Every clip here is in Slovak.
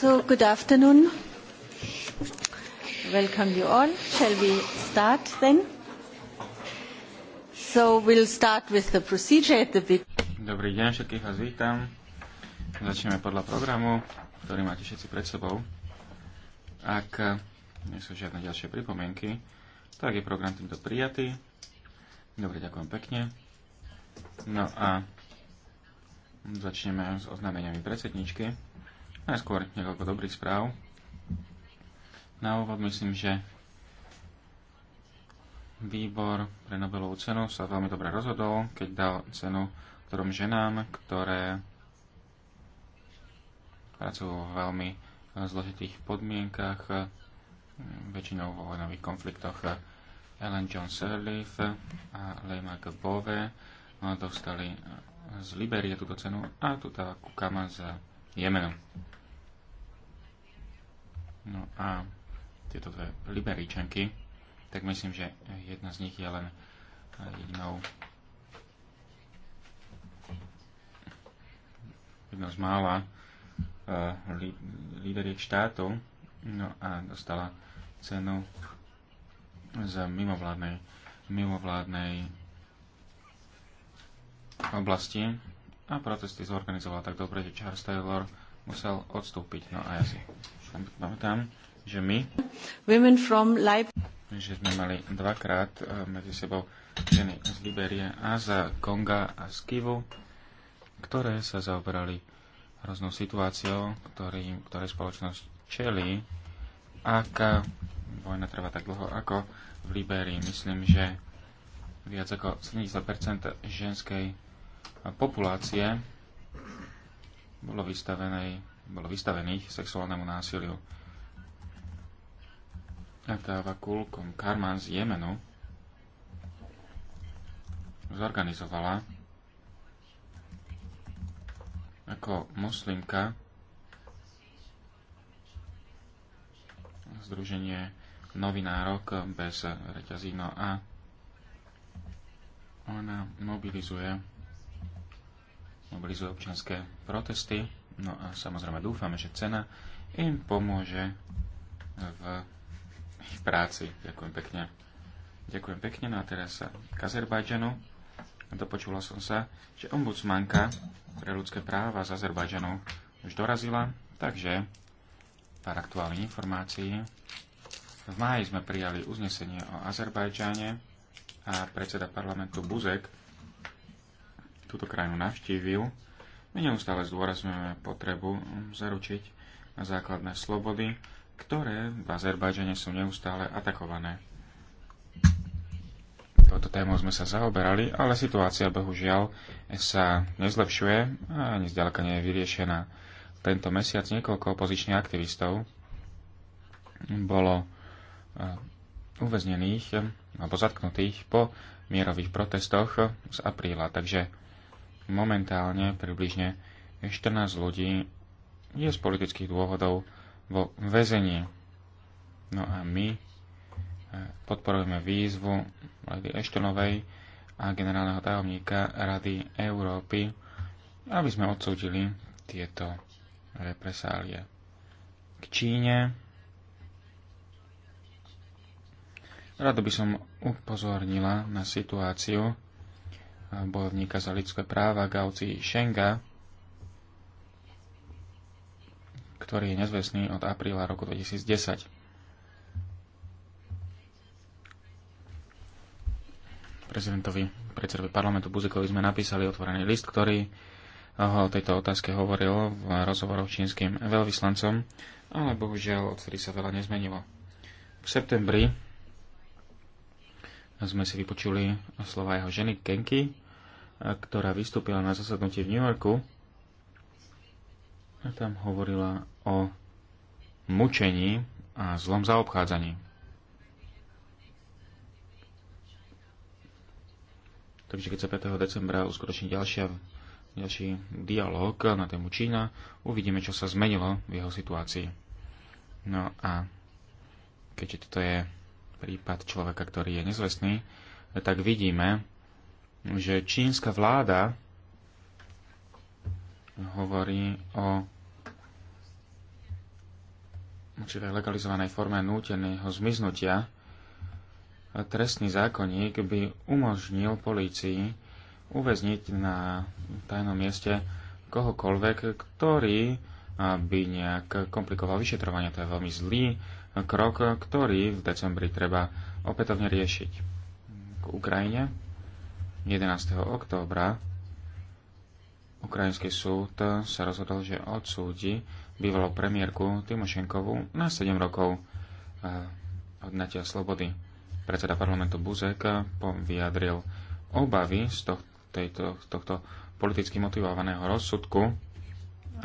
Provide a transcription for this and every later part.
So, good afternoon. Welcome you all. Shall we start then? So we'll start with the procedure at the beginning. Dobrý deň, všetkých vás vítam. Začneme podľa programu, ktorý máte všetci pred sebou. Ak nie sú žiadne ďalšie pripomienky, tak je program týmto prijatý. Dobre, ďakujem pekne. No a začneme s oznámeniami predsedničky. Najskôr niekoľko dobrých správ. Na úvod myslím, že výbor pre Nobelovú cenu sa veľmi dobre rozhodol, keď dal cenu ktorom ženám, ktoré pracujú v veľmi zložitých podmienkach, väčšinou vo vojnových konfliktoch. Ellen John Sirleaf a Lejma Gbove dostali z Liberie túto cenu a tu tá kukama z Jemenu. No a tieto dve liberíčanky, tak myslím, že jedna z nich je len eh, jedinou jedna z mála uh, eh, líderiek štátov no a dostala cenu za mimovládnej, mimovládnej oblasti a protesty zorganizovala tak dobre, že Charles Taylor musel odstúpiť. No a ja si pamätám, že my, Women from Leib- že sme mali dvakrát eh, medzi sebou ženy z Liberie a z Konga a z Kivu, ktoré sa zaoberali hroznou situáciou, ktorý, ktoré spoločnosť čelí, aká vojna trvá tak dlho ako v Liberii. Myslím, že viac ako 70% ženskej populácie bolo, bolo vystavených sexuálnemu násiliu. Atáva Kulkom Karman z Jemenu zorganizovala ako moslimka Združenie novinárok bez reťazí. No a ona mobilizuje mobilizuje občianské protesty. No a samozrejme dúfame, že cena im pomôže v ich práci. Ďakujem pekne. Ďakujem pekne. No a teraz sa k Azerbajdžanu. Dopočula som sa, že ombudsmanka pre ľudské práva z Azerbajdžanu už dorazila, takže pár aktuálnych informácií. V máji sme prijali uznesenie o Azerbajdžane a predseda parlamentu Buzek túto krajinu navštívil. My neustále zdôrazňujeme potrebu zaručiť na základné slobody, ktoré v Azerbajdžane sú neustále atakované. Toto tému sme sa zaoberali, ale situácia bohužiaľ sa nezlepšuje a ani zďaleka nie je vyriešená. Tento mesiac niekoľko opozičných aktivistov bolo e, uväznených alebo zatknutých po mierových protestoch z apríla. Takže momentálne približne 14 ľudí je z politických dôvodov vo väzení. No a my eh, podporujeme výzvu Lady Eštonovej a generálneho tajomníka Rady Európy, aby sme odsúdili tieto represálie. K Číne rado by som upozornila na situáciu, bojovníka za ľudské práva Gauci Schenga, ktorý je nezvestný od apríla roku 2010. Prezidentovi, predsedovi parlamentu Buzikovi sme napísali otvorený list, ktorý o tejto otázke hovoril v rozhovoroch čínskym veľvyslancom, ale bohužiaľ odtedy sa veľa nezmenilo. V septembri sme si vypočuli slova jeho ženy Kenky, eh, ktorá vystúpila na zasadnutí v New Yorku a tam hovorila o mučení a zlom zaobchádzaní. Takže keď sa 5. decembra uskutoční ďalšia, ďalší dialog na tému Čína, uvidíme, čo sa zmenilo v jeho situácii. No a keďže toto je prípad človeka, ktorý je nezvestný, tak vidíme, že čínska vláda hovorí o určitej legalizovanej forme núteného zmiznutia. Trestný zákonník by umožnil polícii uväzniť na tajnom mieste kohokoľvek, ktorý by nejak komplikoval vyšetrovanie. To je veľmi zlý krok, ktorý v decembri treba opätovne riešiť. K Ukrajine 11. októbra Ukrajinský súd sa rozhodol, že odsúdi bývalú premiérku Timošenkovú na 7 rokov eh, odnatia slobody. Predseda parlamentu Buzek eh, vyjadril obavy z tohto, tejto, tohto politicky motivovaného rozsudku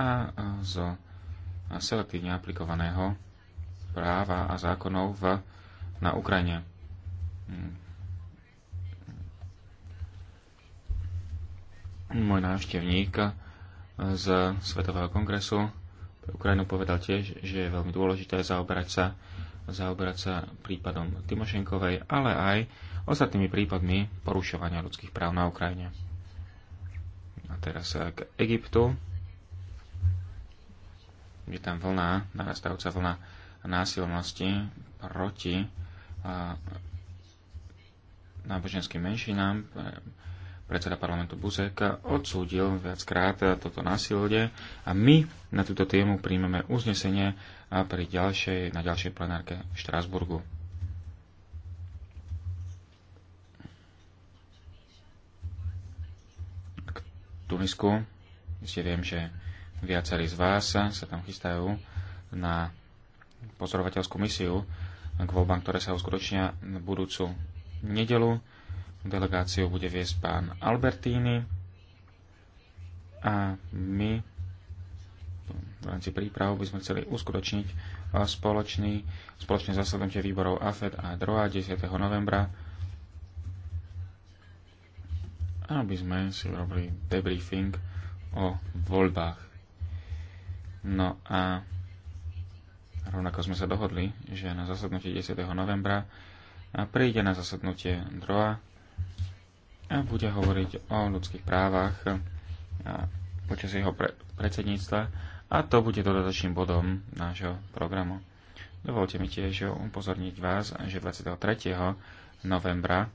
a eh, zo selektívne aplikovaného práva a zákonov v, na Ukrajine. Hmm. Môj návštevník z Svetového kongresu pre Ukrajinu povedal tiež, že je veľmi dôležité zaoberať sa, zaoberať sa prípadom Timošenkovej, ale aj ostatnými prípadmi porušovania ľudských práv na Ukrajine. A teraz k Egyptu. Je tam vlna, narastajúca vlna násilnosti proti náboženským menšinám. Predseda parlamentu Buzek odsúdil viackrát toto násilie a my na túto tému príjmeme uznesenie pri ďalšej, na ďalšej plenárke v Štrásburgu. K Tunisku. Ešte viem, že viacerí z vás sa tam chystajú na pozorovateľskú misiu k voľbám, ktoré sa uskutočnia budúcu nedelu. Delegáciu bude viesť pán Albertini a my v rámci príprav by sme chceli uskutočniť spoločný, spoločné zasadnutie výborov AFED a DROA 10. novembra aby sme si robili debriefing o voľbách. No a Rovnako sme sa dohodli, že na zasadnutie 10. novembra príde na zasadnutie DROA a bude hovoriť o ľudských právach počas jeho pre- predsedníctva a to bude dodatočným bodom nášho programu. Dovolte mi tiež upozorniť vás, že 23. novembra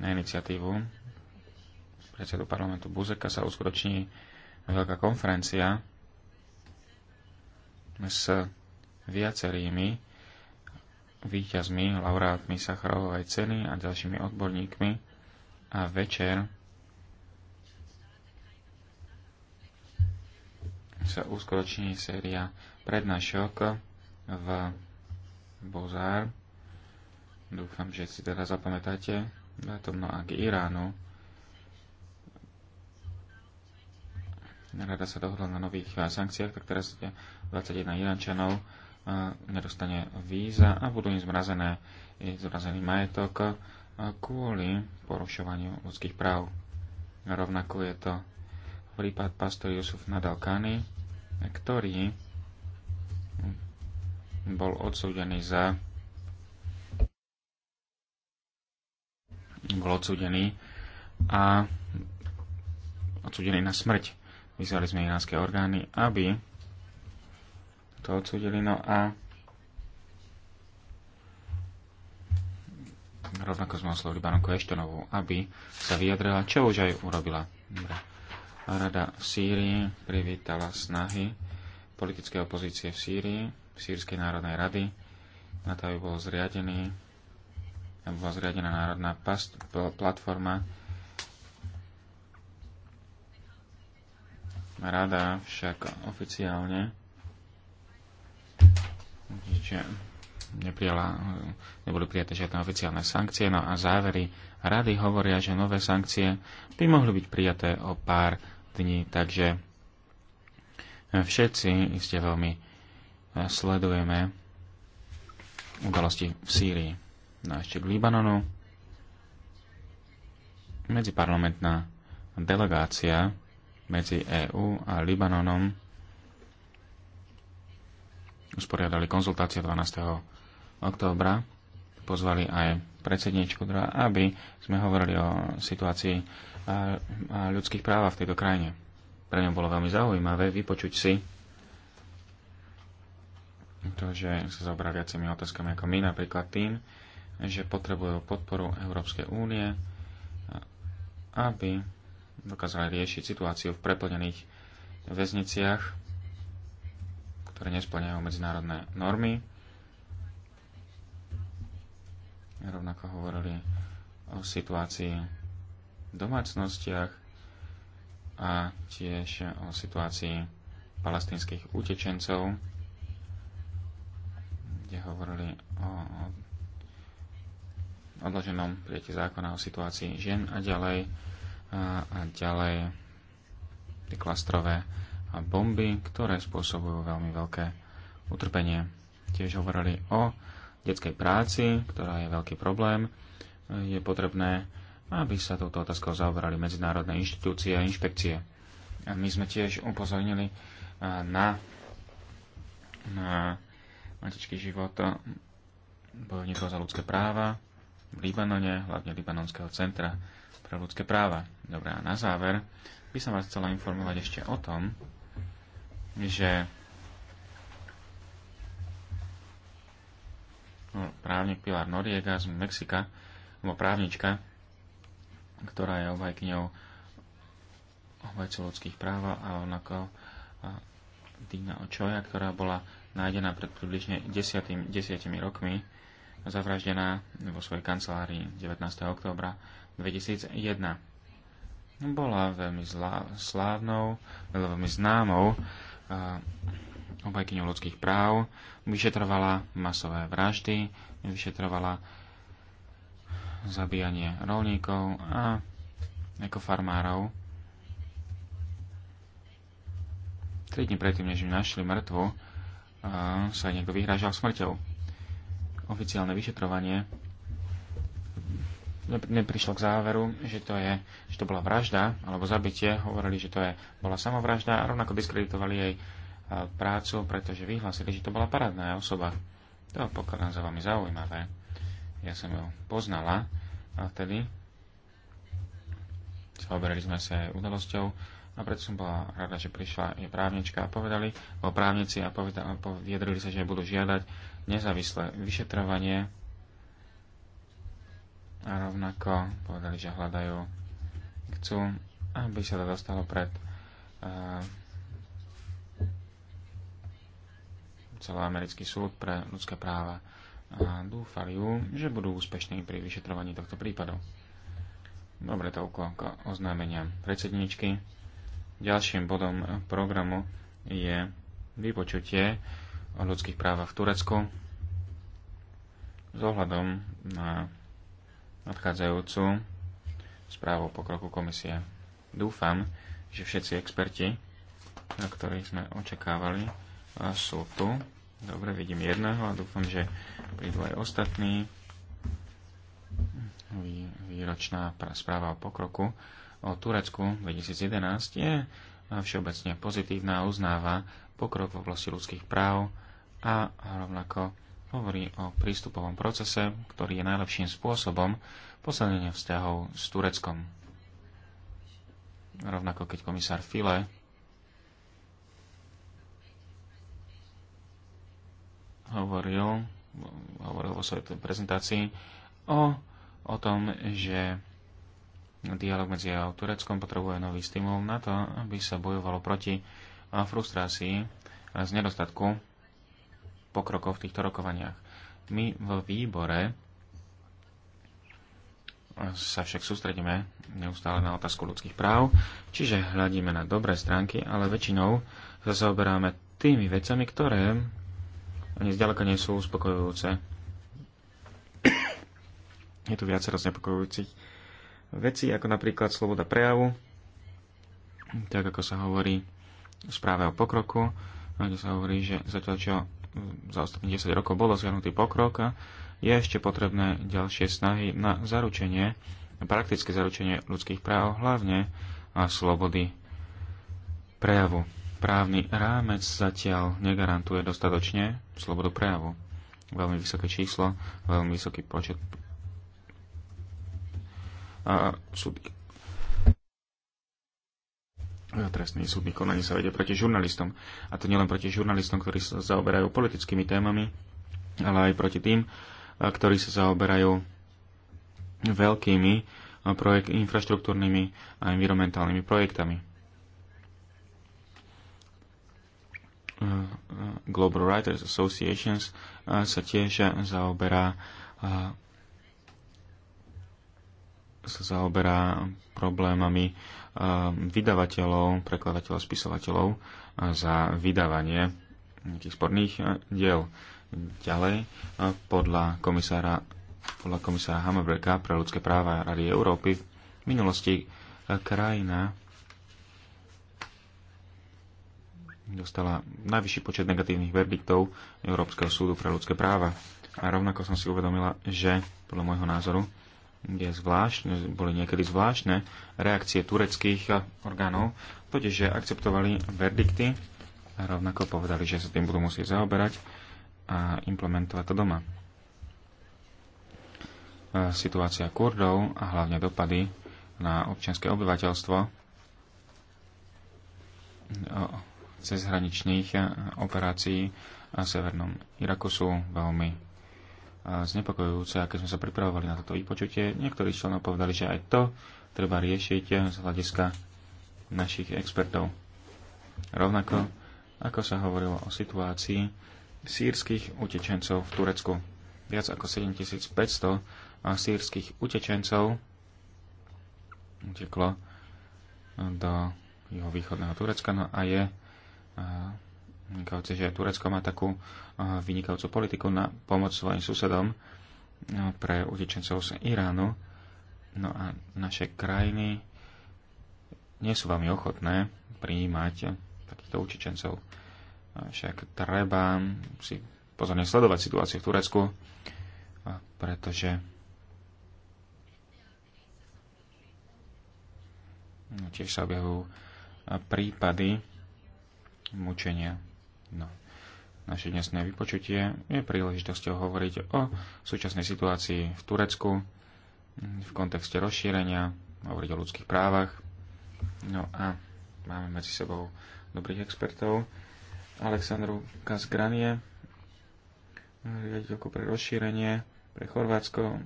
na iniciatívu predsedu parlamentu Buzeka sa uskutoční veľká konferencia s viacerými víťazmi, laureátmi Sacharovovej ceny a ďalšími odborníkmi a večer sa uskutoční séria prednášok v Bozár. Dúfam, že si teda zapamätáte tom no k Iránu. Rada sa dohodla na nových sankciách, tak teraz 21 Irančanov nedostane víza a budú im zmrazené zmrazený majetok kvôli porušovaniu ľudských práv. Rovnako je to prípad pastor Jusuf Nadalkany, ktorý bol odsúdený za bol odsúdený a odsúdený na smrť. Vyzvali sme iránske orgány, aby to odsúdili. No a rovnako sme oslovili baronku Eštonovú, aby sa vyjadrila, čo už aj urobila. Dobre. Rada v Sýrii privítala snahy politickej opozície v Sýrii, Sýrskej národnej rady, na to, aby bol zriadený, aby bola zriadená národná past, platforma. Rada však oficiálne že neprijala, neboli prijaté žiadne oficiálne sankcie. No a závery rady hovoria, že nové sankcie by mohli byť prijaté o pár dní. Takže všetci iste veľmi e, sledujeme udalosti v Sýrii. No a ešte k Libanonu. Medziparlamentná delegácia medzi EÚ a Libanonom usporiadali konzultácie 12. októbra. Pozvali aj predsedničku, aby sme hovorili o situácii a, ľudských práv v tejto krajine. Pre ňom bolo veľmi zaujímavé vypočuť si to, že sa zaoberá viacimi otázkami ako my, napríklad tým, že potrebujú podporu Európskej únie, aby dokázali riešiť situáciu v preplnených väzniciach ktoré nesplňajú medzinárodné normy. Rovnako hovorili o situácii v domácnostiach a tiež o situácii palestinských utečencov, kde hovorili o odloženom prijatí zákona o situácii žien a ďalej a, a ďalej tie klastrové a bomby, ktoré spôsobujú veľmi veľké utrpenie. Tiež hovorili o detskej práci, ktorá je veľký problém. Je potrebné, aby sa touto otázkou zaoberali medzinárodné inštitúcie a inšpekcie. A my sme tiež upozornili na, na matičký život bojovníkov za ľudské práva v Libanone, hlavne Libanonského centra pre ľudské práva. Dobre, a na záver by som vás chcela informovať ešte o tom, že no, právnik Pilar Noriega z Mexika, alebo právnička, ktorá je obhajkyňou obhajcu ľudských práv a onako a Dina Očoja, ktorá bola nájdená pred približne 10, 10 rokmi, zavraždená vo svojej kancelárii 19. októbra 2001. Bola veľmi zlá, slávnou, veľmi známou obajkyňou ľudských práv, vyšetrovala masové vraždy, vyšetrovala zabíjanie rolníkov a ekofarmárov. Tri dní predtým, než im našli mŕtvu, sa niekto vyhrážal smrťou. Oficiálne vyšetrovanie neprišlo k záveru, že to, je, že to bola vražda alebo zabitie. Hovorili, že to je, bola samovražda a rovnako diskreditovali jej prácu, pretože vyhlásili, že to bola parádna osoba. To pokladám za veľmi zaujímavé. Ja som ju poznala a vtedy zaoberali sme sa aj udalosťou a preto som bola rada, že prišla jej právnička a povedali, o právnici a povedali, vyjadrili sa, že budú žiadať nezávislé vyšetrovanie a rovnako povedali, že hľadajú, chcú, aby sa to dostalo pred uh, celoamerický súd pre ľudské práva a dúfajú, že budú úspešní pri vyšetrovaní tohto prípadu. Dobre, toľko k oznámeniam predsedničky. Ďalším bodom programu je vypočutie o ľudských právach v Turecku s ohľadom na nadchádzajúcu správu po pokroku komisie. Dúfam, že všetci experti, na ktorých sme očakávali, sú tu. Dobre, vidím jedného a dúfam, že prídu aj ostatní. Výročná správa o pokroku o Turecku 2011 je všeobecne pozitívna a uznáva pokrok v oblasti ľudských práv a rovnako hovorí o prístupovom procese, ktorý je najlepším spôsobom posadenia vzťahov s Tureckom. Rovnako keď komisár File hovoril, hovoril vo svojej prezentácii o, o tom, že dialog medzi EU a Tureckom potrebuje nový stimul na to, aby sa bojovalo proti frustrácii z nedostatku pokrokov v týchto rokovaniach. My vo výbore sa však sústredíme neustále na otázku ľudských práv, čiže hľadíme na dobré stránky, ale väčšinou sa zaoberáme tými vecami, ktoré ani zďaleka nie sú uspokojujúce. Je tu viacero znepokojujúcich vecí, ako napríklad sloboda prejavu, tak ako sa hovorí v správe o pokroku, kde sa hovorí, že zatiaľ čo za ostatných 10 rokov bol dosiahnutý pokrok, je ešte potrebné ďalšie snahy na zaručenie, praktické zaručenie ľudských práv, hlavne a slobody prejavu. Právny rámec zatiaľ negarantuje dostatočne slobodu prejavu. Veľmi vysoké číslo, veľmi vysoký počet a, súd E, trestný súdny konanie sa vedie proti žurnalistom. A to nielen proti žurnalistom, ktorí sa zaoberajú politickými témami, ale aj proti tým, e, ktorí sa zaoberajú veľkými e, projekt, infraštruktúrnymi a environmentálnymi projektami. Global Writers Associations sa tiež zaoberá sa zaoberá problémami Um, vydavateľov, prekladateľov, spisovateľov uh, za vydávanie nejakých sporných uh, diel. Ďalej, uh, podľa komisára, podľa komisára Hammerbrecka pre ľudské práva Rady Európy v minulosti krajina dostala najvyšší počet negatívnych verdiktov Európskeho súdu pre ľudské práva. A rovnako som si uvedomila, že podľa môjho názoru kde zvláštne, boli niekedy zvláštne reakcie tureckých orgánov, totiž že akceptovali verdikty a rovnako povedali, že sa tým budú musieť zaoberať a implementovať to doma. E, situácia Kurdov a hlavne dopady na občianske obyvateľstvo e, cezhraničných e, operácií a severnom Iraku sú veľmi znepokojujúce, aké sme sa pripravovali na toto vypočutie. Niektorí členov povedali, že aj to treba riešiť z hľadiska našich expertov. Rovnako, ako sa hovorilo o situácii sírskych utečencov v Turecku. Viac ako 7500 sírskych utečencov uteklo do jeho východného Turecka, no a je vynikajúce, že Turecko má takú vynikajúcu politiku na pomoc svojim susedom pre utečencov z Iránu. No a naše krajiny nie sú veľmi ochotné prijímať takýchto utečencov. Však treba si pozorne sledovať situáciu v Turecku, pretože tiež sa objavujú prípady mučenia. No. Naše dnesné vypočutie je príležitosťou hovoriť o súčasnej situácii v Turecku v kontexte rozšírenia, hovoriť o ľudských právach. No a máme medzi sebou dobrých expertov. Aleksandru Kasgranie, riaditeľku pre rozšírenie, pre Chorvátsko,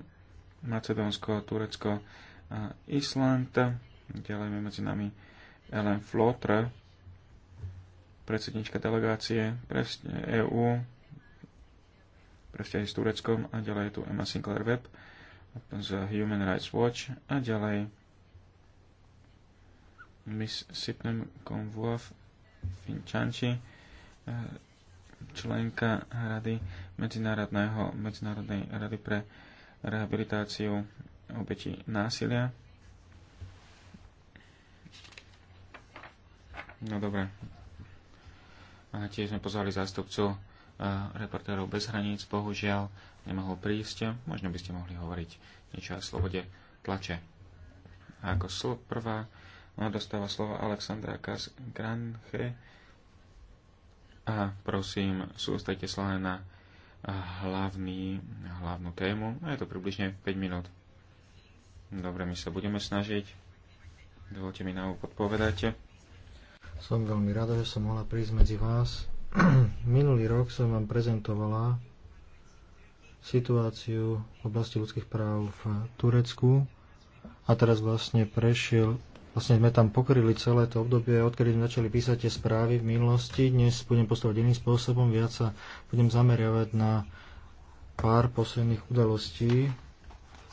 Macedónsko, Turecko a Island. Ďalej medzi nami Ellen Flotre, predsednička delegácie pre EU. pre vzťahy s Tureckom a ďalej je tu Emma Sinclair Web z Human Rights Watch a ďalej Miss Sipnem Konvuav Finčanči, eh, členka Rady Medzinárodného, Medzinárodnej rady pre rehabilitáciu obetí násilia. No dobre, Tiež sme pozvali zástupcu e, reportérov bez hraníc. Bohužiaľ nemohol prísť. Možno by ste mohli hovoriť niečo o slobode tlače. A ako slo prvá ona dostáva slovo Alexandra Granche. A prosím, sústajte slova na e, hlavný, hlavnú tému. A je to približne 5 minút. Dobre, my sa budeme snažiť. Dovolte mi na úvod povedať som veľmi rada, že som mohla prísť medzi vás. Minulý rok som vám prezentovala situáciu v oblasti ľudských práv v Turecku a teraz vlastne prešiel, vlastne sme tam pokryli celé to obdobie, odkedy sme začali písať tie správy v minulosti. Dnes budem postupovať iným spôsobom, viac sa budem zameriavať na pár posledných udalostí,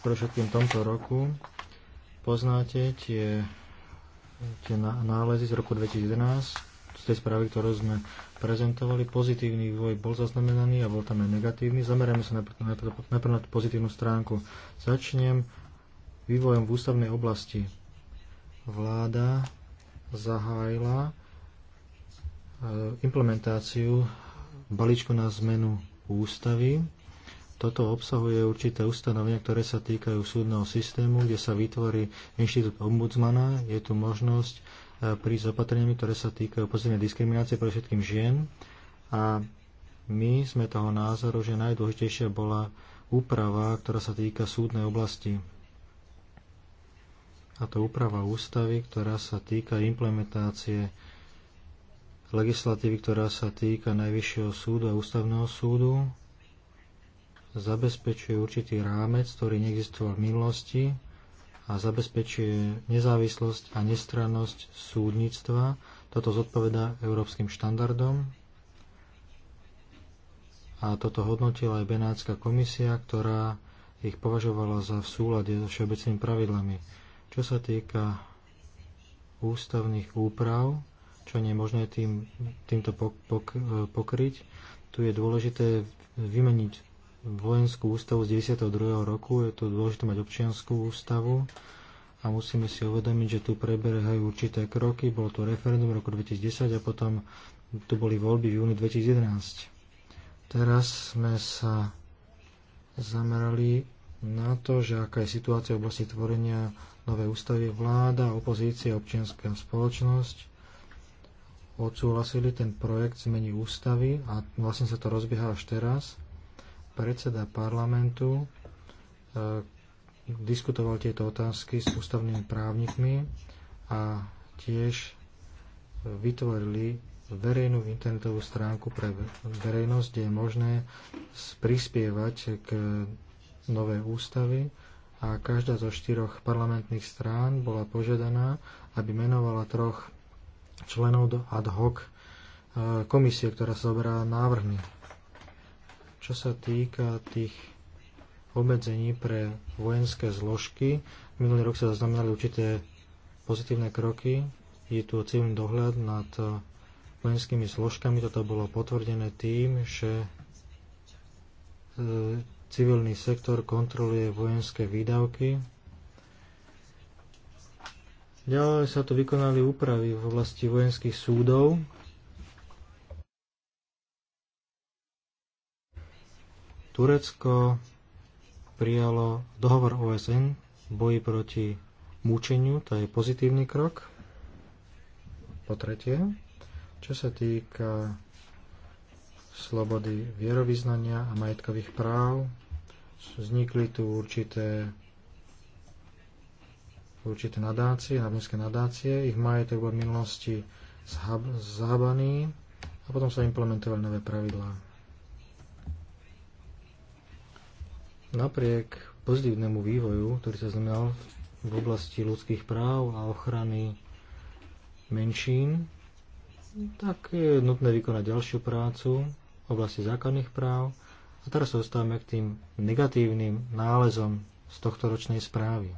pre všetkým tomto roku. Poznáte tie tie nálezy z roku 2011, z tej správy, ktorú sme prezentovali, pozitívny vývoj bol zaznamenaný a bol tam aj negatívny. Zameriame sa najprv, najprv na tú pozitívnu stránku. Začnem vývojom v ústavnej oblasti. Vláda zahájila e, implementáciu balíčku na zmenu ústavy toto obsahuje určité ustanovenia, ktoré sa týkajú súdneho systému, kde sa vytvorí inštitút ombudsmana. Je tu možnosť e, pri s opatreniami, ktoré sa týkajú pozemnej diskriminácie pre všetkým žien. A my sme toho názoru, že najdôležitejšia bola úprava, ktorá sa týka súdnej oblasti. A to úprava ústavy, ktorá sa týka implementácie legislatívy, ktorá sa týka Najvyššieho súdu a Ústavného súdu zabezpečuje určitý rámec, ktorý neexistoval v minulosti a zabezpečuje nezávislosť a nestrannosť súdnictva. Toto zodpoveda európskym štandardom a toto hodnotila aj Benátska komisia, ktorá ich považovala za v súlade so všeobecnými pravidlami. Čo sa týka ústavných úprav, čo nie je možné tým, týmto pokryť, tu je dôležité vymeniť vojenskú ústavu z 92. roku, je to dôležité mať občianskú ústavu a musíme si uvedomiť, že tu prebiehajú určité kroky. Bolo tu referendum v roku 2010 a potom tu boli voľby v júni 2011. Teraz sme sa zamerali na to, že aká je situácia v oblasti tvorenia novej ústavy vláda, opozícia, občianská spoločnosť. Odsúhlasili ten projekt zmeny ústavy a vlastne sa to rozbieha až teraz predseda parlamentu e, diskutoval tieto otázky s ústavnými právnikmi a tiež e, vytvorili verejnú internetovú stránku pre verejnosť, kde je možné prispievať k novej ústavy a každá zo štyroch parlamentných strán bola požiadaná, aby menovala troch členov do ad hoc e, komisie, ktorá sa zoberá návrhmi čo sa týka tých obmedzení pre vojenské zložky, minulý rok sa zaznamenali určité pozitívne kroky. Je tu civilný dohľad nad vojenskými zložkami. Toto bolo potvrdené tým, že e, civilný sektor kontroluje vojenské výdavky. Ďalej sa tu vykonali úpravy v oblasti vojenských súdov. Turecko prijalo dohovor OSN v boji proti mučeniu, to je pozitívny krok. Po tretie, čo sa týka slobody vierovýznania a majetkových práv, vznikli tu určité určité nadácie, náboženské nadácie, ich majetok bol v minulosti zhabaný a potom sa implementovali nové pravidlá. Napriek pozitívnemu vývoju, ktorý sa znamenal v oblasti ľudských práv a ochrany menšín, tak je nutné vykonať ďalšiu prácu v oblasti základných práv. A teraz sa dostávame k tým negatívnym nálezom z tohto ročnej správy.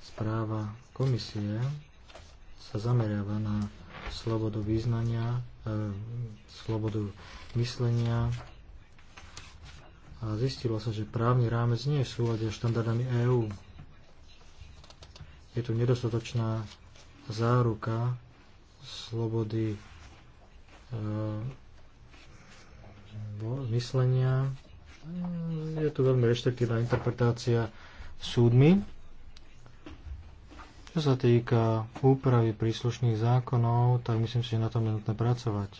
Správa komisie sa zameriava na slobodu význania, e, slobodu myslenia a zistilo sa, že právny rámec nie je v súlade štandardami EÚ. Je tu nedostatočná záruka slobody e, myslenia. E, je tu veľmi reštriktívna interpretácia súdmi čo sa týka úpravy príslušných zákonov, tak myslím si, že na tom je nutné pracovať.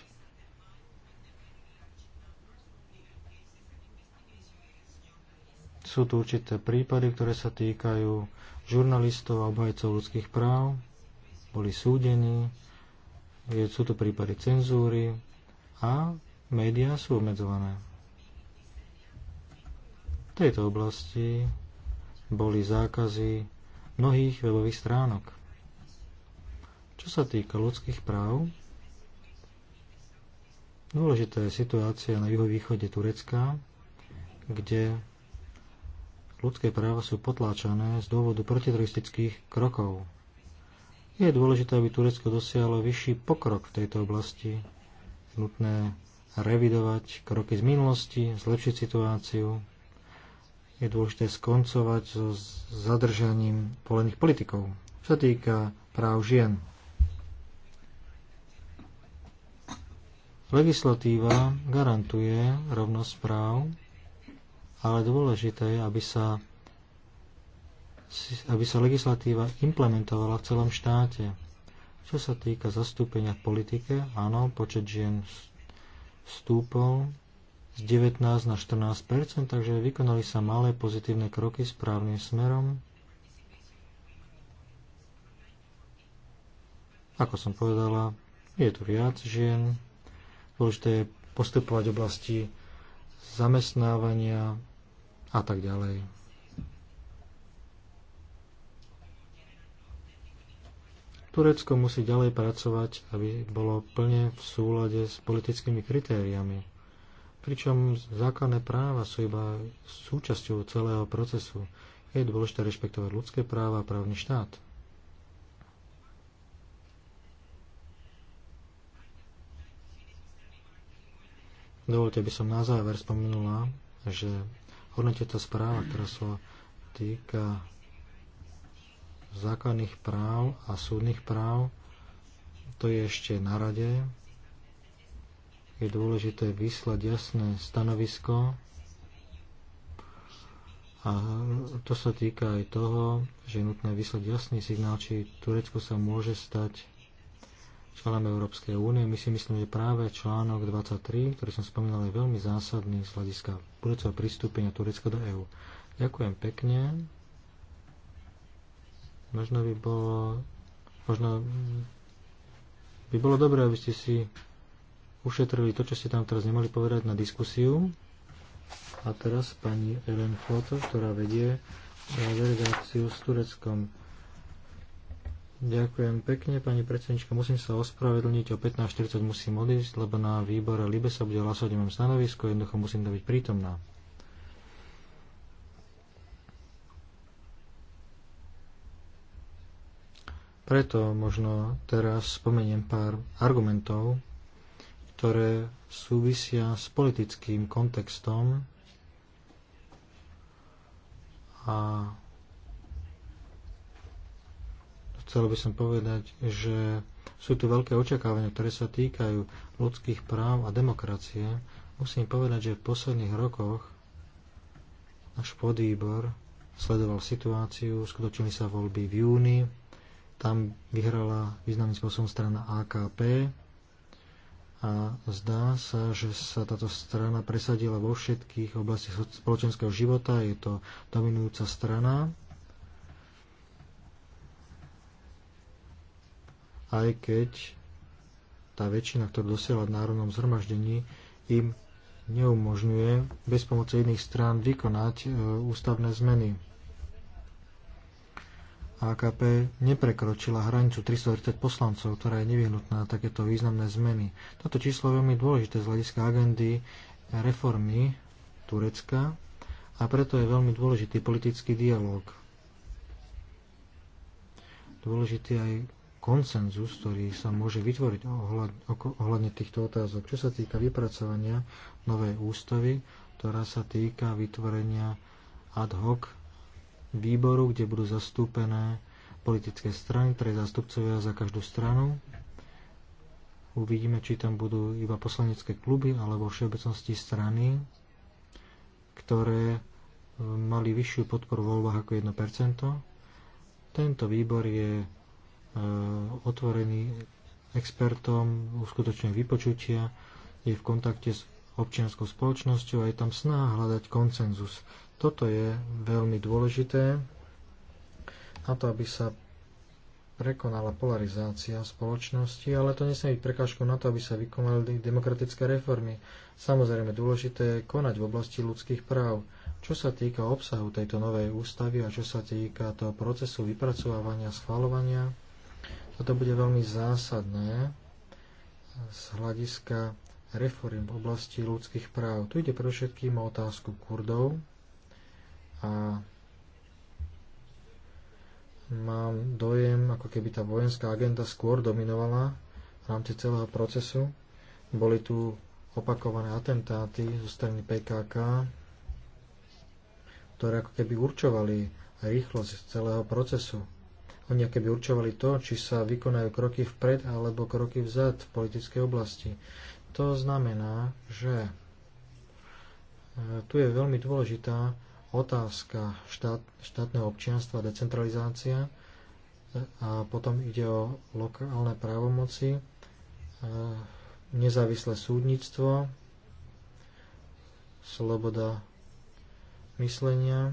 Sú tu určité prípady, ktoré sa týkajú žurnalistov a obhajcov ľudských práv, boli súdení, sú tu prípady cenzúry a médiá sú obmedzované. V tejto oblasti boli zákazy mnohých webových stránok. Čo sa týka ľudských práv, dôležitá je situácia na juhovýchode Turecka, kde ľudské práva sú potláčané z dôvodu protiteroristických krokov. Je dôležité, aby Turecko dosiahlo vyšší pokrok v tejto oblasti. Je nutné revidovať kroky z minulosti, zlepšiť situáciu je dôležité skoncovať so zadržaním polených politikov. Čo sa týka práv žien. Legislatíva garantuje rovnosť práv, ale dôležité je, aby sa, aby sa legislatíva implementovala v celom štáte. Čo sa týka zastúpenia v politike, áno, počet žien stúpol, z 19 na 14 takže vykonali sa malé pozitívne kroky správnym smerom. Ako som povedala, je tu viac žien. Dôležité je postupovať v oblasti zamestnávania a tak ďalej. Turecko musí ďalej pracovať, aby bolo plne v súlade s politickými kritériami. Pričom základné práva sú iba súčasťou celého procesu. Je dôležité rešpektovať ľudské práva a právny štát. Dovolte by som na záver spomenula, že tá správa, ktorá sa týka základných práv a súdnych práv, to je ešte na rade, je dôležité vyslať jasné stanovisko a to sa týka aj toho, že je nutné vyslať jasný signál, či Turecko sa môže stať členom Európskej únie. My si myslíme, že práve článok 23, ktorý som spomínal, je veľmi zásadný z hľadiska budúceho pristúpenia Turecka do EÚ. Ďakujem pekne. Možno by bolo, možno by bolo dobré, aby ste si ušetrili to, čo ste tam teraz nemali povedať na diskusiu. A teraz pani Ellen Foto, ktorá vedie eh, delegáciu s Tureckom. Ďakujem pekne, pani predsednička. Musím sa ospravedlniť, o 15.40 musím odísť, lebo na výbore Libe sa bude hlasovať, mám stanovisko, jednoducho musím to byť prítomná. Preto možno teraz spomeniem pár argumentov, ktoré súvisia s politickým kontextom a chcel by som povedať, že sú tu veľké očakávania, ktoré sa týkajú ľudských práv a demokracie. Musím povedať, že v posledných rokoch náš podvýbor sledoval situáciu, skutočili sa voľby v júni, tam vyhrala významným spôsobom strana AKP, a zdá sa, že sa táto strana presadila vo všetkých oblastiach spoločenského života. Je to dominujúca strana. Aj keď tá väčšina, ktorú dosiela v národnom zhromaždení, im neumožňuje bez pomoci iných strán vykonať e, ústavné zmeny. AKP neprekročila hranicu 330 poslancov, ktorá je nevyhnutná na takéto významné zmeny. Toto číslo je veľmi dôležité z hľadiska agendy reformy Turecka a preto je veľmi dôležitý politický dialog. Dôležitý aj konsenzus, ktorý sa môže vytvoriť ohľadne týchto otázok. Čo sa týka vypracovania novej ústavy, ktorá sa týka vytvorenia ad hoc výboru, kde budú zastúpené politické strany, ktoré teda zastupcovia za každú stranu. Uvidíme, či tam budú iba poslanecké kluby alebo všeobecnosti strany, ktoré e, mali vyššiu podporu v voľbách ako 1%. Tento výbor je e, otvorený expertom, uskutočňuje vypočutia, je v kontakte s občianskou spoločnosťou a je tam snaha hľadať koncenzus. Toto je veľmi dôležité na to, aby sa prekonala polarizácia spoločnosti, ale to nesmie byť prekážkou na to, aby sa vykonali demokratické reformy. Samozrejme, dôležité je konať v oblasti ľudských práv. Čo sa týka obsahu tejto novej ústavy a čo sa týka toho procesu vypracovávania a schvalovania, toto bude veľmi zásadné z hľadiska reform v oblasti ľudských práv. Tu ide všetkým o otázku Kurdov, a mám dojem, ako keby tá vojenská agenda skôr dominovala v rámci celého procesu. Boli tu opakované atentáty zo strany PKK, ktoré ako keby určovali rýchlosť celého procesu. Oni ako keby určovali to, či sa vykonajú kroky vpred alebo kroky vzad v politickej oblasti. To znamená, že e, tu je veľmi dôležitá otázka štát, štátneho občianstva, decentralizácia a potom ide o lokálne právomoci, nezávislé súdnictvo, sloboda myslenia.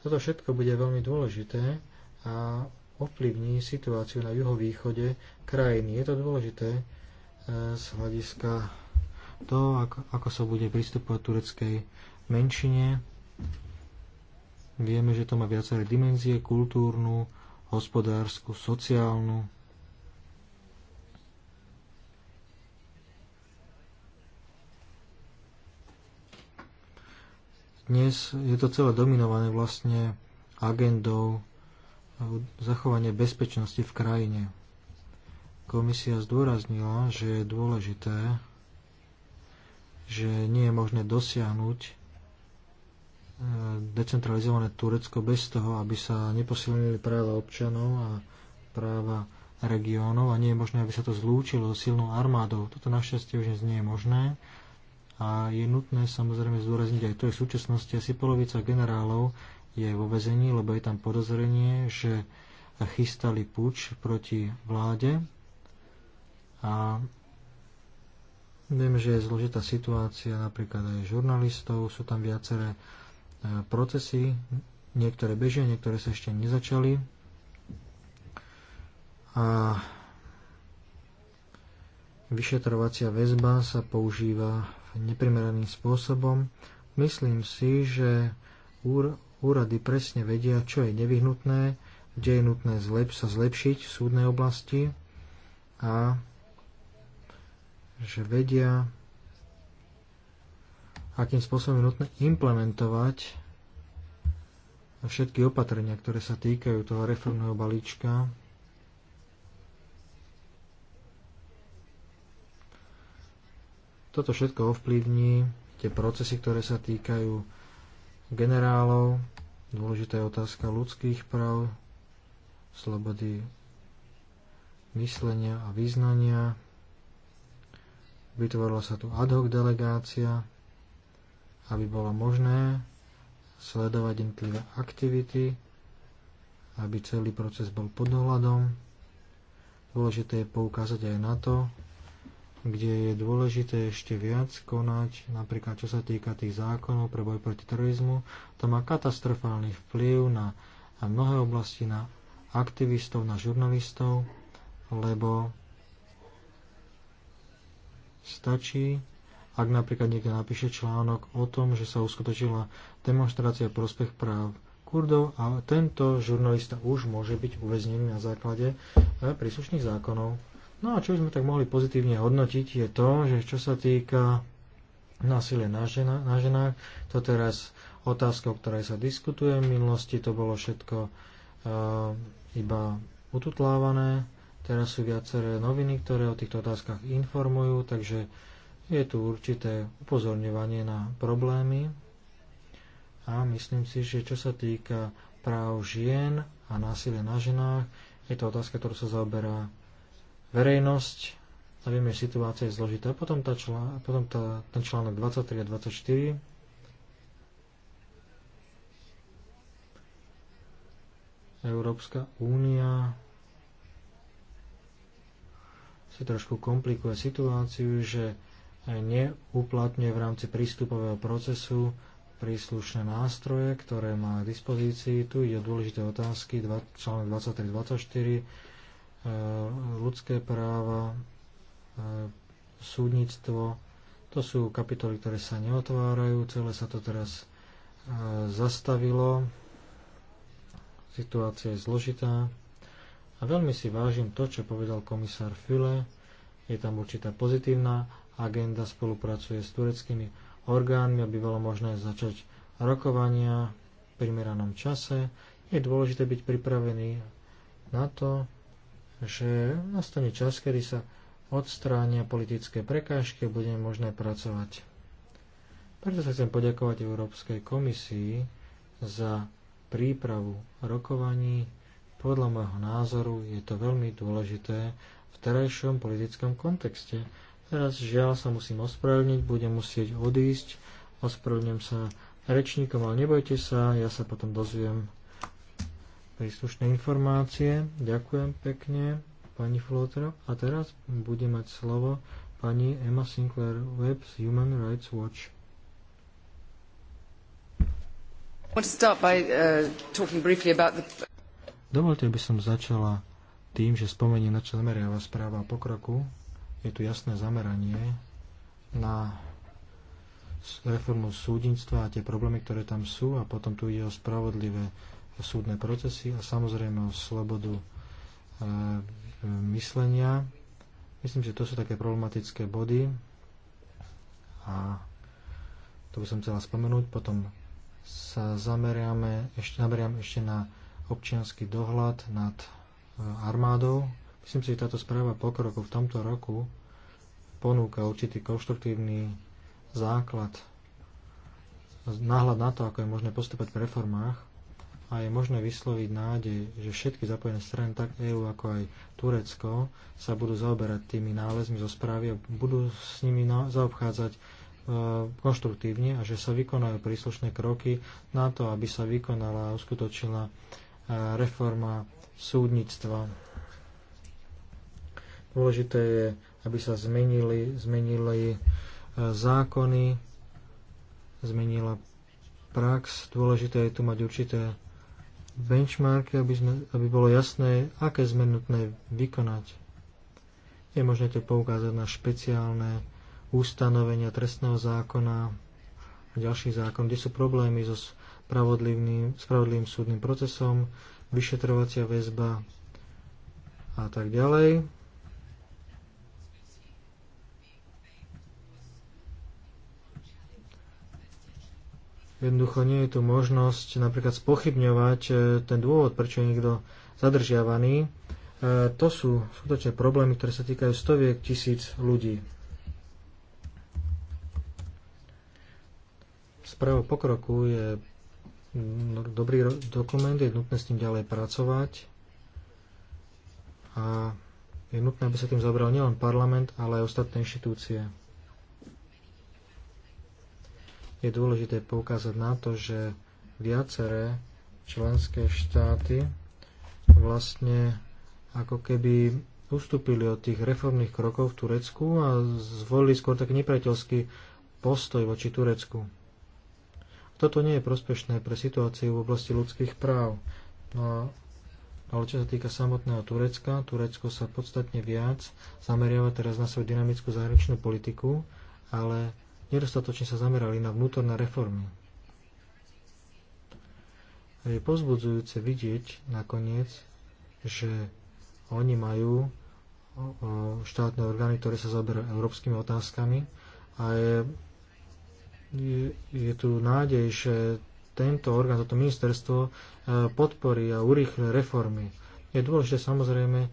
Toto všetko bude veľmi dôležité a ovplyvní situáciu na juhovýchode krajiny. Je to dôležité e, z hľadiska toho, ako, ako sa bude pristupovať tureckej menšine Vieme, že to má viaceré dimenzie, kultúrnu, hospodársku, sociálnu. Dnes je to celé dominované vlastne agendou zachovania bezpečnosti v krajine. Komisia zdôraznila, že je dôležité, že nie je možné dosiahnuť decentralizované Turecko bez toho, aby sa neposilnili práva občanov a práva regiónov a nie je možné, aby sa to zlúčilo so silnou armádou. Toto našťastie už nie je možné a je nutné samozrejme zdôrazniť aj to, že v súčasnosti asi polovica generálov je vo vezení, lebo je tam podozrenie, že chystali puč proti vláde a Viem, že je zložitá situácia napríklad aj žurnalistov, sú tam viaceré E, procesy, niektoré bežia, niektoré sa ešte nezačali. A vyšetrovacia väzba sa používa neprimeraným spôsobom. Myslím si, že úrady presne vedia, čo je nevyhnutné, kde je nutné zlep- sa zlepšiť v súdnej oblasti a že vedia, akým spôsobom je nutné implementovať všetky opatrenia, ktoré sa týkajú toho reformného balíčka. Toto všetko ovplyvní tie procesy, ktoré sa týkajú generálov, dôležitá je otázka ľudských práv, slobody myslenia a význania. Vytvorila sa tu ad hoc delegácia, aby bolo možné sledovať jednotlivé aktivity, aby celý proces bol pod dohľadom. Dôležité je poukázať aj na to, kde je dôležité ešte viac konať, napríklad čo sa týka tých zákonov pre boj proti terorizmu. To má katastrofálny vplyv na, na mnohé oblasti, na aktivistov, na žurnalistov, lebo stačí, ak napríklad niekto napíše článok o tom, že sa uskutočila demonstrácia prospech práv Kurdov a tento žurnalista už môže byť uväznený na základe eh, príslušných zákonov. No a čo by sme tak mohli pozitívne hodnotiť je to, že čo sa týka násilie na, žena, na ženách, to teraz otázka, o ktorej sa diskutuje. V minulosti to bolo všetko e, iba ututlávané. Teraz sú viaceré noviny, ktoré o týchto otázkach informujú, takže je tu určité upozorňovanie na problémy a myslím si, že čo sa týka práv žien a násilie na ženách, je to otázka, ktorú sa zaoberá verejnosť a vieme, že situácia je zložitá. Potom, tá člá, potom tá, ten článok 23 a 24 Európska únia si trošku komplikuje situáciu, že neuplatňuje v rámci prístupového procesu príslušné nástroje, ktoré má k dispozícii. Tu ide o dôležité otázky, článok 23-24, e, ľudské práva, e, súdnictvo. To sú kapitoly, ktoré sa neotvárajú, celé sa to teraz e, zastavilo. Situácia je zložitá. A veľmi si vážim to, čo povedal komisár Füle. Je tam určitá pozitívna agenda spolupracuje s tureckými orgánmi, aby bolo možné začať rokovania v primeranom čase. Je dôležité byť pripravený na to, že nastane čas, kedy sa odstránia politické prekážky a bude možné pracovať. Preto sa chcem poďakovať Európskej komisii za prípravu rokovaní. Podľa môjho názoru je to veľmi dôležité v terajšom politickom kontexte. Teraz žiaľ sa musím ospravedlniť, budem musieť odísť. Ospravedlňujem sa rečníkom, ale nebojte sa, ja sa potom dozviem príslušné informácie. Ďakujem pekne, pani Flotra. A teraz bude mať slovo pani Emma Sinclair Webb z Human Rights Watch. Uh, Dovolte, aby som začala tým, že spomeniem, na čo zameriava správa o pokroku je tu jasné zameranie na reformu súdnictva a tie problémy, ktoré tam sú a potom tu ide o spravodlivé súdne procesy a samozrejme o slobodu e, myslenia. Myslím, že to sú také problematické body a to by som chcela spomenúť. Potom sa zameriame ešte, ešte na občianský dohľad nad e, armádou, Myslím si, že táto správa pokroku v tomto roku ponúka určitý konštruktívny základ, náhľad na to, ako je možné postupovať v reformách a je možné vysloviť nádej, že všetky zapojené strany, tak EÚ ako aj Turecko, sa budú zaoberať tými nálezmi zo správy a budú s nimi zaobchádzať e, konštruktívne a že sa vykonajú príslušné kroky na to, aby sa vykonala a uskutočila e, reforma súdnictva Dôležité je, aby sa zmenili, zmenili e, zákony, zmenila prax. Dôležité je tu mať určité benchmarky, aby, sme, aby bolo jasné, aké sme nutné vykonať. Je možné to poukázať na špeciálne ustanovenia trestného zákona a ďalší zákon, kde sú problémy so spravodlivým, spravodlivým súdnym procesom, vyšetrovacia väzba a tak ďalej. Jednoducho nie je tu možnosť napríklad spochybňovať e, ten dôvod, prečo je niekto zadržiavaný. E, to sú skutočne problémy, ktoré sa týkajú stoviek tisíc ľudí. Správa pokroku je mm, no, dobrý dokument, je nutné s ním ďalej pracovať a je nutné, aby sa tým zabral nielen parlament, ale aj ostatné inštitúcie je dôležité poukázať na to, že viaceré členské štáty vlastne ako keby ustúpili od tých reformných krokov v Turecku a zvolili skôr taký nepriateľský postoj voči Turecku. Toto nie je prospešné pre situáciu v oblasti ľudských práv. No, ale čo sa týka samotného Turecka, Turecko sa podstatne viac zameriava teraz na svoju dynamickú zahraničnú politiku, ale nedostatočne sa zamerali na vnútorné reformy. A je pozbudzujúce vidieť nakoniec, že oni majú štátne orgány, ktoré sa zaberajú európskymi otázkami a je, je, je tu nádej, že tento orgán, toto ministerstvo e, podporí a urýchle reformy. Je dôležité samozrejme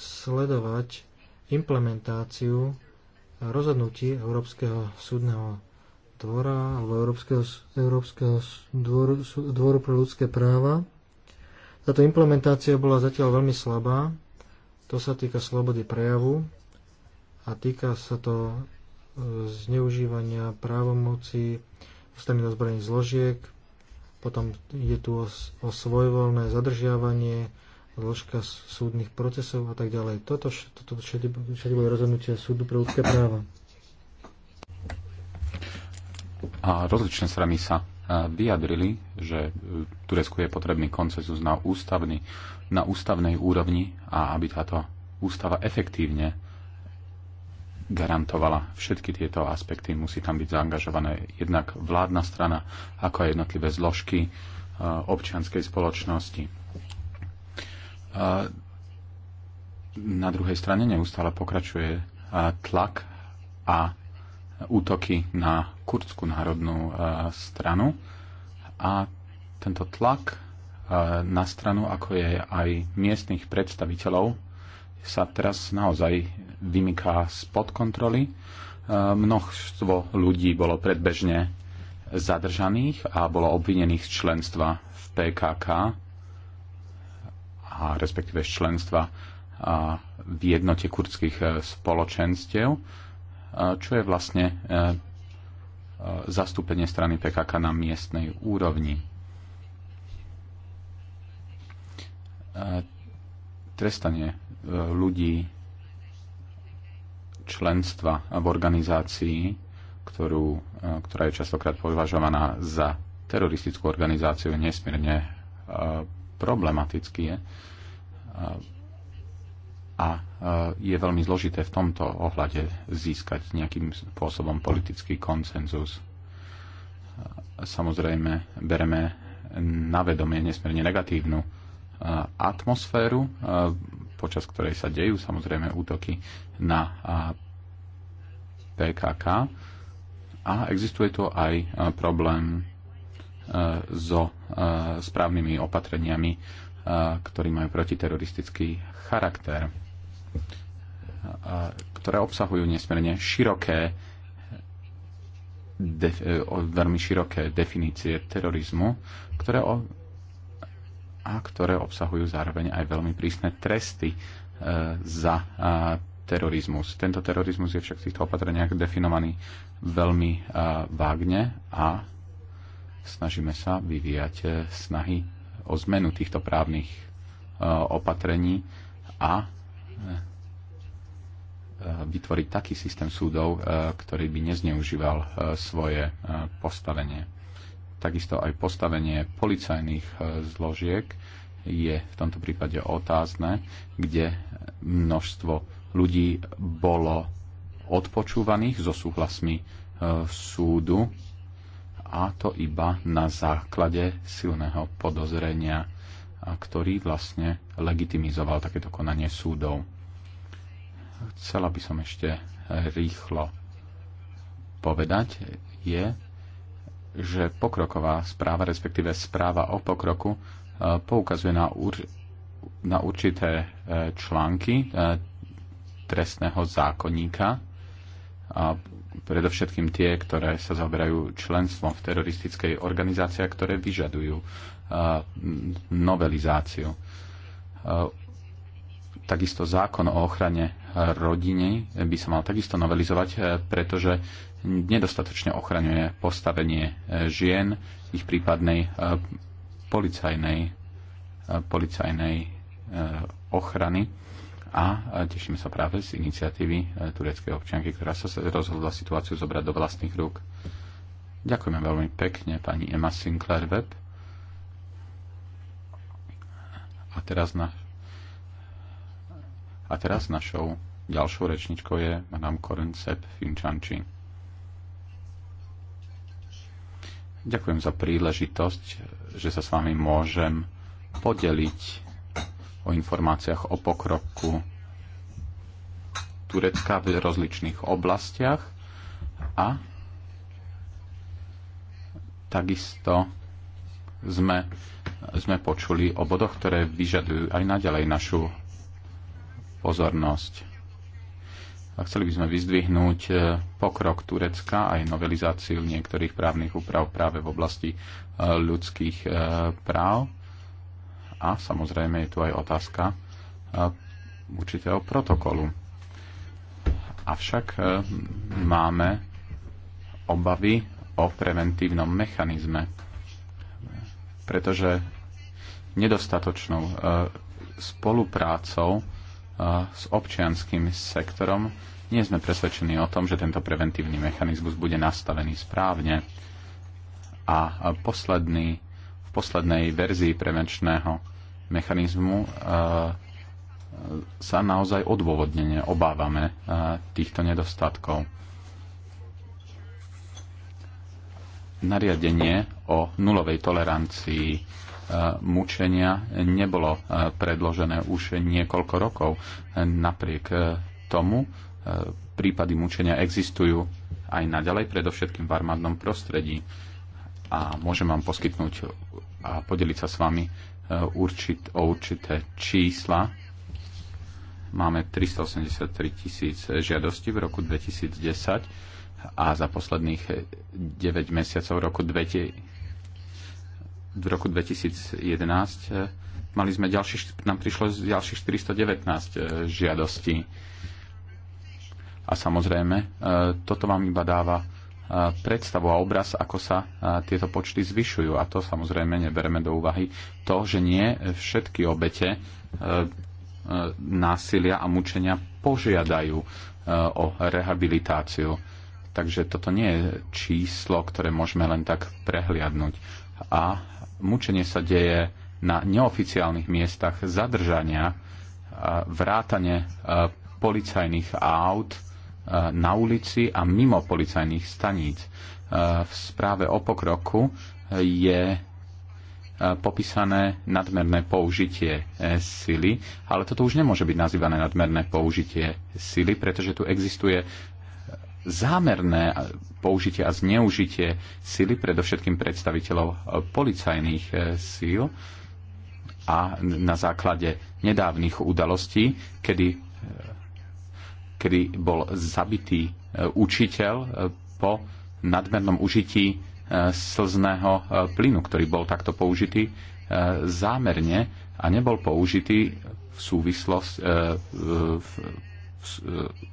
sledovať implementáciu rozhodnutí Európskeho súdneho dvora alebo Európskeho, Európskeho dvoru, dvoru pre ľudské práva. Táto implementácia bola zatiaľ veľmi slabá. To sa týka slobody prejavu a týka sa to e, zneužívania právomoci ústavných ozbrojených zložiek. Potom je tu o, o svojvoľné zadržiavanie, zložka súdnych procesov a tak ďalej. Toto, toto všade, všade boli rozhodnutia súdu pre ľudské práva. A rozličné strany sa e, vyjadrili, že e, Turecku je potrebný koncesus na, ústavný, na ústavnej úrovni a aby táto ústava efektívne garantovala všetky tieto aspekty. Musí tam byť zaangažované jednak vládna strana, ako aj jednotlivé zložky e, občianskej spoločnosti na druhej strane neustále pokračuje tlak a útoky na kurdskú národnú stranu a tento tlak na stranu, ako je aj miestnych predstaviteľov, sa teraz naozaj vymyká spod kontroly. Množstvo ľudí bolo predbežne zadržaných a bolo obvinených z členstva v PKK a respektíve z členstva v jednote kurdských e, spoločenstiev, e, čo je vlastne e, zastúpenie strany PKK na miestnej úrovni. Trestanie ľudí členstva v organizácii, ktorú, ktorá je častokrát považovaná za teroristickú organizáciu, je nesmierne problematický je a je veľmi zložité v tomto ohľade získať nejakým spôsobom politický koncenzus. Samozrejme, bereme na vedomie nesmierne negatívnu atmosféru, počas ktorej sa dejú samozrejme útoky na PKK a existuje tu aj problém so Eh, správnymi opatreniami, eh, ktorí majú protiteroristický charakter, eh, ktoré obsahujú nesmierne široké veľmi široké definície terorizmu, ktoré o, a ktoré obsahujú zároveň aj veľmi prísne tresty e, za e, terorizmus. Tento terorizmus je však v týchto opatreniach definovaný veľmi e, vágne a snažíme sa vyvíjať eh, snahy o zmenu týchto právnych eh, opatrení a eh, vytvoriť taký systém súdov, ktorý by nezneužíval svoje postavenie. Takisto aj postavenie policajných zložiek je v tomto prípade otázne, kde množstvo ľudí bolo odpočúvaných so súhlasmi súdu a to iba na základe silného podozrenia, ktorý vlastne legitimizoval takéto konanie súdov. Chcela by som ešte rýchlo povedať, je, že pokroková správa, respektíve správa o pokroku, e, poukazuje na, ur, na určité e, články e, trestného zákonníka, a predovšetkým tie, ktoré sa zaoberajú členstvom v teroristickej organizácii, ktoré vyžadujú novelizáciu. Takisto zákon o ochrane rodiny by sa mal takisto novelizovať, pretože nedostatočne ochraňuje postavenie e, žien, ich prípadnej policajnej, policajnej e, ochrany a tešíme sa práve z iniciatívy e, tureckej občianky, ktorá sa rozhodla situáciu zobrať do vlastných rúk. Ďakujeme veľmi pekne pani Emma Sinclair Web. A teraz, na... a teraz našou ďalšou rečničkou je Madame Koren Sepp Finčanči. Ďakujem za príležitosť, že sa s vami môžem podeliť o informáciách o pokroku Turecka v rozličných oblastiach a takisto sme, sme počuli o bodoch, ktoré vyžadujú aj naďalej našu pozornosť. A chceli by sme vyzdvihnúť e, pokrok Turecka aj novelizáciu niektorých právnych úprav práve v oblasti e, ľudských e, práv a samozrejme je tu aj otázka e, určitého protokolu. Avšak e, máme obavy o preventívnom mechanizme, pretože nedostatočnou e, spoluprácou s občianským sektorom nie sme presvedčení o tom, že tento preventívny mechanizmus bude nastavený správne. A posledný poslednej verzii prevenčného mechanizmu e, sa naozaj odôvodnenie obávame e, týchto nedostatkov. Nariadenie o nulovej tolerancii e, mučenia nebolo predložené už niekoľko rokov. Napriek tomu prípady mučenia existujú aj naďalej, predovšetkým v armádnom prostredí. A môžem vám poskytnúť a podeliť sa s vami e, určit, o určité čísla. Máme 383 tisíc žiadostí v roku 2010 a za posledných 9 e, mesiacov roku 2000, v roku 2011 e, mali sme ďalší, nám prišlo ďalších 419 žiadostí. A samozrejme, toto vám iba dáva predstavu a obraz, ako sa tieto počty zvyšujú. A to samozrejme nebereme do úvahy to, že nie všetky obete e, e, násilia a mučenia požiadajú e, o rehabilitáciu. Takže toto nie je číslo, ktoré môžeme len tak prehliadnúť. A mučenie sa deje na neoficiálnych miestach zadržania, vrátane policajných aut, Eh, na ulici a mimo policajných staníc. Eh, v správe o pokroku eh, je popísané nadmerné použitie sily, ale toto už nemôže byť nazývané nadmerné použitie sily, pretože tu existuje zámerné použitie a zneužitie sily, predovšetkým predstaviteľov policajných síl a na základe nedávnych udalostí, kedy kedy bol zabitý e, učiteľ e, po nadmernom užití e, slzného plynu, ktorý bol takto použitý zámerne a nebol použitý v súvislosti v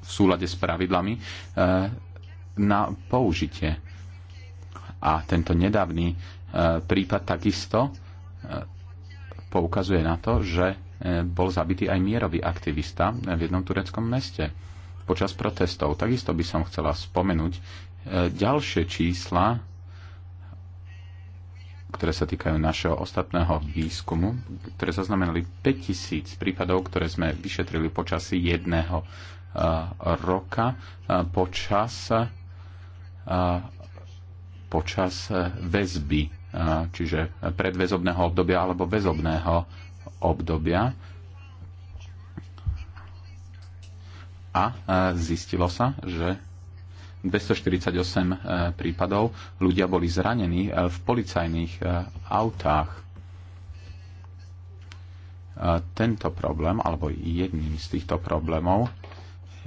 súlade s pravidlami na použitie. A tento nedávny prípad takisto poukazuje na to, že bol zabitý aj mierový aktivista v jednom tureckom meste počas protestov. Takisto by som chcela spomenúť e, ďalšie čísla, ktoré sa týkajú našeho ostatného výskumu, ktoré zaznamenali 5000 prípadov, ktoré sme vyšetrili počas jedného e, roka, e, počas, počas väzby, čiže predväzobného obdobia alebo väzobného obdobia a e, zistilo sa, že 248 e, prípadov ľudia boli zranení e, v policajných autách. Tento problém, alebo jedným z týchto problémov,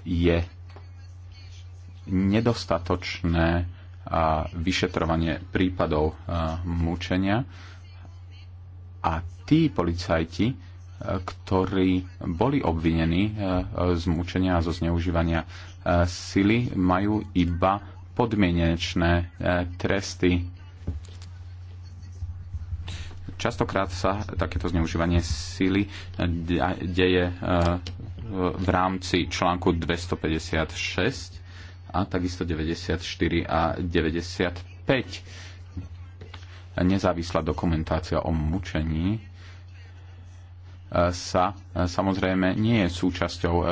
je nedostatočné vyšetrovanie prípadov mučenia a tí policajti, ktorí boli obvinení eh, z mučenia a zo zneužívania eh, sily, majú iba podmienečné eh, tresty. Častokrát sa takéto zneužívanie sily deje v rámci článku 256 a takisto 94 a 95. Nezávislá dokumentácia o mučení sa samozrejme nie je súčasťou eh,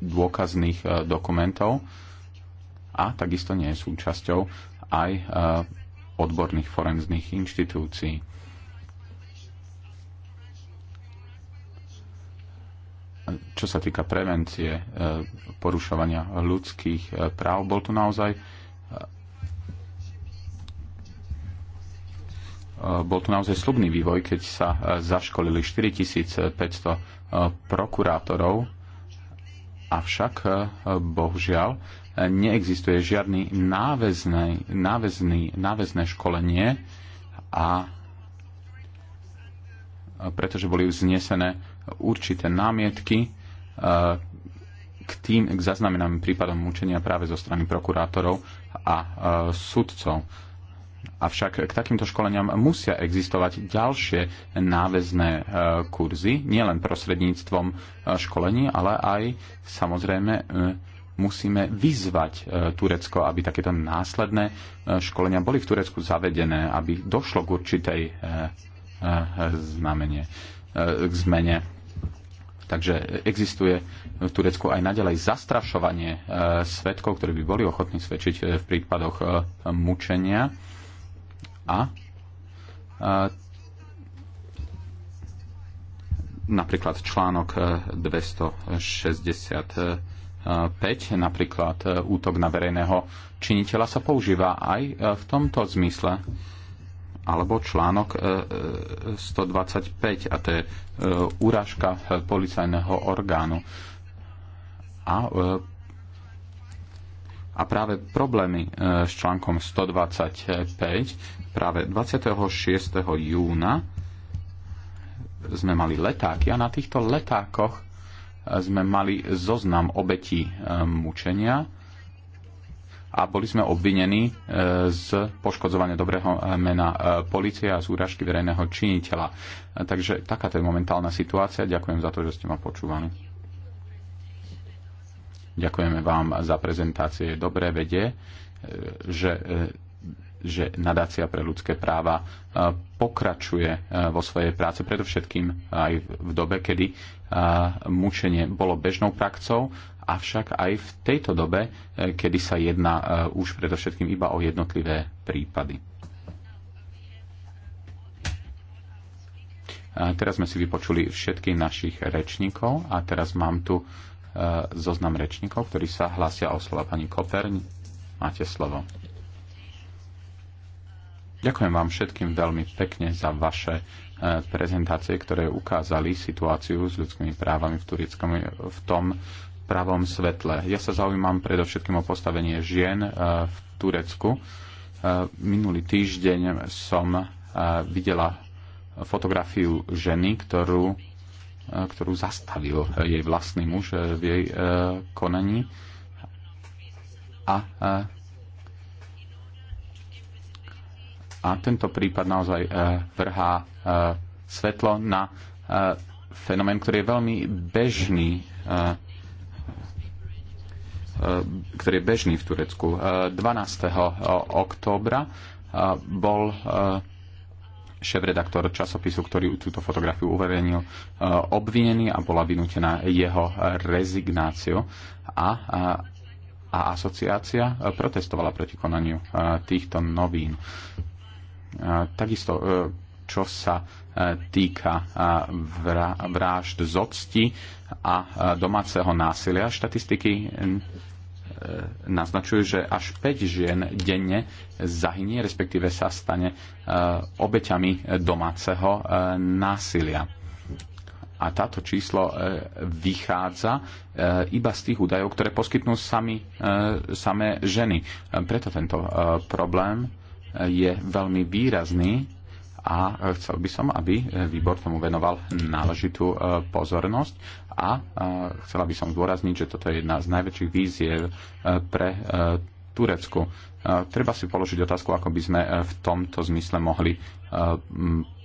dôkazných eh, dokumentov a takisto nie je súčasťou aj eh, odborných forenzných inštitúcií. Čo sa týka prevencie porušovania ľudských práv, bol tu naozaj Eh, bol tu naozaj slubný vývoj, keď sa eh, zaškolili 4500 eh, prokurátorov, avšak bohužiaľ neexistuje žiadny náväzný, náväzný, náväzné školenie a pretože boli vznesené určité námietky k tým k zaznamenaným prípadom mučenia práve zo strany prokurátorov a sudcov Avšak k takýmto školeniam musia existovať ďalšie náväzné e, kurzy, nielen prostredníctvom e, školení, ale aj samozrejme e, musíme vyzvať Turecko, aby takéto následné školenia boli v Turecku zavedené, aby došlo k určitej znamenie, k zmene. Takže existuje v Turecku aj naďalej zastrašovanie svetkov, ktorí by boli ochotní svedčiť v prípadoch mučenia a, a napríklad článok 265, e, e, napríklad e, útok na verejného činiteľa sa používa aj v tomto zmysle alebo článok 125, a to je úražka policajného orgánu. A a práve problémy e, s článkom 125 práve 26. júna sme mali letáky a na týchto letákoch e, sme mali zoznam obetí e, mučenia a boli sme obvinení z poškodzovania dobrého mena policie a z úražky verejného činiteľa. Takže takáto je momentálna situácia. Ďakujem za to, že ste ma počúvali. Ďakujeme vám za prezentácie. Je dobré vedie, e, že e, že nadácia pre ľudské práva e, pokračuje vo svojej práce, predovšetkým aj v dobe, kedy mučenie bolo bežnou praxou, avšak aj v tejto dobe, kedy sa jedná už predovšetkým iba o jednotlivé prípady. Teraz sme si vypočuli všetkých našich rečníkov a teraz mám tu E, zoznam rečníkov, ktorí sa hlásia o slova. Pani Koperň, máte slovo. Ďakujem vám všetkým veľmi pekne za vaše e, prezentácie, ktoré ukázali situáciu s ľudskými právami v Tureckom e, v tom pravom svetle. Ja sa zaujímam predovšetkým o postavenie žien v Turecku. Minulý týždeň som videla fotografiu ženy, ktorú ktorú zastavil jej vlastný muž e, v jej e, konaní. A, e, a tento prípad naozaj vrhá svetlo na fenomén, ktorý je veľmi bežný ktorý je bežný v Turecku. 12. októbra bol šéf-redaktor časopisu, ktorý túto fotografiu uverejnil, e, obvinený a bola vynútená jeho rezignáciu a, a asociácia protestovala proti konaniu e, týchto novín. E, takisto, čo sa týka vražd Zocti a domáceho násilia, štatistiky naznačujú, že až 5 žien denne zahynie, respektíve sa stane e, obeťami domáceho e, násilia. A táto číslo e, vychádza iba z tých údajov, ktoré poskytnú sami, samé ženy. Preto tento problém je veľmi výrazný a chcel by som, aby výbor tomu venoval náležitú e, pozornosť a e, chcela by som zdôrazniť, že toto je jedna z najväčších víziev e, pre Turecku. Treba si položiť otázku, ako by sme v tomto zmysle mohli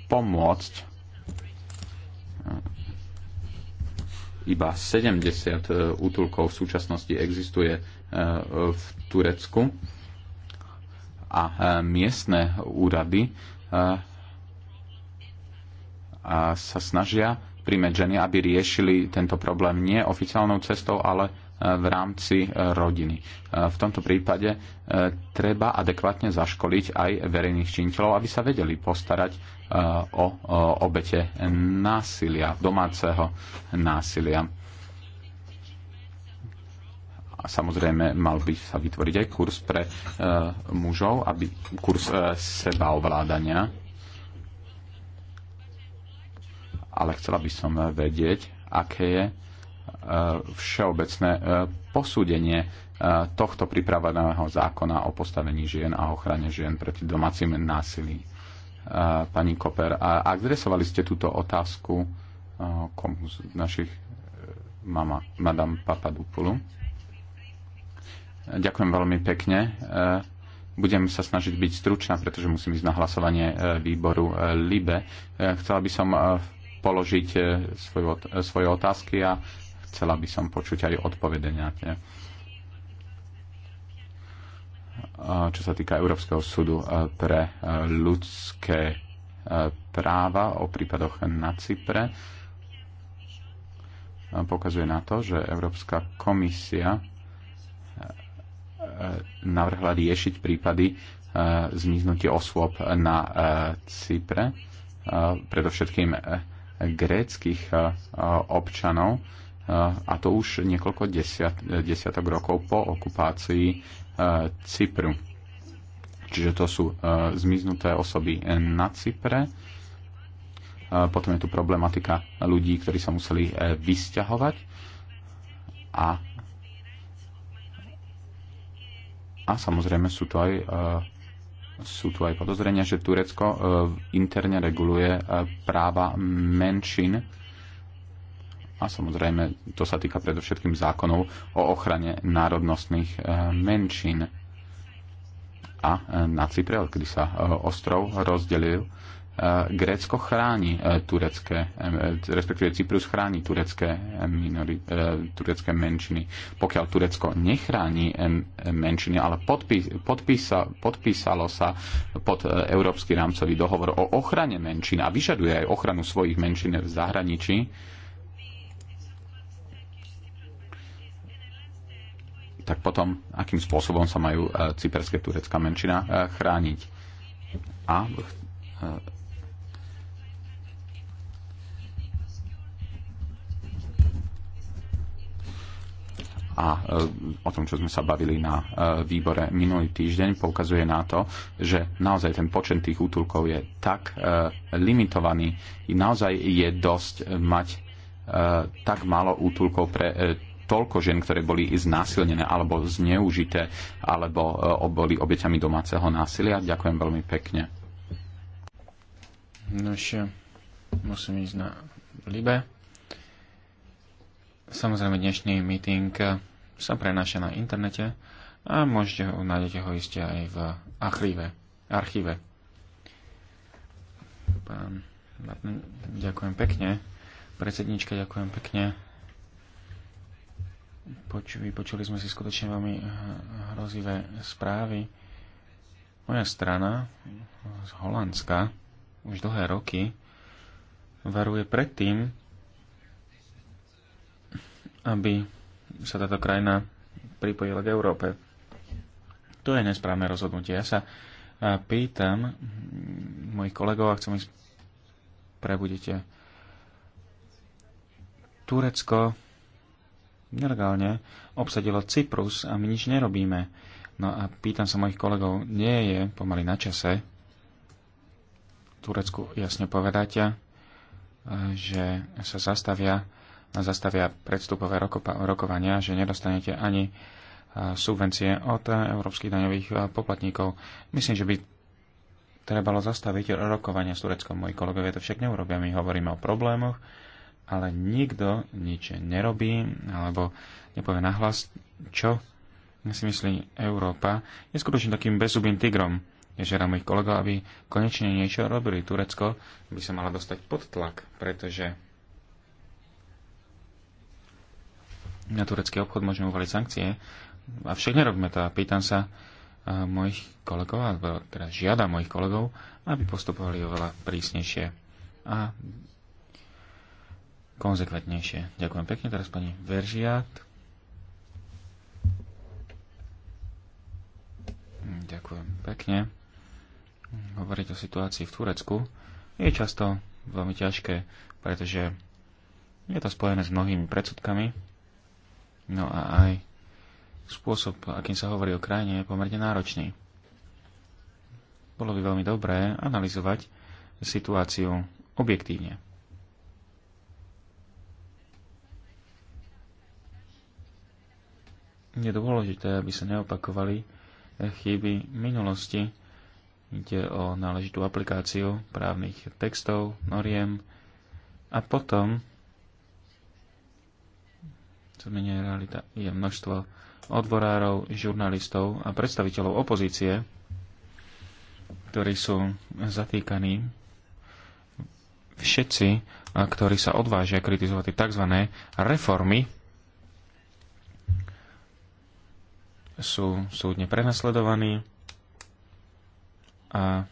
pomôcť iba 70 útulkov v súčasnosti existuje v Turecku a miestne úrady sa snažia príjmeť ženy, aby riešili tento problém nie oficiálnou cestou, ale e, v rámci e, rodiny. E, v tomto prípade treba adekvátne zaškoliť aj verejných činiteľov, aby sa vedeli postarať o obete násilia, domáceho násilia. A samozrejme mal by sa vytvoriť aj kurz pre mužov, aby kurz sebaovládania ale chcela by som eh, vedieť, aké je eh, všeobecné eh, posúdenie tohto pripraveného zákona o postavení žien a ochrane žien proti domácim násilí. Pani Koper, a adresovali ste túto otázku komu z našich mama, madam Papadupulu? Ďakujem veľmi pekne. Budem sa snažiť byť stručná, pretože musím ísť na hlasovanie výboru LIBE. Chcela by som v položiť e, e, svoje otázky a chcela by som počuť aj odpovede nejaké. Čo sa týka Európskeho súdu e, pre ľudské práva o prípadoch na Cypre, pokazuje na to, že Európska komisia navrhla riešiť prípady zmiznutia osôb na Cypre, predovšetkým gréckých občanov, a to už niekoľko desiat, desiatok rokov po okupácii Cypru. Čiže to sú zmiznuté osoby na Cypre. Potom je tu problematika ľudí, ktorí sa museli e, vysťahovať. A, a samozrejme sú to aj sú tu aj podozrenia, že Turecko e, interne reguluje e, práva menšin a samozrejme to sa týka predovšetkým zákonov o ochrane národnostných e, menšín. A na Cypre, kedy sa ostrov rozdelil, E, Grécko chráni e, turecké, e, respektíve Cyprus chráni turecké, minori, turecké menšiny. Pokiaľ Turecko nechráni menšiny, ale podpísa, podpísalo sa pod Európsky rámcový dohovor o ochrane menšín a vyžaduje aj ochranu svojich menšín v zahraničí, tak potom akým spôsobom sa majú cyperské turecká menšina chrániť. A a e, o tom, čo sme sa bavili na e, výbore minulý týždeň, poukazuje na to, že naozaj ten počet tých útulkov je tak e, limitovaný, naozaj je dosť mať tak málo útulkov pre toľko žien, ktoré boli znásilnené alebo zneužité, alebo boli obeťami domáceho násilia. Ďakujem veľmi pekne. No ešte musím ísť na Libe. Samozrejme dnešný meeting sa prenáša na internete a môžete ho, nájdete ho iste aj v archíve. archíve. Pán, ďakujem pekne. Predsednička, ďakujem pekne. Poč, vypočuli sme si skutočne veľmi hrozivé správy. Moja strana z Holandska už dlhé roky varuje pred tým, aby sa táto krajina pripojila k Európe. To je nesprávne rozhodnutie. Ja sa e, pýtam mojich kolegov a chcem ísť prebudite. Turecko nelegálne obsadilo Cyprus a my nič nerobíme. No a pýtam sa mojich kolegov, nie je pomaly na čase Turecku jasne povedať, e, že sa zastavia zastavia predstupové rokovania, že nedostanete ani e, subvencie od európskych daňových e, poplatníkov. Myslím, že by trebalo zastaviť rokovania s Tureckom. Moji kolegovia to však neurobia. My hovoríme o problémoch, ale nikto nič nerobí alebo nepovie nahlas, čo si myslí Európa. Je skutočne takým bezubým tigrom. Je mojich kolegov, aby konečne niečo robili. Turecko by sa mala dostať pod tlak, pretože na turecký obchod môžeme uvaliť sankcie, a však nerobíme to. A pýtam sa a eh, mojich kolegov, alebo teda žiada mojich kolegov, aby postupovali oveľa prísnejšie a konzekventnejšie. Ďakujem pekne. Teraz pani Veržiat. Ďakujem pekne. Hovoriť o situácii v Turecku je často veľmi ťažké, pretože je to spojené s mnohými predsudkami, No a aj spôsob, akým sa hovorí o krajine, je pomerne náročný. Bolo by veľmi dobré analyzovať situáciu objektívne. Je dôležité, aby sa neopakovali chyby minulosti. Ide o náležitú aplikáciu právnych textov, noriem a potom sa menej realita. Je množstvo odborárov, žurnalistov a predstaviteľov opozície, ktorí sú zatýkaní. Všetci, ktorí sa odvážia kritizovať tzv. reformy, sú súdne prenasledovaní a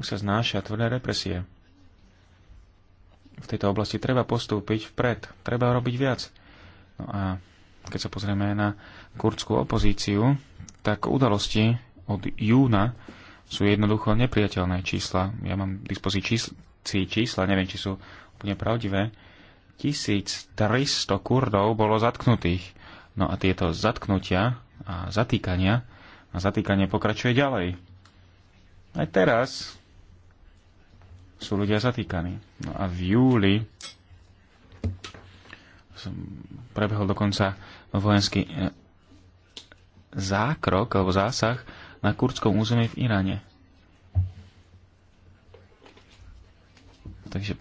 musia znášať tvrdé represie v tejto oblasti treba postúpiť vpred, treba robiť viac. No a keď sa pozrieme na kurdskú opozíciu, tak udalosti od júna sú jednoducho nepriateľné čísla. Ja mám v dispozícii čísla, neviem, či sú úplne pravdivé. 1300 Kurdov bolo zatknutých. No a tieto zatknutia a zatýkania a zatýkanie pokračuje ďalej. Aj teraz sú ľudia zatýkaní. No a v júli som prebehol dokonca vojenský e, zákrok alebo zásah na kurdskom území v Iráne. Takže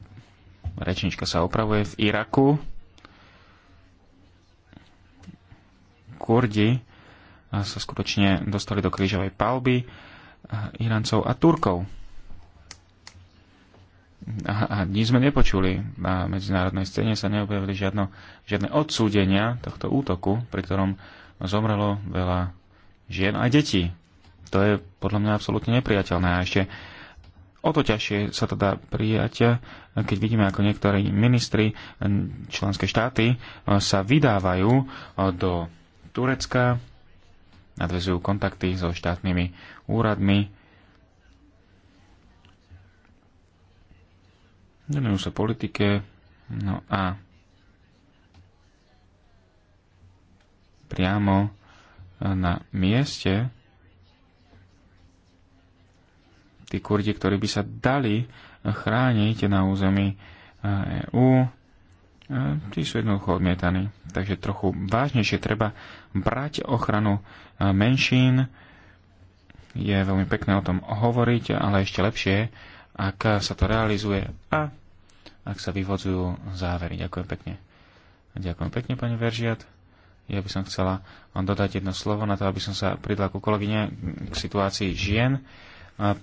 rečnička sa opravuje v Iraku. Kurdi sa skutočne dostali do krížovej palby e, Iráncov a Turkov a, a nič sme nepočuli. Na medzinárodnej scéne sa neobjavili žiadno, žiadne odsúdenia tohto útoku, pri ktorom zomrelo veľa žien a detí. To je podľa mňa absolútne nepriateľné. A ešte o to ťažšie sa to dá prijať, keď vidíme, ako niektorí ministri členské štáty e, sa vydávajú e, do Turecka, nadvezujú kontakty so štátnymi úradmi, venujú sa politike, no a priamo e, na mieste tí kurdi, ktorí by sa dali chrániť na území EÚ, e e, tí sú jednoducho odmietaní. Takže trochu vážnejšie treba brať ochranu menšín. Je veľmi pekné o tom hovoriť, ale ešte lepšie, ak sa to realizuje a ak sa vyvodzujú závery. Ďakujem pekne. Ďakujem pekne, pani Veržiat. Ja by som chcela vám dodať jedno slovo na to, aby som sa pridla ku kolegyne k situácii žien,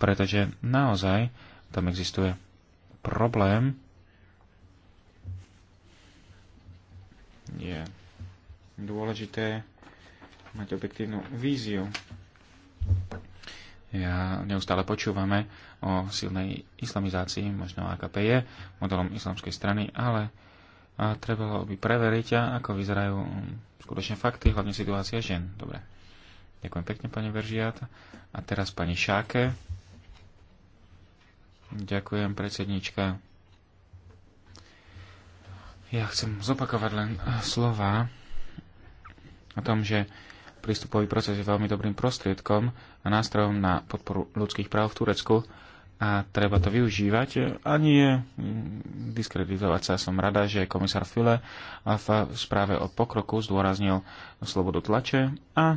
pretože naozaj tam existuje problém. Je dôležité mať objektívnu víziu. Ja neustále počúvame o silnej islamizácii, možno AKP je modelom islamskej strany, ale a trebalo by preveriť, ako vyzerajú skutočne fakty, hlavne situácia žien. Dobre. Ďakujem pekne, pani Veržiat. A teraz pani Šáke. Ďakujem, predsednička. Ja chcem zopakovať len slova o tom, že prístupový proces je veľmi dobrým prostriedkom a nástrojom na podporu ľudských práv v Turecku a treba to využívať a nie mm, diskreditovať sa. Som rada, že komisár File v správe o pokroku zdôraznil slobodu tlače a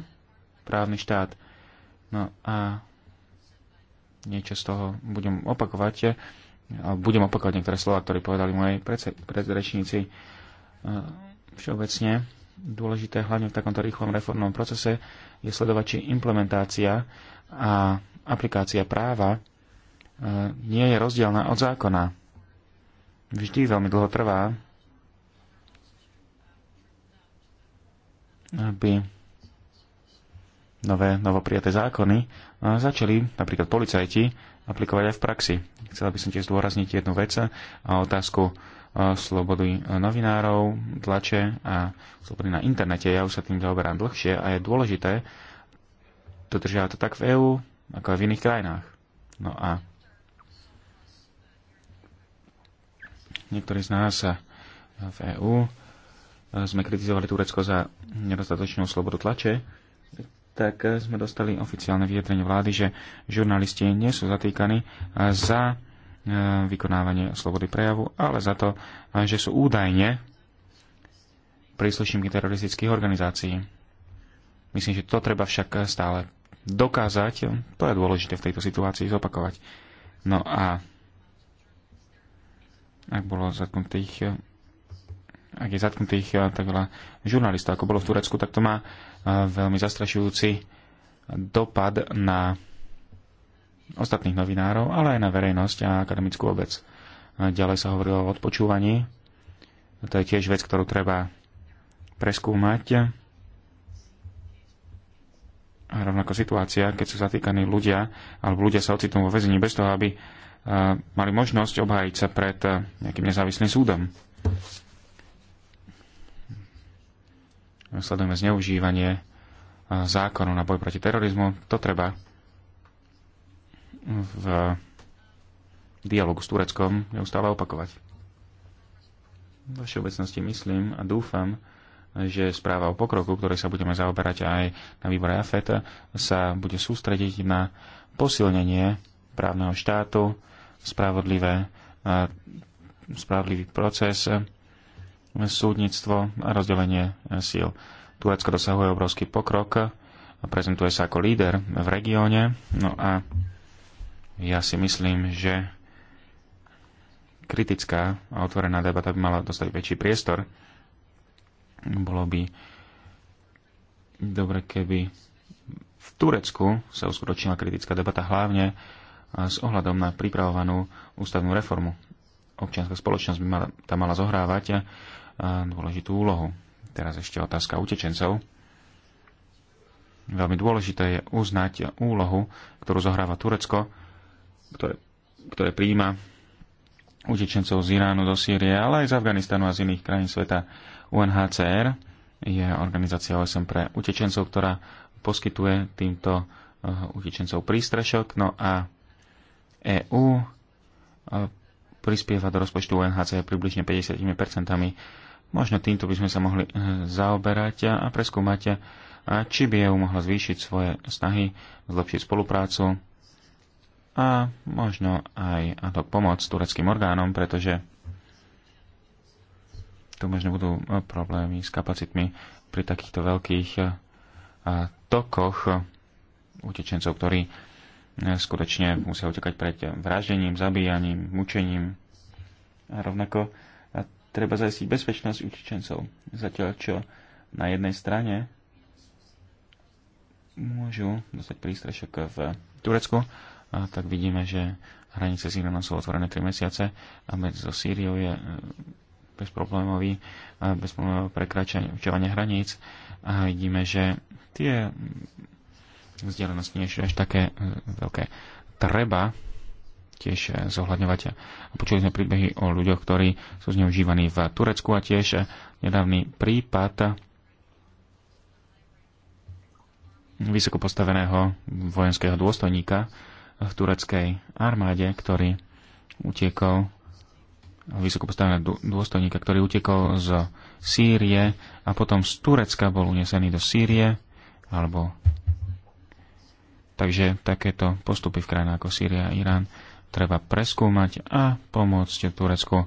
právny štát. No a niečo z toho budem opakovať. Budem opakovať niektoré slova, ktoré povedali moje predrečníci všeobecne. Dôležité hlavne v takomto rýchlom reformnom procese je sledovať, či implementácia a aplikácia práva nie je rozdielna od zákona. Vždy veľmi dlho trvá, aby nové, novoprijaté zákony začali napríklad policajti aplikovať aj v praxi. Chcela by som tiež zdôrazniť jednu vec a otázku slobody novinárov, tlače a slobody na internete. Ja už sa tým zaoberám dlhšie a je dôležité dodržiavať to tak v EÚ, ako aj v iných krajinách. No a niektorí z nás v EÚ e, sme kritizovali Turecko za nedostatočnú slobodu tlače, tak e, sme dostali oficiálne vyjadrenie vlády, že žurnalisti nie sú zatýkaní za e, vykonávanie slobody prejavu, ale za to, že sú údajne príslušníky teroristických organizácií. Myslím, že to treba však stále dokázať, to je dôležité v tejto situácii zopakovať. No a ak bolo zatknutých ak je zatknutých eh, tak veľa žurnalistov, ako bolo v Turecku, tak to má eh, veľmi zastrašujúci dopad na ostatných novinárov, ale aj na verejnosť a akademickú obec. Eh, ďalej sa hovorilo o odpočúvaní. To je tiež vec, ktorú treba preskúmať. A rovnako situácia, keď sú zatýkaní ľudia, alebo ľudia sa ocitnú vo väzení bez toho, aby mali možnosť obhájiť sa pred e, nejakým nezávislým súdom. Sledujeme zneužívanie e, zákonu na boj proti terorizmu. To treba v dialogu s Tureckom neustále opakovať. Vo všeobecnosti myslím a dúfam, že správa o pokroku, ktorej sa budeme zaoberať aj na výbore AFET, sa bude sústrediť na posilnenie právneho štátu, spravodlivé, spravodlivý proces, súdnictvo a rozdelenie síl. Turecko dosahuje obrovský pokrok a prezentuje sa ako líder v regióne. No a ja si myslím, že kritická a otvorená debata by mala dostať väčší priestor. Bolo by dobre, keby v Turecku sa uskutočnila kritická debata hlavne s ohľadom na pripravovanú ústavnú reformu. Občianská spoločnosť by mala, tam mala zohrávať dôležitú úlohu. Teraz ešte otázka utečencov. Veľmi dôležité je uznať úlohu, ktorú zohráva Turecko, ktoré, ktoré príjima utečencov z Iránu do Sýrie, ale aj z Afganistanu a z iných krajín sveta. UNHCR je organizácia OSM pre utečencov, ktorá poskytuje týmto uh, utečencov prístrešok. No a EÚ e, prispieva do rozpočtu UNHC približne 50%. Možno týmto by sme sa mohli e, zaoberať a preskúmať, či by EU mohla zvýšiť svoje snahy, zlepšiť spoluprácu a možno aj to pomoc tureckým orgánom, pretože tu možno budú e, problémy s kapacitmi pri takýchto veľkých tokoch utečencov, ktorí skutočne musia utekať pred vraždením, zabíjaním, mučením. A rovnako treba zajistiť bezpečnosť utečencov. Zatiaľ čo na jednej strane môžu dostať prístrešok v Turecku, a tak vidíme, že hranice s Iránom sú otvorené 3 mesiace a medzi so Sýriou je e, bezproblémový, e, bezproblémové prekračovanie hraníc a vidíme, že tie vzdialenosti nie je až také e, veľké. Treba tiež e, zohľadňovať. Počuli sme príbehy o ľuďoch, ktorí sú zneužívaní v Turecku a tiež e, nedávny prípad vysoko postaveného vojenského dôstojníka v tureckej armáde, ktorý utiekol vysoko postaveného dôstojníka, ktorý utekol z Sýrie a potom z Turecka bol unesený do Sýrie alebo Takže takéto postupy v krajinách ako Sýria a Irán treba preskúmať a pomôcť Turecku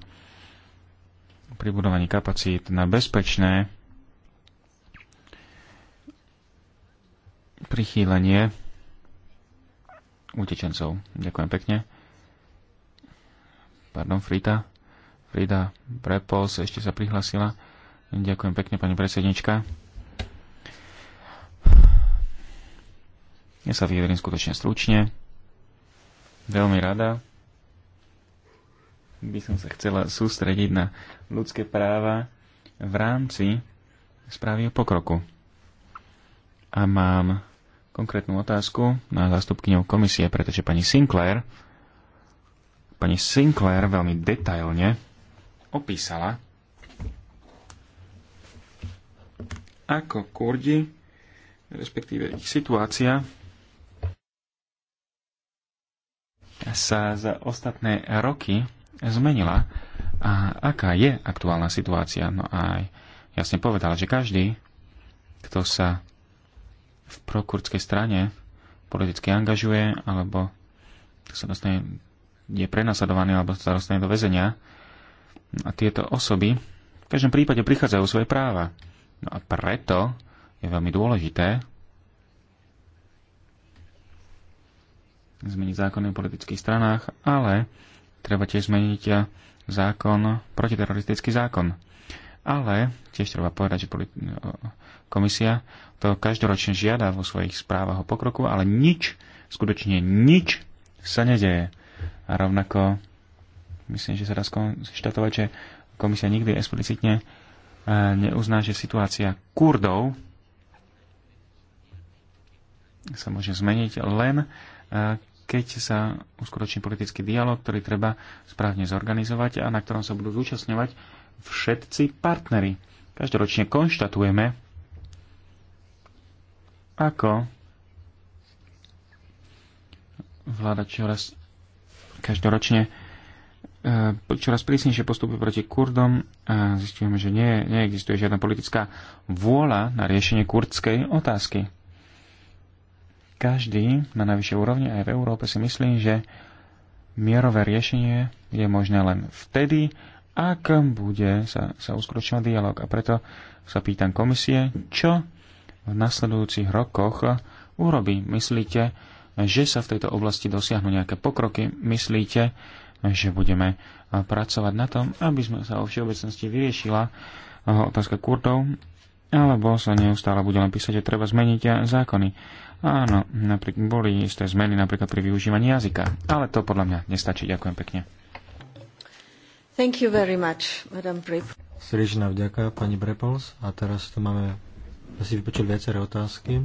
pri budovaní kapacít na bezpečné prichýlenie utečencov. Ďakujem pekne. Pardon, Frida. Frida Prepols ešte sa prihlasila. Ďakujem pekne, pani predsednička. Ja sa vyjadrím skutočne stručne. Veľmi rada by som sa chcela sústrediť na ľudské práva v rámci správy o pokroku. A mám konkrétnu otázku na zástupkyňou komisie, pretože pani Sinclair pani Sinclair veľmi detailne opísala, ako kurdi, respektíve ich situácia, sa za ostatné roky zmenila a aká je aktuálna situácia. No a ja jasne povedal, že každý, kto sa v prokurdskej strane politicky angažuje, alebo sa dostane, je prenasledovaný, alebo sa dostane do väzenia, a tieto osoby v každom prípade prichádzajú svoje práva. No a preto je veľmi dôležité, zmeniť zákony o politických stranách, ale treba tiež zmeniť eh, zákon, protiteroristický zákon. Ale tiež treba povedať, že eh, komisia to každoročne žiada vo svojich správach o pokroku, ale nič, skutočne nič sa nedeje. A rovnako myslím, že sa dá skonštatovať, že komisia nikdy explicitne eh, neuzná, že situácia Kurdov sa môže zmeniť len keď sa uskutoční politický dialog, ktorý treba správne zorganizovať a na ktorom sa budú zúčastňovať všetci partnery. Každoročne konštatujeme, ako vláda čoraz každoročne e, čoraz prísnejšie postupy proti Kurdom a zistujeme, že nie, neexistuje žiadna politická vôľa na riešenie kurdskej otázky. Každý na najvyššej úrovni aj v Európe si myslím, že mierové riešenie je možné len vtedy, ak bude sa, sa uskutočňovať dialog. A preto sa pýtam komisie, čo v nasledujúcich rokoch urobí. Myslíte, že sa v tejto oblasti dosiahnu nejaké pokroky? Myslíte, že budeme pracovať na tom, aby sme sa o všeobecnosti vyriešila otázka Kurdov, alebo sa neustále bude len písať, že treba zmeniť zákony. Áno, napriek boli isté zmeny napríklad pri využívaní jazyka, ale to podľa mňa nestačí. Ďakujem pekne. Thank you very much, Madam Srdečná vďaka, pani Brepols. A teraz tu máme asi vypočuli viaceré otázky.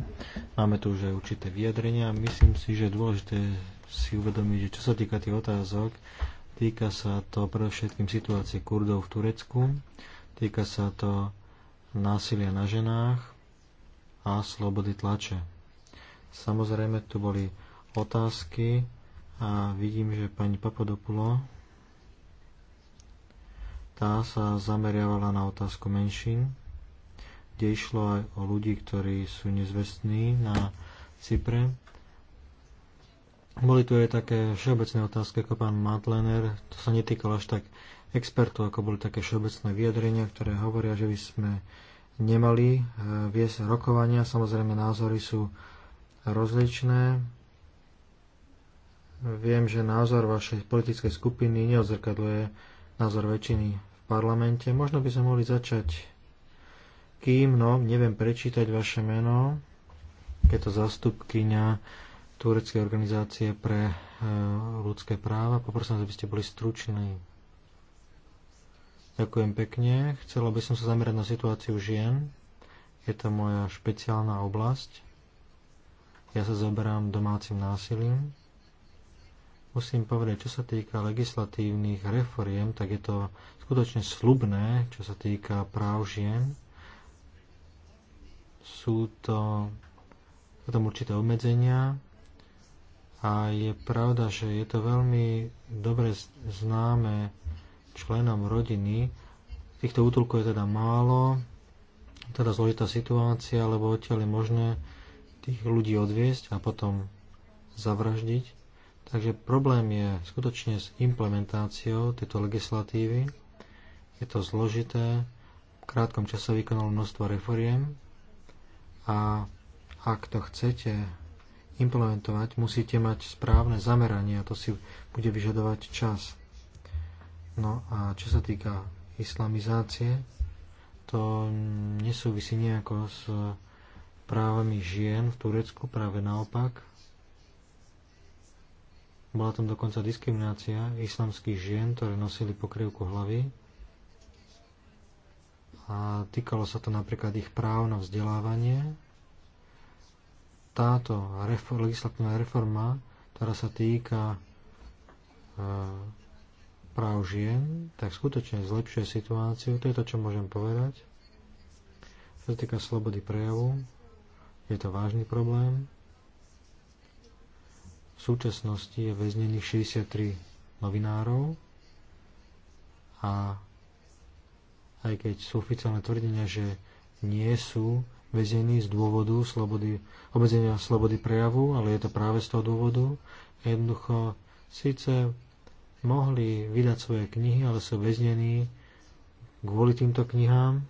Máme tu už aj určité vyjadrenia. Myslím si, že je dôležité si uvedomiť, že čo sa týka tých otázok, týka sa to predovšetkým situácie Kurdov v Turecku, týka sa to násilia na ženách a slobody tlače. Samozrejme, tu boli otázky a vidím, že pani Papadopulo tá sa zameriavala na otázku menšín, kde išlo aj o ľudí, ktorí sú nezvestní na Cypre. Boli tu aj také všeobecné otázky, ako pán Matlener, to sa netýkalo až tak expertov, ako boli také všeobecné vyjadrenia, ktoré hovoria, že by sme nemali eh, viesť rokovania. Samozrejme, názory sú rozličné. Viem, že názor vašej politickej skupiny neodzrkadluje názor väčšiny v parlamente. Možno by sme mohli začať kým, no, neviem prečítať vaše meno. Je to zastupkyňa Tureckej organizácie pre e, ľudské práva. Poprosím, aby ste boli struční. Ďakujem pekne. Chcela by som sa zamerať na situáciu žien. Je to moja špeciálna oblasť. Ja sa zaberám domácim násilím. Musím povedať, čo sa týka legislatívnych reforiem, tak je to skutočne slubné, čo sa týka práv žien. Sú to, sú tam určité obmedzenia a je pravda, že je to veľmi dobre známe členom rodiny. Týchto útulkov je teda málo, teda zložitá situácia, lebo odtiaľ je možné tých ľudí odviesť a potom zavraždiť. Takže problém je skutočne s implementáciou tejto legislatívy. Je to zložité, v krátkom čase vykonalo množstvo reforiem a ak to chcete implementovať, musíte mať správne zameranie a to si bude vyžadovať čas. No a čo sa týka islamizácie, to nesúvisí nejako s právami žien v Turecku, práve naopak. Bola tam dokonca diskriminácia islamských žien, ktoré nosili pokrývku hlavy. A týkalo sa to napríklad ich práv na vzdelávanie. Táto reform, legislatívna reforma, ktorá sa týka e práv žien, tak skutočne zlepšuje situáciu. To je to, čo môžem povedať. Čo sa týka slobody prejavu, je to vážny problém. V súčasnosti je väznených 63 novinárov a aj keď sú oficiálne tvrdenia, že nie sú väzení z dôvodu slobody, obmedzenia slobody prejavu, ale je to práve z toho dôvodu. Jednoducho, síce mohli vydať svoje knihy, ale sú väznení kvôli týmto knihám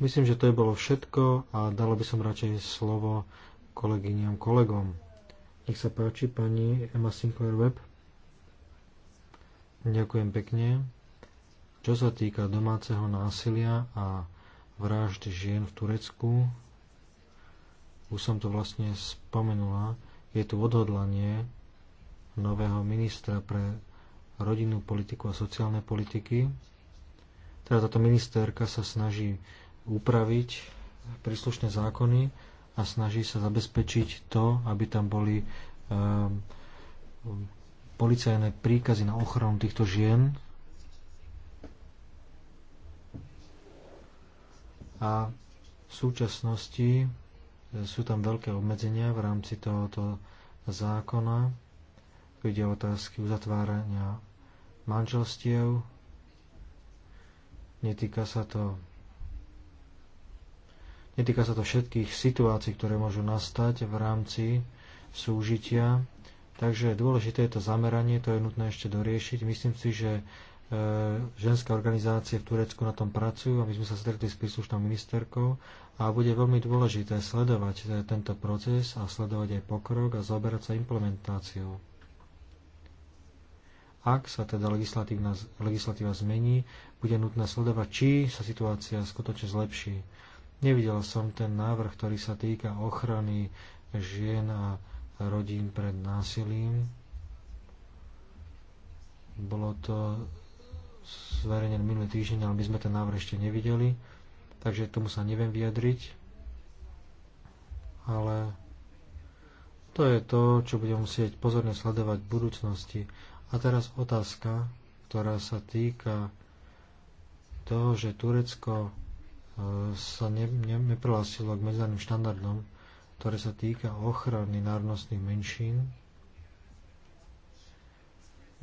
Myslím, že to je bolo všetko a dalo by som radšej slovo kolegyňam, kolegom. Nech sa páči, pani Emma Sinclair Web. Ďakujem pekne. Čo sa týka domáceho násilia a vražd žien v Turecku, už som to vlastne spomenula, je tu odhodlanie nového ministra pre rodinnú politiku a sociálne politiky. Teda táto ministerka sa snaží upraviť príslušné zákony a snaží sa zabezpečiť to, aby tam boli um, policajné príkazy na ochranu týchto žien a v súčasnosti e, sú tam veľké obmedzenia v rámci tohoto zákona, ide o otázky uzatvárania manželstiev, netýka sa to Netýka sa to všetkých situácií, ktoré môžu nastať v rámci súžitia. Takže dôležité je to zameranie, to je nutné ešte doriešiť. Myslím si, že e, ženské organizácie v Turecku na tom pracujú a my sme sa stretli s príslušnou ministerkou a bude veľmi dôležité sledovať e, tento proces a sledovať aj pokrok a zaoberať sa implementáciou. Ak sa teda legislatíva zmení, bude nutné sledovať, či sa situácia skutočne zlepší. Nevidel som ten návrh, ktorý sa týka ochrany žien a rodín pred násilím. Bolo to zverejnené minulý týždeň, ale my sme ten návrh ešte nevideli, takže tomu sa neviem vyjadriť. Ale to je to, čo budem musieť pozorne sledovať v budúcnosti. A teraz otázka, ktorá sa týka toho, že Turecko sa ne, ne, neprihlásilo k medzinárodným štandardom, ktoré sa týka ochrany národnostných menšín.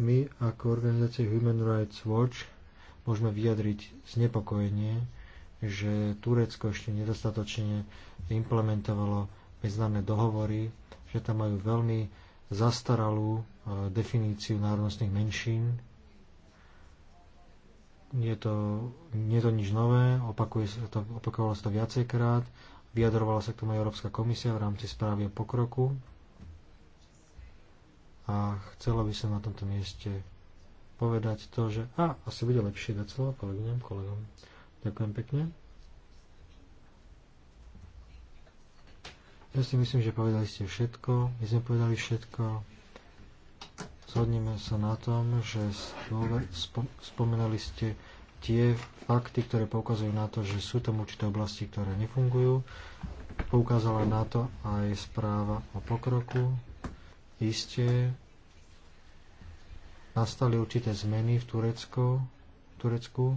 My ako organizácia Human Rights Watch môžeme vyjadriť znepokojenie, že Turecko ešte nedostatočne implementovalo medzinárodné dohovory, že tam majú veľmi zastaralú eh, definíciu národnostných menšín je to, nie je to nič nové, opakuje sa to, opakovalo sa to viacejkrát, vyjadrovala sa k tomu Európska komisia v rámci správy o pokroku a chcela by som na tomto mieste povedať to, že a, asi bude lepšie dať slovo kolegyňam, kolegom. Ďakujem pekne. Ja si myslím, že povedali ste všetko, my sme povedali všetko, Zhodneme sa na tom, že spomínali ste tie fakty, ktoré poukazujú na to, že sú tam určité oblasti, ktoré nefungujú. Poukázala na to aj správa o pokroku. Isté nastali určité zmeny v Turecku. Turecku.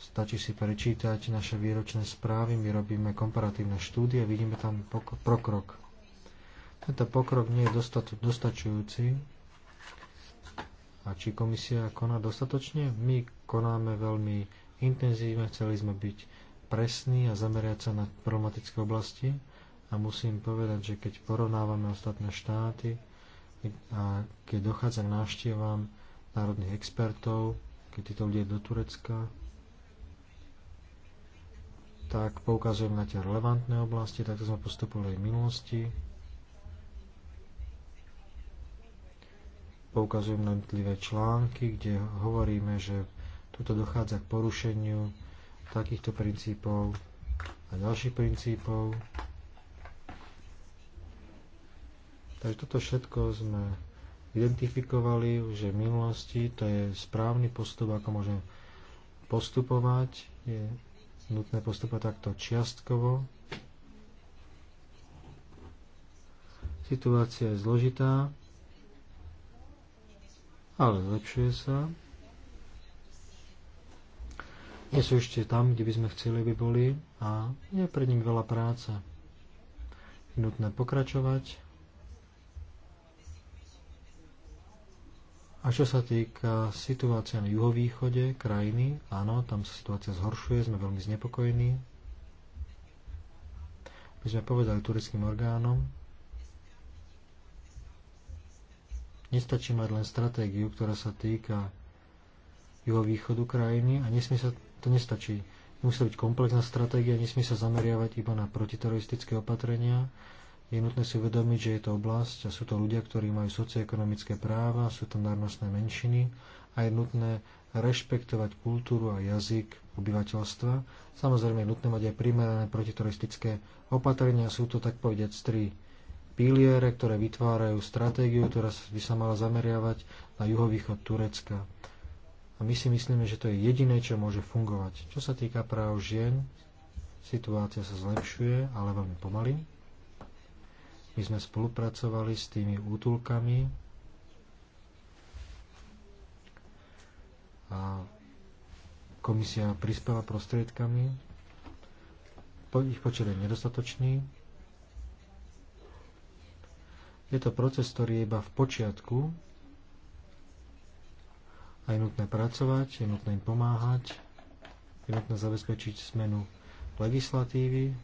Stačí si prečítať naše výročné správy, my robíme komparatívne štúdie, vidíme tam pokrok tento pokrok nie je dostačujúci. A či komisia koná dostatočne? My konáme veľmi intenzívne, chceli sme byť presní a zameriať sa na problematické oblasti. A musím povedať, že keď porovnávame ostatné štáty a keď dochádza k návštevám národných expertov, keď títo ľudia do Turecka, tak poukazujem na tie relevantné oblasti, tak sme postupovali aj v minulosti. poukazujem na jednotlivé články, kde hovoríme, že toto dochádza k porušeniu takýchto princípov a ďalších princípov. Takže toto všetko sme identifikovali už v minulosti, to je správny postup, ako môžeme postupovať. Je nutné postupovať takto čiastkovo. Situácia je zložitá, ale zlepšuje sa. Nie sú ešte tam, kde by sme chceli, by boli a je pred ním veľa práce. Je nutné pokračovať. A čo sa týka situácia na juhovýchode krajiny, áno, tam sa situácia zhoršuje, sme veľmi znepokojení. My sme povedali tureckým orgánom, Nestačí mať len stratégiu, ktorá sa týka juhovýchodu krajiny a nesmie sa, to nestačí. Musí byť komplexná stratégia, nesmie sa zameriavať iba na protiteroristické opatrenia. Je nutné si uvedomiť, že je to oblasť a sú to ľudia, ktorí majú socioekonomické práva, sú tam národnostné menšiny a je nutné rešpektovať kultúru a jazyk obyvateľstva. Samozrejme je nutné mať aj primerané protiteroristické opatrenia, sú to tak povediať tri piliere, ktoré vytvárajú stratégiu, ktorá by sa mala zameriavať na juhovýchod Turecka. A my si myslíme, že to je jediné, čo môže fungovať. Čo sa týka práv žien, situácia sa zlepšuje, ale veľmi pomaly. My sme spolupracovali s tými útulkami a komisia prispela prostriedkami. Ich počet je nedostatočný, je to proces, ktorý je iba v počiatku a je nutné pracovať, je nutné im pomáhať, je nutné zabezpečiť zmenu legislatívy.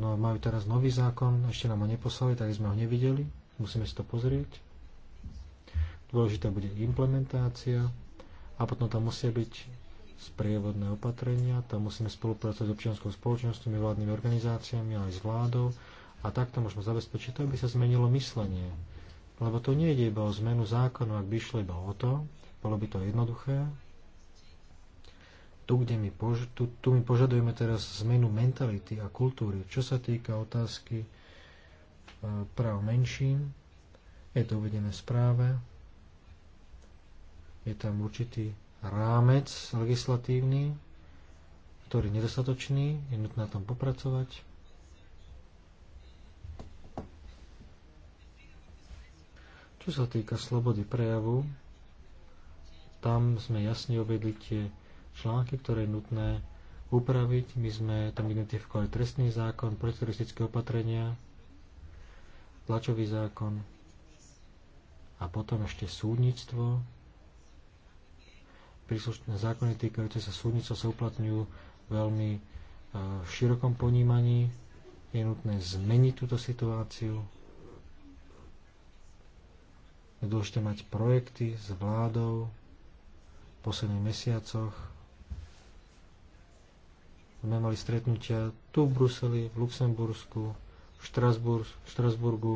No, majú teraz nový zákon, ešte nám ho neposlali, tak sme ho nevideli. Musíme si to pozrieť. Dôležitá bude implementácia a potom tam musia byť sprievodné opatrenia, tam musíme spolupracovať s občianskou spoločnosťou, vládnymi organizáciami, aj s vládou, a takto môžeme zabezpečiť to, aby sa zmenilo myslenie. Lebo to nie ide iba o zmenu zákonu, ak by išlo iba o to, bolo by to jednoduché. Tu, kde my pož- tu, tu my požadujeme teraz zmenu mentality a kultúry, čo sa týka otázky e, práv menšín. Je to uvedené v správe. Je tam určitý rámec legislatívny, ktorý je nedostatočný, je nutné na tom popracovať. Čo sa týka slobody prejavu, tam sme jasne uvedli tie články, ktoré je nutné upraviť. My sme tam identifikovali trestný zákon, protiteroristické opatrenia, tlačový zákon a potom ešte súdnictvo. Príslušné zákony týkajúce sa súdnictva sa uplatňujú veľmi e, v širokom ponímaní. Je nutné zmeniť túto situáciu, je dôležité mať projekty s vládou v posledných mesiacoch. Sme mali stretnutia tu v Bruseli, v Luxembursku, v, Štrasburg, v Štrasburgu.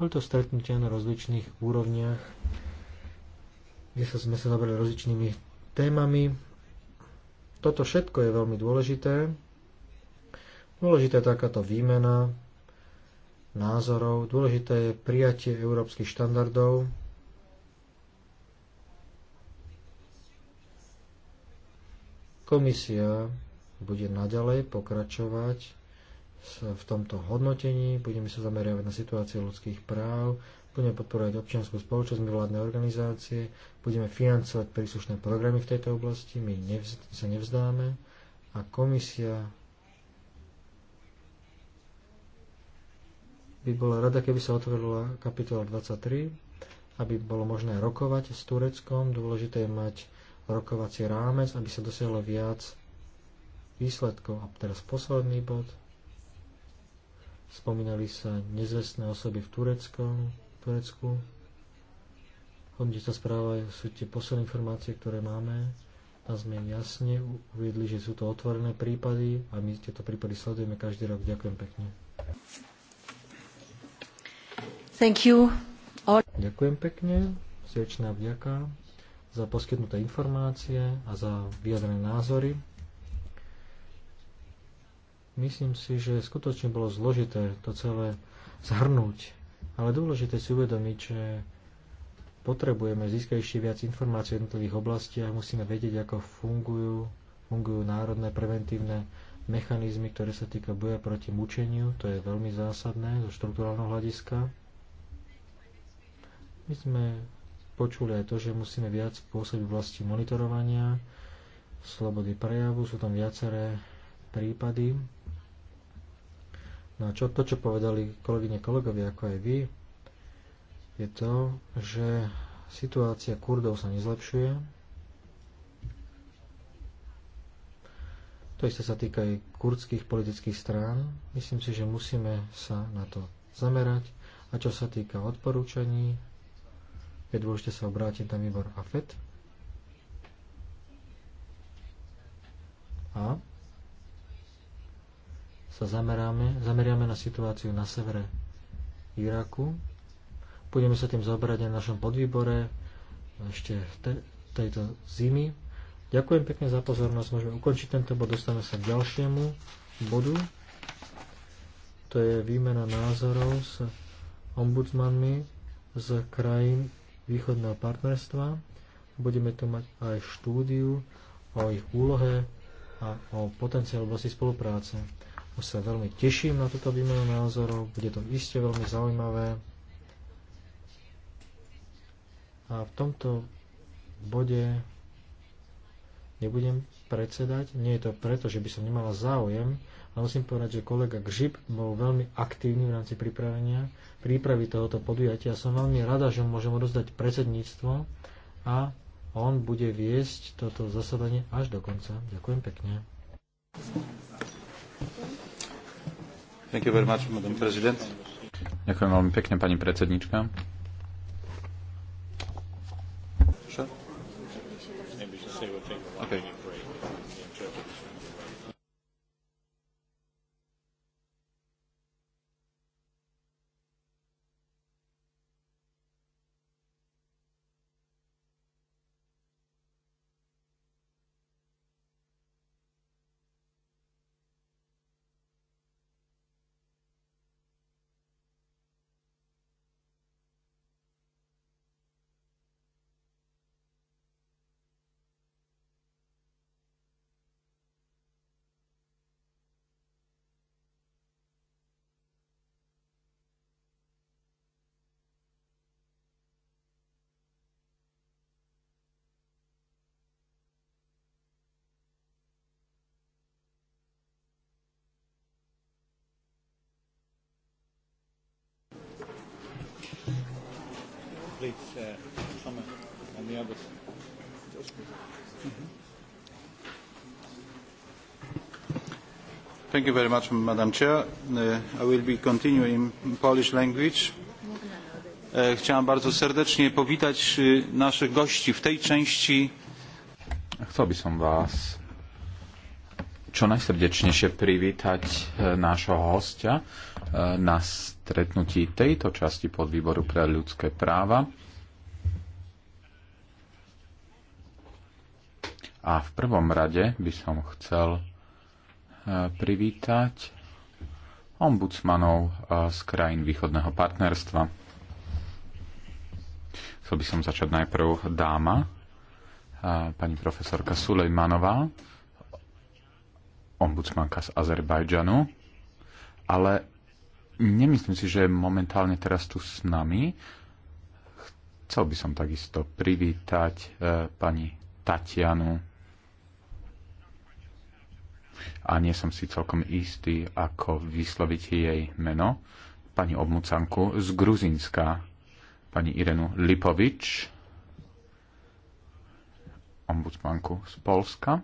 Boli to stretnutia na rozličných úrovniach, kde sa sme sa zabrali rozličnými témami. Toto všetko je veľmi dôležité. Dôležitá je takáto výmena, názorov. Dôležité je prijatie európskych štandardov. Komisia bude naďalej pokračovať v tomto hodnotení, budeme sa zameriavať na situáciu ľudských práv, budeme podporovať občianskú spoločnosť, mimovládne organizácie, budeme financovať príslušné programy v tejto oblasti, my nevz- sa nevzdáme a komisia by bola rada, keby sa otvorila kapitola 23, aby bolo možné rokovať s Tureckom. Dôležité je mať rokovací rámec, aby sa dosiahlo viac výsledkov. A teraz posledný bod. Spomínali sa nezvestné osoby v Tureckom V Turecku. Hodne sa správa, sú tie posledné informácie, ktoré máme. A sme jasne uviedli, že sú to otvorené prípady a my tieto prípady sledujeme každý rok. Ďakujem pekne. Thank you. All... Ďakujem pekne, srdečná vďaka za poskytnuté informácie a za vyjadrené názory. Myslím si, že skutočne bolo zložité to celé zhrnúť, ale dôležité si uvedomiť, že potrebujeme získať ešte viac informácií o jednotlivých oblastiach, musíme vedieť, ako fungujú, fungujú národné preventívne mechanizmy, ktoré sa týka boja proti mučeniu, to je veľmi zásadné zo štruktúrálneho hľadiska. My sme počuli aj to, že musíme viac pôsobiť v oblasti monitorovania, slobody prejavu, sú tam viaceré prípady. No a čo, to, čo povedali kolegyne kolegovia ako aj vy, je to, že situácia Kurdov sa nezlepšuje. To isté sa týka aj kurdských politických strán. Myslím si, že musíme sa na to zamerať. A čo sa týka odporúčaní, je dôležité sa obrátiť na výbor AFET. A sa zameráme, zameriame na situáciu na severe Iraku. Budeme sa tým zaoberať aj na našom podvýbore ešte te, tejto zimy. Ďakujem pekne za pozornosť. Môžeme ukončiť tento bod. Dostaneme sa k ďalšiemu bodu. To je výmena názorov s ombudsmanmi z krajín východného partnerstva. Budeme tu mať aj štúdiu o ich úlohe a o potenciál oblasti spolupráce. Už sa veľmi teším na toto výmenu názorov, bude to iste veľmi zaujímavé. A v tomto bode nebudem predsedať. Nie je to preto, že by som nemala záujem, a musím povedať, že kolega Gžip bol veľmi aktívny v rámci pripravenia, prípravy tohoto podujatia. Som veľmi rada, že mu môžem odozdať predsedníctvo a on bude viesť toto zasadanie až do konca. Ďakujem pekne. Ďakujem veľmi pekne, pani predsednička. completes uh, Thomas and the others. Thank you very much, Madam Chair. Uh, I will be continuing in Polish language. Uh, chciałem bardzo serdecznie powitać uh, naszych gości w tej części. Chcę by są was čo najsrdečnejšie privítať e, nášho hostia e, na stretnutí tejto časti podvýboru pre ľudské práva. A v prvom rade by som chcel e, privítať ombudsmanov z krajín východného partnerstva. Chcel by som začať najprv dáma, pani profesorka Sulejmanová, ombudsmanka z Azerbajdžanu, ale nemyslím si, že je momentálne teraz tu s nami. Chcel by som takisto privítať e, pani Tatianu. A nie som si celkom istý, ako vysloviť jej meno. Pani obmucanku z Gruzinska, pani Irenu Lipovič, ombudsmanku z Polska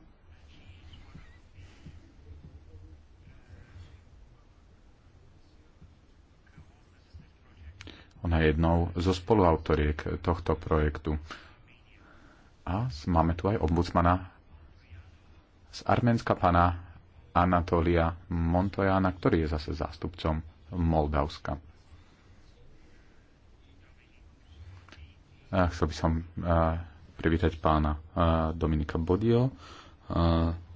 Ona je jednou zo spoluautoriek tohto projektu. A máme tu aj ombudsmana z Arménska pana Anatolia Montojana, ktorý je zase zástupcom Moldavska. Chcel by som privítať pána Dominika Bodio,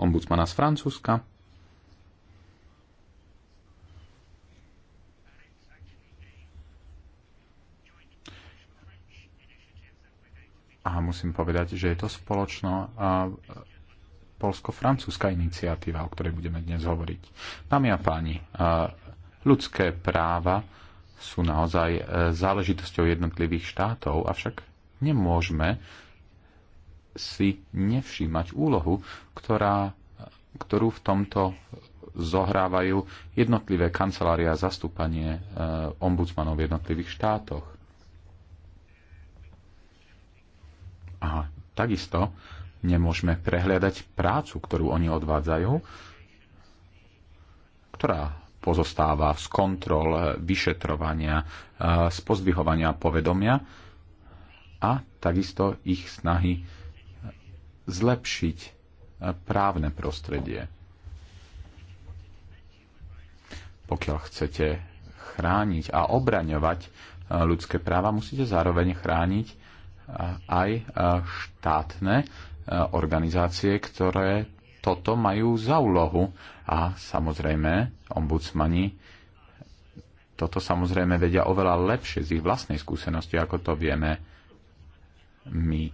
ombudsmana z Francúzska, A musím povedať, že je to spoločno polsko-francúzska iniciatíva, o ktorej budeme dnes hovoriť. Dámy a páni, ľudské práva sú naozaj e, záležitosťou jednotlivých štátov, avšak nemôžeme si nevšímať úlohu, ktorá, ktorú v tomto zohrávajú jednotlivé kancelária a zastúpanie e, ombudsmanov v jednotlivých štátoch. A takisto nemôžeme prehliadať prácu, ktorú oni odvádzajú, ktorá pozostáva z kontrol, vyšetrovania, e, z pozdvihovania povedomia a takisto ich snahy zlepšiť e, právne prostredie. Pokiaľ chcete chrániť a obraňovať e, ľudské práva, musíte zároveň chrániť aj štátne e, organizácie, ktoré toto majú za úlohu. A samozrejme, ombudsmani toto samozrejme vedia oveľa lepšie z ich vlastnej skúsenosti, ako to vieme my.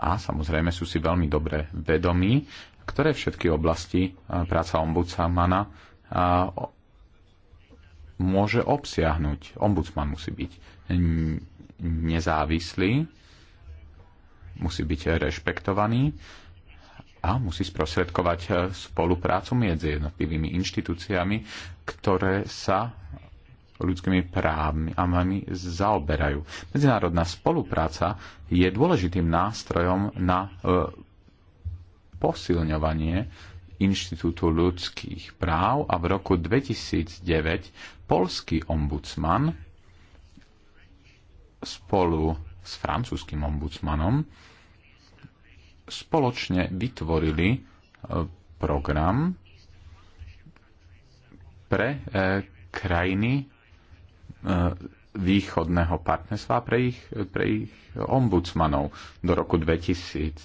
A samozrejme sú si veľmi dobre vedomí, ktoré všetky oblasti e, práca ombudsmana e, môže obsiahnuť. Ombudsman musí byť nezávislý, musí byť rešpektovaný a musí sprostredkovať eh, spoluprácu medzi jednotlivými inštitúciami, ktoré sa ľudskými právami zaoberajú. Medzinárodná spolupráca je dôležitým nástrojom na eh, posilňovanie Inštitútu ľudských práv a v roku 2009 polský ombudsman spolu s francúzským ombudsmanom spoločne vytvorili e, program pre e, krajiny e, východného partnerstva pre ich, pre ich ombudsmanov do roku 2013.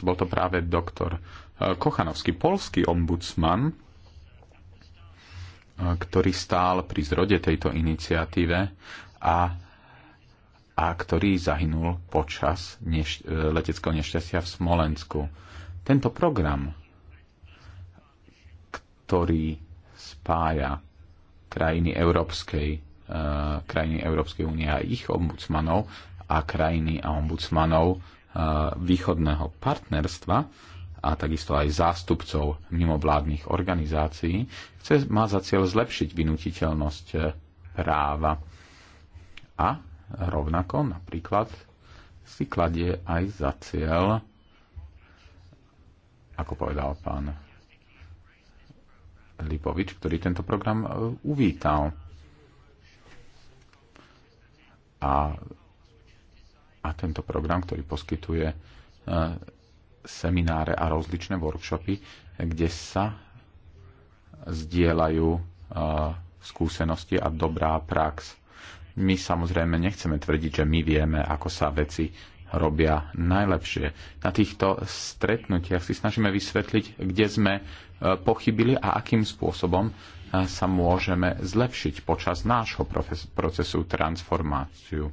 Bol to práve doktor Kochanovský, polský ombudsman, ktorý stál pri zrode tejto iniciatíve a a ktorý zahynul počas neš- e, leteckého nešťastia v Smolensku. Tento program, ktorý spája krajiny Európskej, e, krajiny Európskej únie a ich ombudsmanov a krajiny a ombudsmanov e, východného partnerstva a takisto aj zástupcov mimovládnych organizácií, chce, má za cieľ zlepšiť vynutiteľnosť e, práva a rovnako napríklad si kladie aj za cieľ, ako povedal pán Lipovič, ktorý tento program e, uvítal. A, a tento program, ktorý poskytuje e, semináre a rozličné workshopy, kde sa zdieľajú e, skúsenosti a dobrá prax my samozrejme nechceme tvrdiť, že my vieme, ako sa veci robia najlepšie. Na týchto stretnutiach si snažíme vysvetliť, kde sme e, pochybili a akým spôsobom e, sa môžeme zlepšiť počas nášho procesu transformáciu e,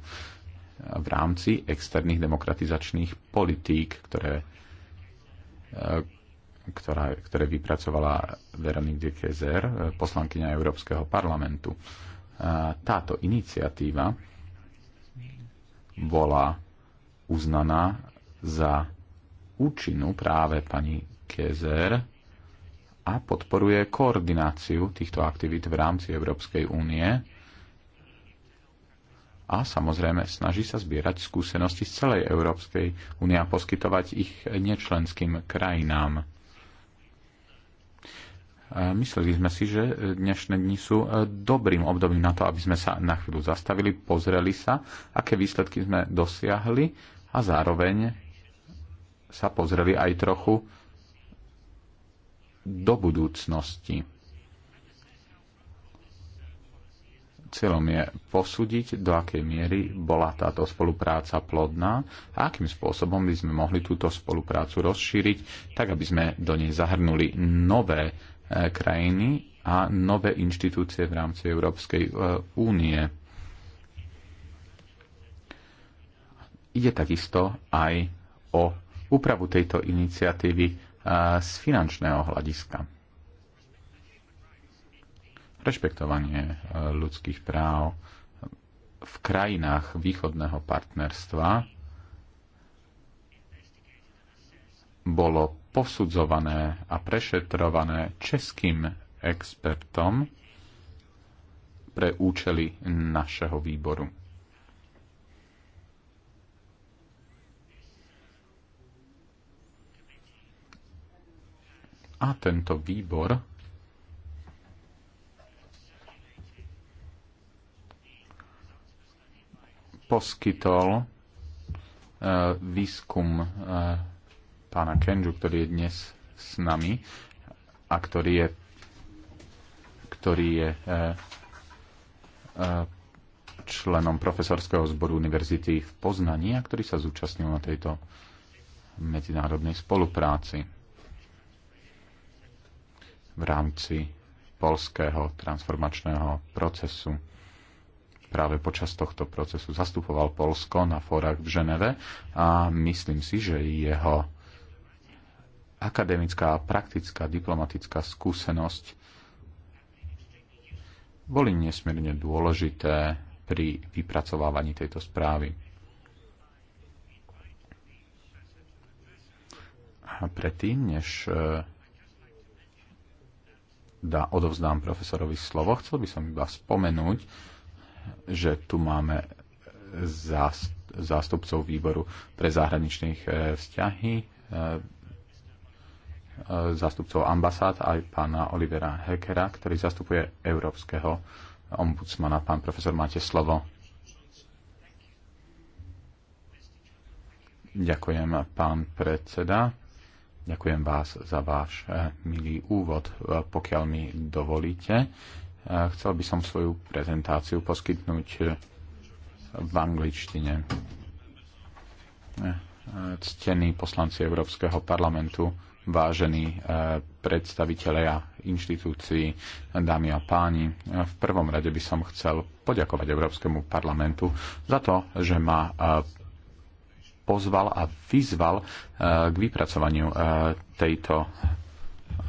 v rámci externých demokratizačných politík, ktoré, ktorá, ktoré vypracovala Veronique de Kezer, poslankyňa Európskeho parlamentu táto iniciatíva bola uznaná za účinnú práve pani Kezer a podporuje koordináciu týchto aktivít v rámci Európskej únie a samozrejme snaží sa zbierať skúsenosti z celej Európskej únie a poskytovať ich nečlenským krajinám. Mysleli sme si, že dnešné dni sú e, dobrým obdobím na to, aby sme sa na chvíľu zastavili, pozreli sa, aké výsledky sme dosiahli a zároveň sa pozreli aj trochu do budúcnosti. Cieľom je posúdiť, do akej miery bola táto spolupráca plodná a akým spôsobom by sme mohli túto spoluprácu rozšíriť, tak aby sme do nej zahrnuli nové krajiny a nové inštitúcie v rámci Európskej e, únie. Ide takisto aj o úpravu tejto iniciatívy e, z finančného hľadiska. Rešpektovanie e, ľudských práv v krajinách východného partnerstva bolo posudzované a prešetrované českým expertom pre účely našeho výboru. A tento výbor poskytol eh, výskum eh, pána Kenžu, ktorý je dnes s nami a ktorý je, ktorý je e, e, členom profesorského zboru univerzity v Poznaní a ktorý sa zúčastnil na tejto medzinárodnej spolupráci v rámci polského transformačného procesu. Práve počas tohto procesu zastupoval Polsko na fórach v Ženeve a myslím si, že jeho akademická a praktická diplomatická skúsenosť boli nesmierne dôležité pri vypracovávaní tejto správy. A predtým, než e, dá, odovzdám profesorovi slovo, chcel by som iba spomenúť, že tu máme zástupcov výboru pre zahraničných e, vzťahy e, E, zástupcov ambasád, aj pána Olivera Hekera, ktorý zastupuje európskeho ombudsmana. Pán profesor, máte slovo. Ďakujem, pán predseda. Ďakujem vás za váš e, milý úvod. E, pokiaľ mi dovolíte, chcel by som svoju prezentáciu poskytnúť v angličtine. Ctení poslanci Európskeho parlamentu, vážení eh, predstavitelia inštitúcií, dámy a páni. V prvom rade by som chcel poďakovať Európskemu parlamentu za to, že ma eh, pozval a vyzval eh, k vypracovaniu tejto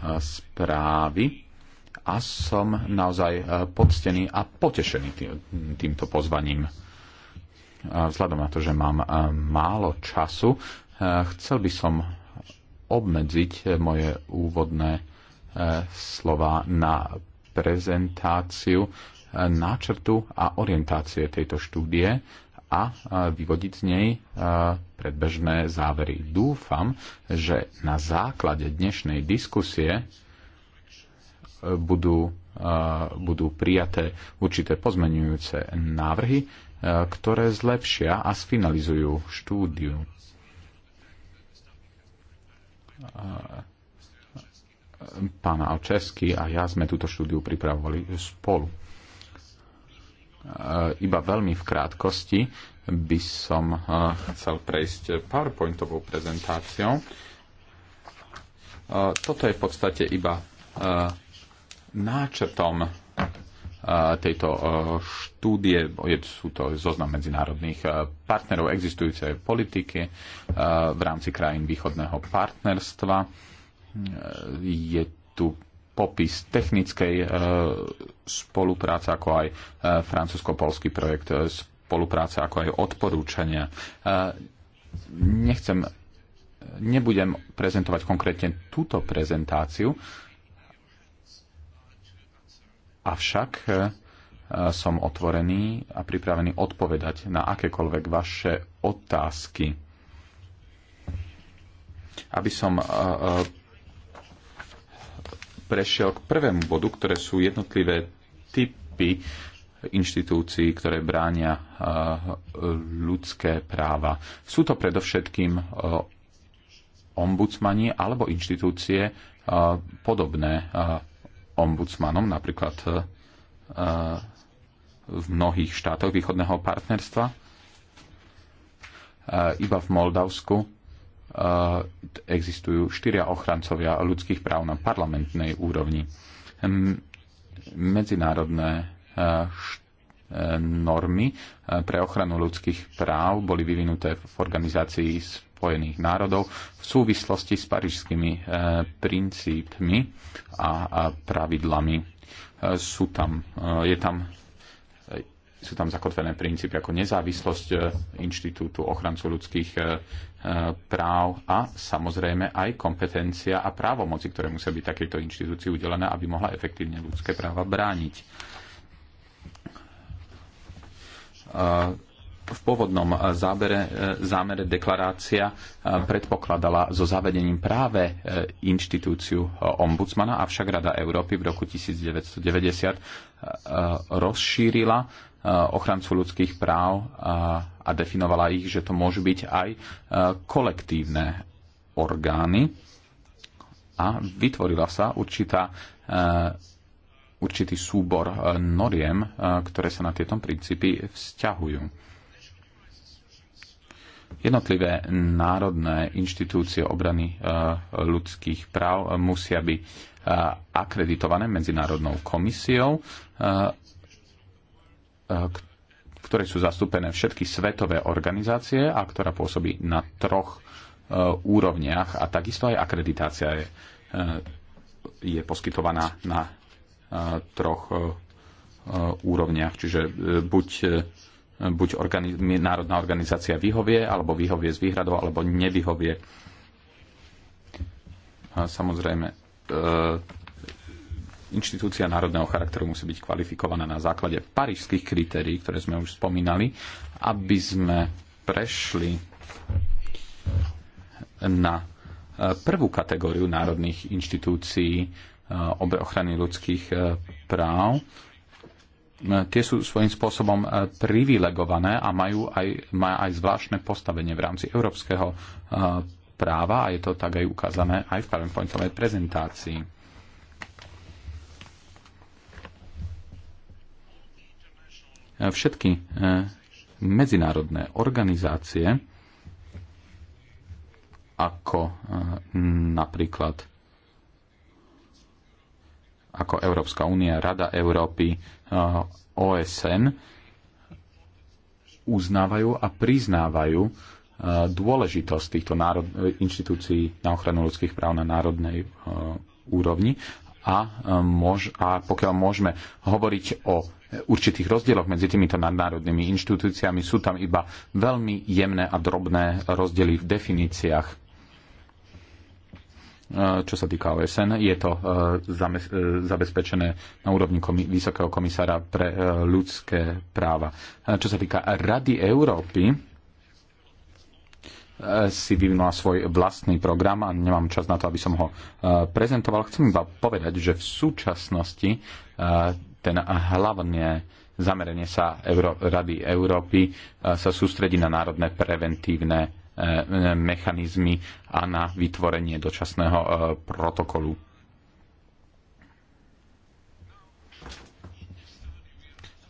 správy a som naozaj poctený a potešený týmto pozvaním. Vzhľadom na to, že mám málo času, chcel by som obmedziť moje úvodné e, slova na prezentáciu e, náčrtu a orientácie tejto štúdie a e, vyvodiť z nej predbežné závery. Dúfam, že na základe dnešnej diskusie budú, budú prijaté určité pozmenujúce návrhy, ktoré zlepšia a sfinalizujú štúdiu pán Alčesky a ja sme túto štúdiu pripravovali spolu. E, iba veľmi v krátkosti by som e, chcel prejsť PowerPointovou prezentáciou. E, toto je v podstate iba náčrtom tejto e, štúdie. je Sú to zoznam medzinárodných e, partnerov existujúcej politiky e, v rámci krajín východného partnerstva. Je tu popis technickej spolupráce, ako aj francúzsko-polský projekt spolupráce, ako aj odporúčania. Nechcem, nebudem prezentovať konkrétne túto prezentáciu, Avšak e, som otvorený a pripravený odpovedať na akékoľvek vaše otázky. Aby som e, e, prešiel k prvému bodu, ktoré sú jednotlivé typy inštitúcií, ktoré bránia ľudské práva. Sú to predovšetkým ombudsmani alebo inštitúcie podobné ombudsmanom, napríklad e, e, v mnohých štátoch východného partnerstva, e, iba v Moldavsku existujú štyria ochrancovia ľudských práv na parlamentnej úrovni. Medzinárodné normy pre ochranu ľudských práv boli vyvinuté v organizácii Spojených národov v súvislosti s parížskými eh, princípmi a pravidlami. Eh, sú tam, eh, je tam sú tam zakotvené princípy ako nezávislosť Inštitútu ochrancu ľudských práv a samozrejme aj kompetencia a právomoci, ktoré musia byť takejto inštitúcii udelené, aby mohla efektívne ľudské práva brániť v pôvodnom eh, zábere, eh, zámere deklarácia eh, predpokladala so zavedením práve inštitúciu ombudsmana, avšak Rada Európy v roku 1990 rozšírila ochrancu ľudských práv a definovala ich, že to môžu byť aj kolektívne orgány a vytvorila sa určitá určitý súbor noriem, ktoré sa na tieto princípy vzťahujú. Jednotlivé národné inštitúcie obrany eh, ľudských práv musia byť eh, akreditované Medzinárodnou komisiou, eh, ktoré sú zastúpené všetky svetové organizácie a ktorá pôsobí na troch úrovniach a takisto aj akreditácia je, je poskytovaná na troch úrovniach, čiže buď buď organi- národná organizácia vyhovie, alebo vyhovie z výhradou, alebo nevyhovie. A samozrejme, e, inštitúcia národného charakteru musí byť kvalifikovaná na základe parížských kritérií, ktoré sme už spomínali, aby sme prešli na e, prvú kategóriu národných inštitúcií e, ochrany ľudských e, práv, tie sú svojím spôsobom e, privilegované a majú aj, má aj zvláštne postavenie v rámci európskeho e, práva a je to tak aj ukázané aj v PowerPointovej prezentácii. E, všetky medzinárodné organizácie, ako napríklad ako Európska únia, Rada Európy, eh, OSN uznávajú a priznávajú eh, dôležitosť týchto národ- inštitúcií na ochranu ľudských práv na národnej eh, úrovni a, môž- a pokiaľ môžeme hovoriť o určitých rozdieloch medzi týmito nadnárodnými inštitúciami, sú tam iba veľmi jemné a drobné rozdiely v definíciách čo sa týka OSN. Je to e, e, zabezpečené na úrovni komi- Vysokého komisára pre e, ľudské práva. Čo sa týka Rady Európy, si vyvinula svoj vlastný program a nemám čas na to, aby som ho prezentoval. Chcem iba povedať, že v súčasnosti ten hlavne zameranie sa Euró- Rady Európy sa sústredí na národné preventívne E, mechanizmy a na vytvorenie dočasného e, protokolu.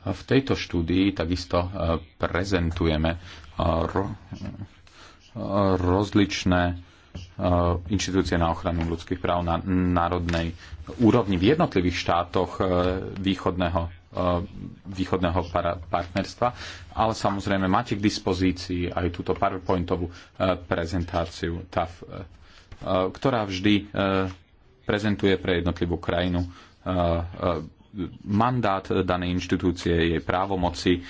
V tejto štúdii takisto e, prezentujeme rozličné inštitúcie na ochranu ľudských práv na národnej úrovni v jednotlivých štátoch východného Eh, východného partnerstva, ale samozrejme máte k dispozícii aj túto PowerPointovú eh, prezentáciu, tá, eh, ktorá vždy prezentuje pre jednotlivú krajinu mandát danej inštitúcie, jej právomoci,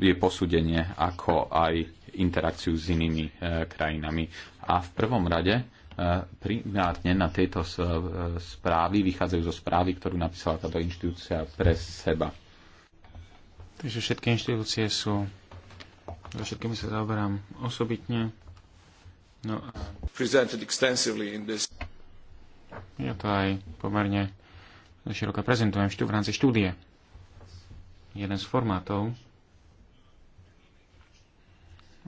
jej posúdenie, ako aj interakciu s inými krajinami. A v prvom rade E, primárne na tejto e, správy, vychádzajú zo správy, ktorú napísala táto inštitúcia pre seba. Takže všetky inštitúcie sú, za všetkými sa zaoberám osobitne. No a ja to aj pomerne široko prezentujem v rámci štúdie. Jeden z formátov,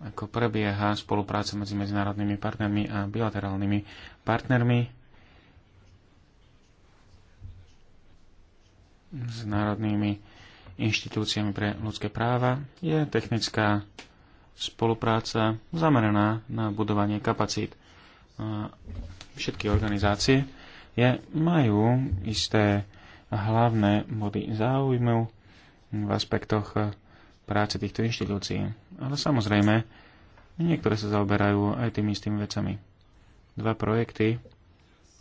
ako prebieha spolupráca medzi medzinárodnými partnermi a bilaterálnymi partnermi s národnými inštitúciami pre ľudské práva. Je technická spolupráca zameraná na budovanie kapacít. Všetky organizácie je, majú isté hlavné body záujmu v aspektoch práce týchto inštitúcií. Ale samozrejme, niektoré sa zaoberajú aj tými istými vecami. Dva projekty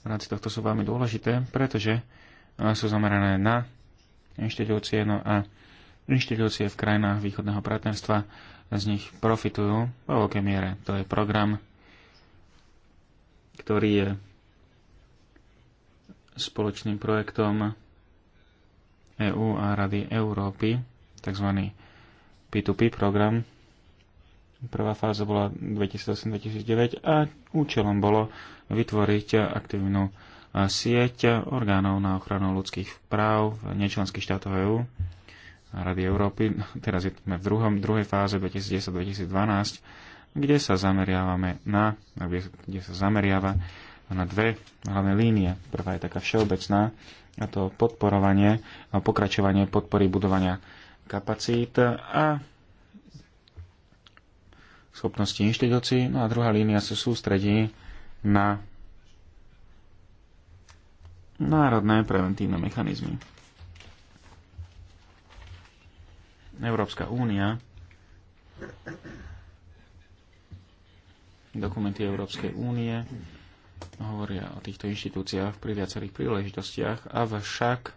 v rámci tohto sú veľmi dôležité, pretože eh, sú zamerané na inštitúcie, no a inštitúcie v krajinách východného partnerstva z nich profitujú vo veľkej miere. To je program, ktorý je spoločným projektom EÚ a Rady Európy, tzv. P2P program. Prvá fáza bola 2008-2009 a účelom bolo vytvoriť aktívnu sieť orgánov na ochranu ľudských práv v nečlenských štátoch EÚ a Rady Európy. Teraz sme v druhom, druhej fáze 2010-2012, kde sa zameriavame na, kde sa zameriava na dve hlavné línie. Prvá je taká všeobecná, a to podporovanie a pokračovanie podpory budovania kapacít a schopnosti inštitúcií. No a druhá línia sa sústredí na národné preventívne mechanizmy. Európska únia dokumenty Európskej únie hovoria o týchto inštitúciách pri viacerých príležitostiach, avšak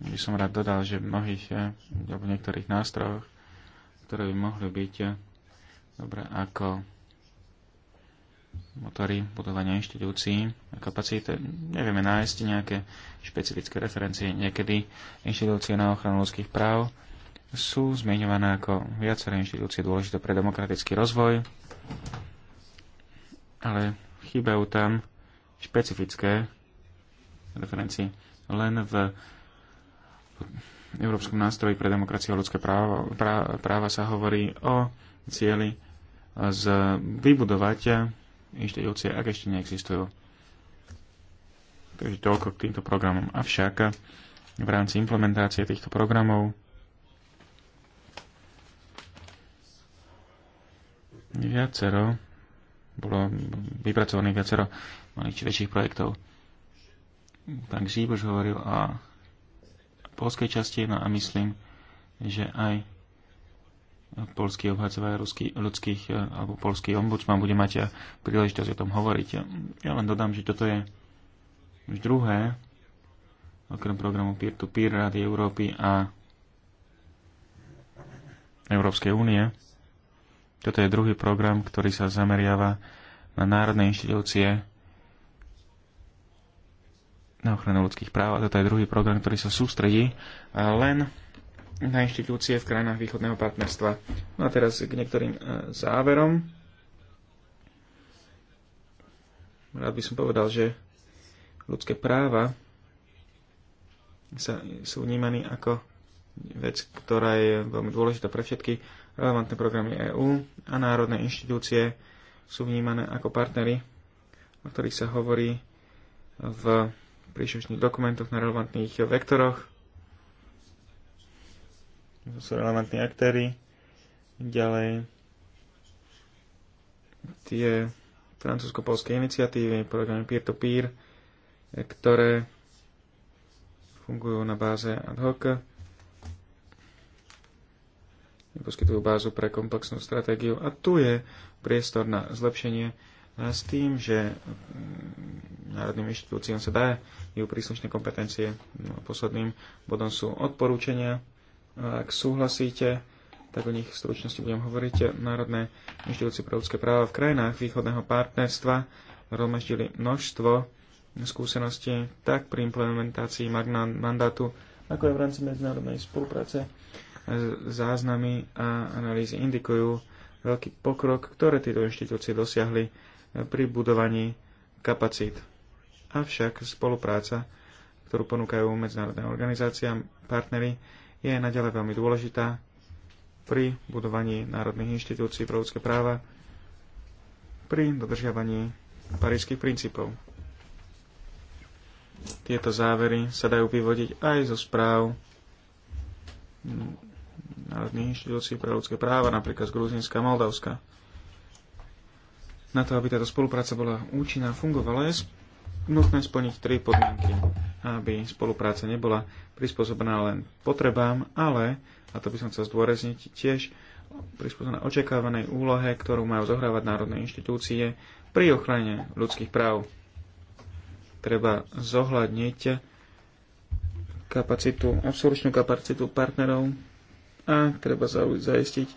by som rád dodal, že v mnohých, eh, alebo v niektorých nástrojoch, ktoré by mohli byť eh, dobre ako motory budovania inštitúcií a kapacity. Nevieme nájsť nejaké špecifické referencie. Niekedy inštitúcie na ochranu ľudských práv sú zmieňované ako viaceré inštitúcie dôležité pre demokratický rozvoj, ale chýbajú tam špecifické referencie. Len v Európskom nástroji pre demokraciu a ľudské práva, prá, práva sa hovorí o cieli z vybudovať inštitúcie, ak ešte neexistujú. Takže toľko k týmto programom. Avšak v rámci implementácie týchto programov viacero bolo vypracovaných viacero malých či väčších projektov. Pán Žíboš hovoril o polskej časti, no a myslím, že aj polský obhacová ľudských eh, alebo polský ombudsman bude mať eh, príležitosť o tom hovoriť. Ja len dodám, že toto je už druhé, okrem programu peer to -peer Rady Európy a Európskej únie. Toto je druhý program, ktorý sa zameriava na národné inštitúcie na ochranu ľudských práv a toto je druhý program, ktorý sa sústredí eh, len na inštitúcie v krajinách východného partnerstva. No a teraz k niektorým eh, záverom. Rád by som povedal, že ľudské práva sa, sú vnímaní ako vec, ktorá je veľmi dôležitá pre všetky relevantné programy EÚ a národné inštitúcie sú vnímané ako partnery, o ktorých sa hovorí v príslušných dokumentoch na relevantných vektoroch. To sú relevantní aktéry. Ďalej tie francúzsko-polské iniciatívy, programy peer-to-peer, -peer, ktoré fungujú na báze ad hoc, poskytujú bázu pre komplexnú stratégiu a tu je priestor na zlepšenie s tým, že mm, národným inštitúciám sa dajú príslušné kompetencie. No posledným bodom sú odporúčania. Ak súhlasíte, tak o nich v stručnosti budem hovoriť. Národné inštitúcie pre ľudské práva v krajinách východného partnerstva rozmaždili množstvo skúseností tak pri implementácii mandátu, ako aj v rámci medzinárodnej spolupráce. Záznamy a analýzy indikujú veľký pokrok, ktoré tieto inštitúcie dosiahli pri budovaní kapacít. Avšak spolupráca, ktorú ponúkajú medzinárodné organizácie a partnery, je naďalej veľmi dôležitá pri budovaní národných inštitúcií pro ľudské práva, pri dodržiavaní parížských princípov. Tieto závery sa dajú vyvodiť aj zo správ národných inštitúcií pre ľudské práva, napríklad z Gruzinska a Moldavska. Na to, aby táto spolupráca bola účinná a fungovala, je nutné splniť tri podmienky. Aby spolupráca nebola prispôsobená len potrebám, ale, a to by som chcel zdôrazniť tiež, prispôsobená očakávanej úlohe, ktorú majú zohrávať národné inštitúcie pri ochrane ľudských práv. Treba zohľadniť kapacitu, absolučnú kapacitu partnerov a treba zaistiť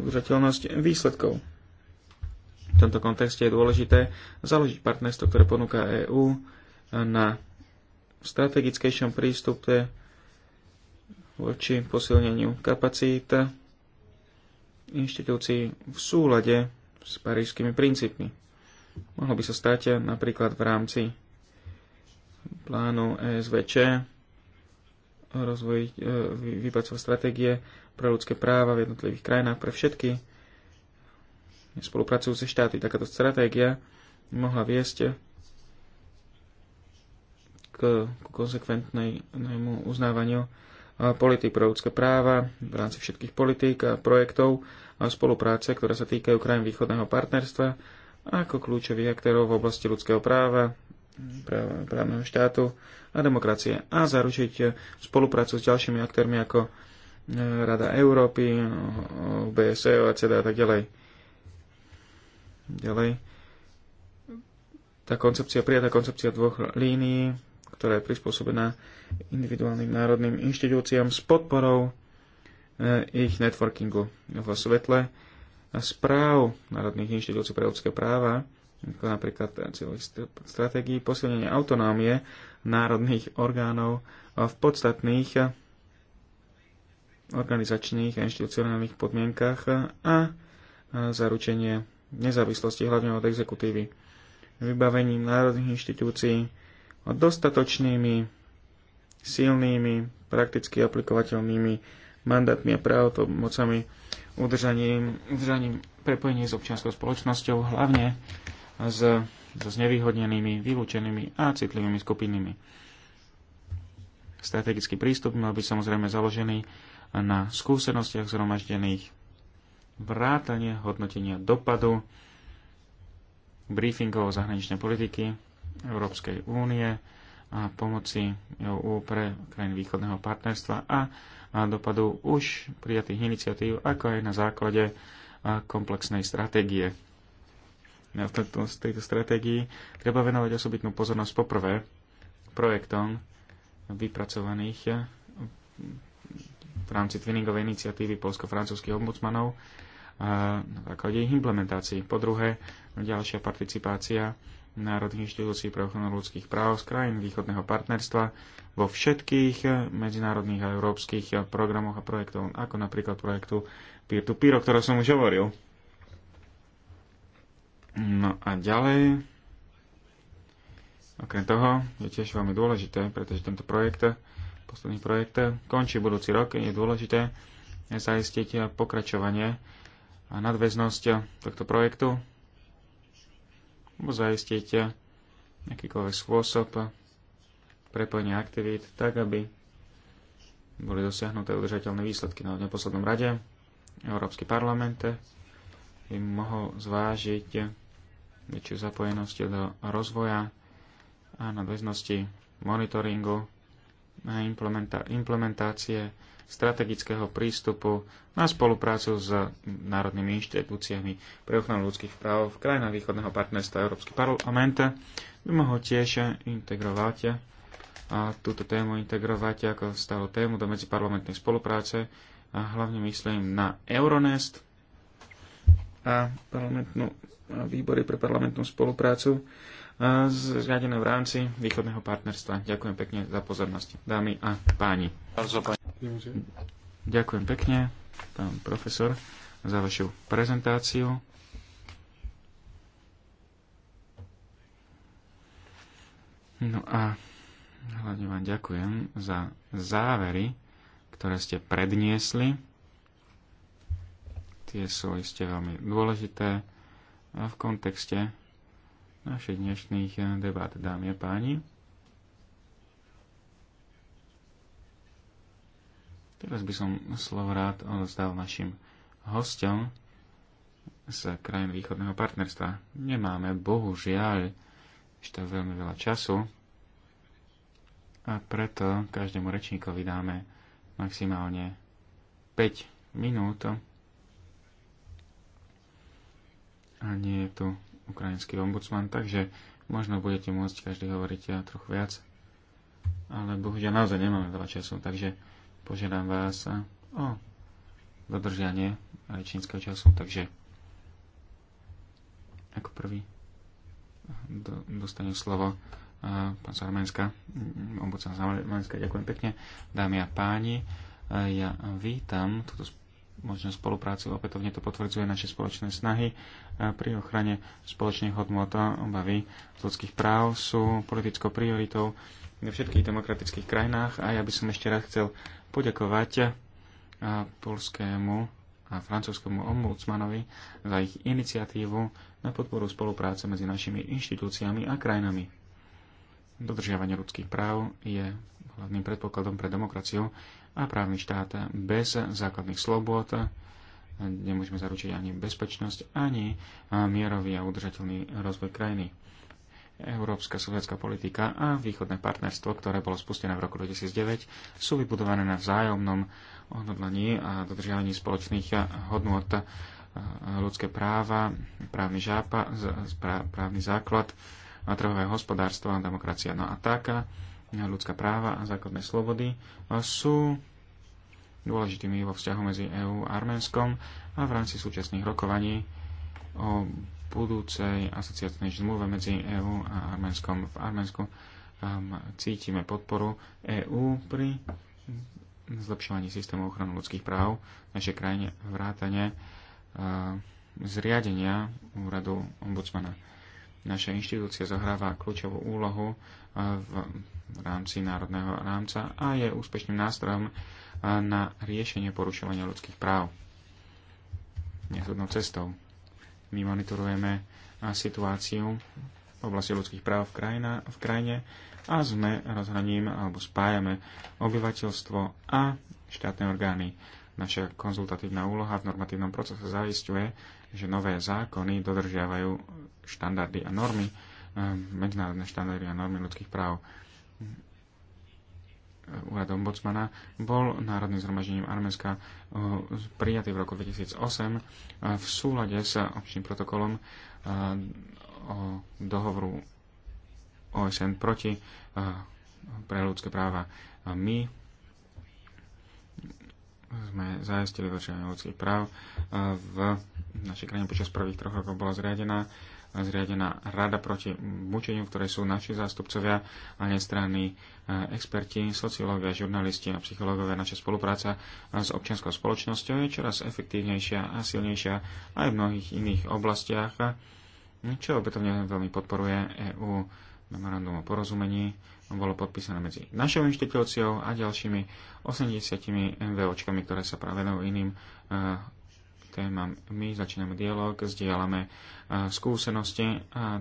udržateľnosť výsledkov. V tomto kontexte je dôležité založiť partnerstvo, ktoré ponúka EÚ na strategickejšom prístupe voči posilneniu kapacít inštitúcií v súlade s parížskými princípmi. Mohlo by sa stať napríklad v rámci plánu ESVČ rozvoj, e, vypracovať stratégie pre ľudské práva v jednotlivých krajinách pre všetky spolupracujúce štáty. Takáto stratégia mohla viesť k, k konsekventnému uznávaniu politik pro ľudské práva v rámci všetkých politík a projektov a spolupráce, ktoré sa týkajú krajín východného partnerstva ako kľúčových aktérov v oblasti ľudského práva, práva právneho štátu a demokracie a zaručiť spoluprácu s ďalšími aktérmi ako e, Rada Európy, BSE, OECD a tak ďalej. Ďalej. Tá koncepcia, prijatá koncepcia dvoch línií, ktorá je prispôsobená individuálnym národným inštitúciám s podporou eh, ich networkingu vo svetle a správ národných inštitúcií pre ľudské práva, ako napríklad cieľových stratégií posilnenia autonómie národných orgánov v podstatných organizačných a inštitucionálnych podmienkach a zaručenie nezávislosti hlavne od exekutívy, vybavením národných inštitúcií, a dostatočnými, silnými, prakticky aplikovateľnými mandátmi a právomocami, udržaním, udržaním prepojení s občianskou spoločnosťou, hlavne s, s znevýhodnenými, vylúčenými a citlivými skupinami. Strategický prístup mal byť samozrejme založený na skúsenostiach zhromaždených vrátanie hodnotenia dopadu briefingov zahraničnej politiky Európskej únie a pomoci EU pre krajiny východného partnerstva a, dopadu už prijatých iniciatív, ako aj na základe komplexnej stratégie. V tejto, tejto stratégii treba venovať osobitnú pozornosť poprvé projektom vypracovaných e, v rámci twinningovej iniciatívy polsko-francúzských ombudsmanov na základe ich implementácií. Po druhé, ďalšia participácia národných inštitúcií pre ochranu ľudských práv z krajín východného partnerstva vo všetkých medzinárodných a európskych programoch a projektov, ako napríklad projektu Peer-to-Peer, -peer, o ktorom som už hovoril. No a ďalej, okrem toho, je tiež veľmi dôležité, pretože tento projekt, posledný projekt, končí budúci rok, je dôležité zaistiť pokračovanie a nadväznosť tohto projektu alebo zaistiť nejakýkoľvek spôsob prepojenia aktivít tak, aby boli dosiahnuté udržateľné výsledky. No v neposlednom rade Európsky parlament by mohol zvážiť väčšiu zapojenosť do rozvoja a nadväznosti monitoringu a implementá implementácie strategického prístupu na spoluprácu s národnými inštitúciami pre ochranu ľudských práv v krajinách východného partnerstva Európsky parlament by mohol tiež integrovať a túto tému integrovať ako stálu tému do medziparlamentnej spolupráce a hlavne myslím na Euronest a parlamentnú, a výbory pre parlamentnú spoluprácu zriadené v rámci východného partnerstva. Ďakujem pekne za pozornosť, dámy a páni. Ďakujem pekne, pán profesor, za vašu prezentáciu. No a hlavne vám ďakujem za závery, ktoré ste predniesli. Tie sú iste veľmi dôležité v kontexte našich dnešných debát, dámy a páni. Teraz by som slovo rád odozdal našim hostom z krajín východného partnerstva. Nemáme, bohužiaľ, ešte veľmi veľa času a preto každému rečníkovi dáme maximálne 5 minút. A nie je tu ukrajinský ombudsman, takže možno budete môcť každý hovoriť ja trochu viac. Ale bohužiaľ naozaj nemáme veľa času, takže požiadam vás o dodržanie čínskeho času, takže ako prvý do, dostane slovo pán z Arménska, ombudsman z Arménska, ďakujem pekne. Dámy a páni, ja vítam túto možnosť spoluprácu, opätovne to potvrdzuje naše spoločné snahy pri ochrane spoločných hodnot a obavy z ľudských práv sú politickou prioritou vo všetkých demokratických krajinách a ja by som ešte raz chcel poďakovať eh, polskému a francúzskému ombudsmanovi za ich iniciatívu na podporu spolupráce medzi našimi inštitúciami a krajinami. Dodržiavanie ľudských práv je hlavným predpokladom pre demokraciu a právny štát. Bez základných slobôd eh, nemôžeme zaručiť ani bezpečnosť, ani eh, mierový a udržateľný rozvoj krajiny európska sovietská politika a východné partnerstvo, ktoré bolo spustené v roku 2009, sú vybudované na vzájomnom odhodlaní a dodržiavaní spoločných hodnôt ľudské práva, právny, žápa, právny základ, trhové hospodárstvo a demokracia. No a tak ľudská práva a základné slobody sú dôležitými vo vzťahu medzi EÚ a Arménskom a v rámci súčasných rokovaní o budúcej asociačnej zmluve medzi EÚ a Arménskom. V Arménsku um, cítime podporu EÚ pri zlepšovaní systému ochrany ľudských práv v našej krajine vrátane um, zriadenia úradu ombudsmana. Naša inštitúcia zohráva kľúčovú úlohu uh, v rámci národného rámca a je úspešným nástrojom uh, na riešenie porušovania ľudských práv. Nehodnou cestou my monitorujeme situáciu v oblasti ľudských práv v, krajina, v krajine a sme rozhraním alebo spájame obyvateľstvo a štátne orgány. Naša konzultatívna úloha v normatívnom procese zaistuje, že nové zákony dodržiavajú štandardy a normy, medzinárodné štandardy a normy ľudských práv úrad ombudsmana, bol Národným zhromaždením Arménska eh, prijatý v roku 2008 eh, v súlade s občným protokolom eh, o dohovoru OSN proti pre ľudské práva. My sme zajistili väčšinu ľudských práv v našej krajine počas prvých troch rokov bola zriadená zriadená rada proti mučeniu, v ktorej sú naši zástupcovia a strany e, experti, sociológia, žurnalisti a psychológovia. Naša spolupráca s občianskou spoločnosťou je čoraz efektívnejšia a silnejšia aj v mnohých iných oblastiach, čo opätovne veľmi podporuje EU memorandum o porozumení bolo podpísané medzi našou inštitúciou a ďalšími 80 MVOčkami, ktoré sa práve iným e, témam. My začíname dialog, zdieľame eh, skúsenosti uh,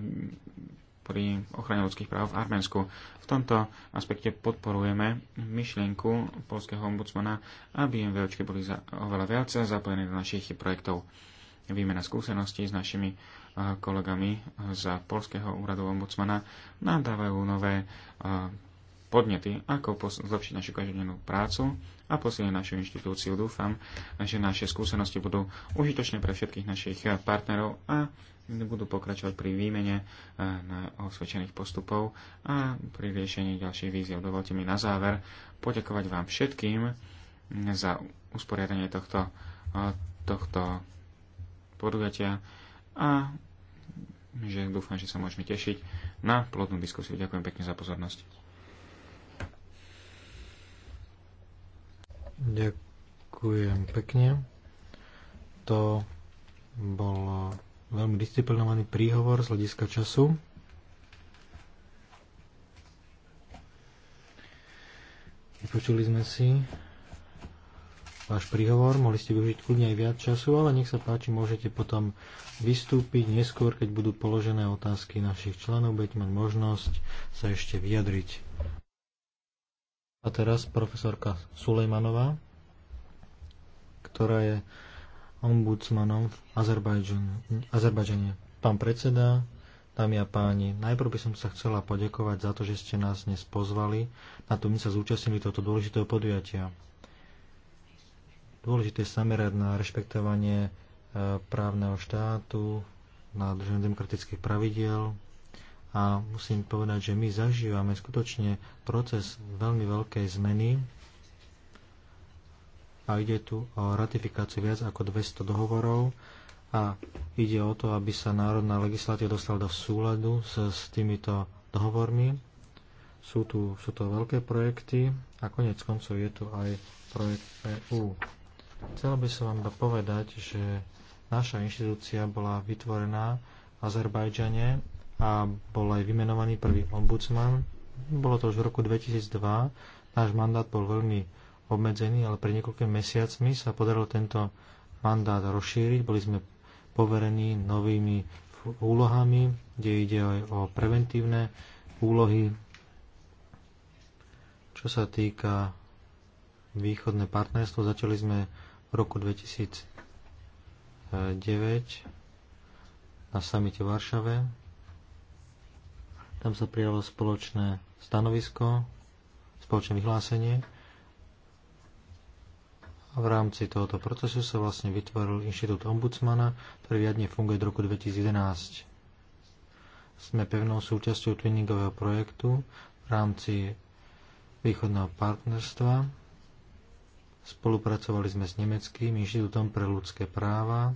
pri ochrane ľudských práv v Arménsku. V tomto aspekte podporujeme myšlienku polského ombudsmana, aby MVOčky boli za, oveľa viac zapojené do našich projektov. Výmena skúseností s našimi eh, kolegami z Polského úradu ombudsmana nám dávajú nové podnety, ako zlepšiť našu každodennú prácu a posilne našu inštitúciu. Dúfam, že naše skúsenosti budú užitočné pre všetkých našich partnerov a budú pokračovať pri výmene eh, na osvedčených postupov a pri riešení ďalších víziev. Dovolte mi na záver poďakovať vám všetkým za usporiadanie tohto, eh, tohto podujatia a že dúfam, že sa môžeme tešiť na plodnú diskusiu. Ďakujem pekne za pozornosť. Ďakujem pekne. To bol veľmi disciplinovaný príhovor z hľadiska času. Vypočuli sme si váš príhovor, mohli ste využiť kľudne aj viac času, ale nech sa páči, môžete potom vystúpiť neskôr, keď budú položené otázky našich členov, budete mať možnosť sa ešte vyjadriť. A teraz profesorka Sulejmanová, ktorá je ombudsmanom v Azerbajdžane. Pán predseda, dámy a páni, najprv by som sa chcela poďakovať za to, že ste nás dnes pozvali na to, my sa zúčastnili tohto dôležitého podujatia. Dôležité je samerať na rešpektovanie e, právneho štátu, na držanie demokratických pravidiel, a musím povedať, že my zažívame skutočne proces veľmi veľkej zmeny a ide tu o ratifikáciu viac ako 200 dohovorov a ide o to, aby sa národná legislatíva dostala do súladu s, s týmito dohovormi. Sú, tu, sú to veľké projekty a konec koncov je tu aj projekt EU. Chcel by som vám povedať, že naša inštitúcia bola vytvorená v Azerbajdžane a bol aj vymenovaný prvý ombudsman. Bolo to už v roku 2002. Náš mandát bol veľmi obmedzený, ale pre niekoľkými mesiacmi sa podarilo tento mandát rozšíriť. Boli sme poverení novými úlohami, kde ide aj o preventívne úlohy, čo sa týka východné partnerstvo. Začali sme v roku 2009 na samite Varšave tam sa prijalo spoločné stanovisko, spoločné vyhlásenie. A v rámci tohoto procesu sa vlastne vytvoril Inštitút ombudsmana, ktorý riadne funguje od roku 2011. Sme pevnou súčasťou twinningového projektu v rámci východného partnerstva. Spolupracovali sme s Nemeckým inštitútom pre ľudské práva.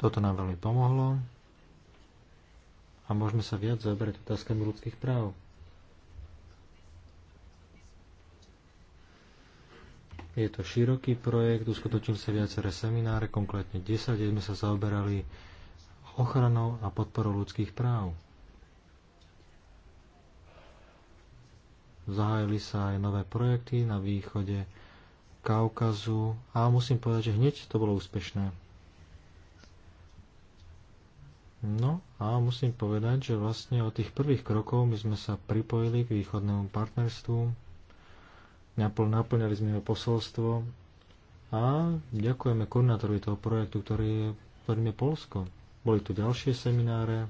Toto nám veľmi pomohlo a môžeme sa viac zaoberať otázkami ľudských práv. Je to široký projekt, uskutočnil sa viaceré semináre, konkrétne 10, kde sme sa zaoberali ochranou a podporou ľudských práv. Zahájili sa aj nové projekty na východe Kaukazu a musím povedať, že hneď to bolo úspešné. No a musím povedať, že vlastne od tých prvých krokov my sme sa pripojili k východnému partnerstvu, naplňali sme jeho posolstvo a ďakujeme koordinátorovi toho projektu, ktorý je, ktorým je Polsko. Boli tu ďalšie semináre,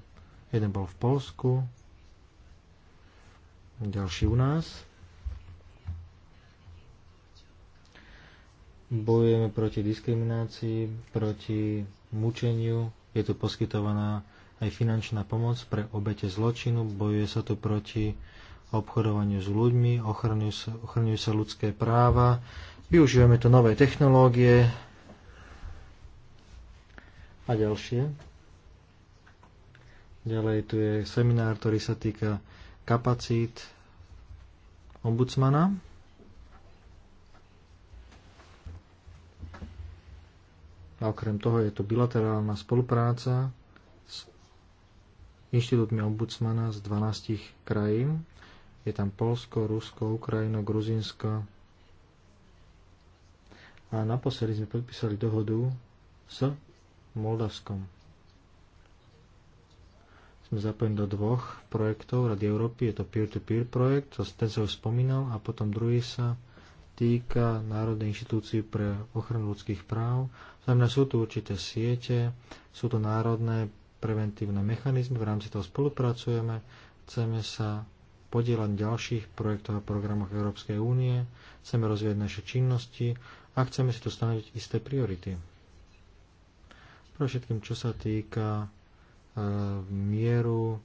jeden bol v Polsku, ďalší u nás. Bojujeme proti diskriminácii, proti mučeniu, je tu poskytovaná aj finančná pomoc pre obete zločinu, bojuje sa tu proti obchodovaniu s ľuďmi, ochraňujú sa, ochraňujú sa ľudské práva, využívame tu nové technológie a ďalšie. Ďalej tu je seminár, ktorý sa týka kapacít ombudsmana. A okrem toho je tu bilaterálna spolupráca s inštitútmi ombudsmana z 12 krajín. Je tam Polsko, Rusko, Ukrajina, Gruzinsko. A naposledy sme podpísali dohodu s Moldavskom. Sme zapojení do dvoch projektov Rady Európy. Je to peer-to-peer -peer projekt, ten sa už spomínal, a potom druhý sa týka Národnej inštitúcii pre ochranu ľudských práv. Znamená, sú tu určité siete, sú to národné preventívne mechanizmy, v rámci toho spolupracujeme, chceme sa podielať na ďalších projektoch a programoch Európskej únie, chceme rozvíjať naše činnosti a chceme si tu stanoviť isté priority. Pre všetkým, čo sa týka e, mieru,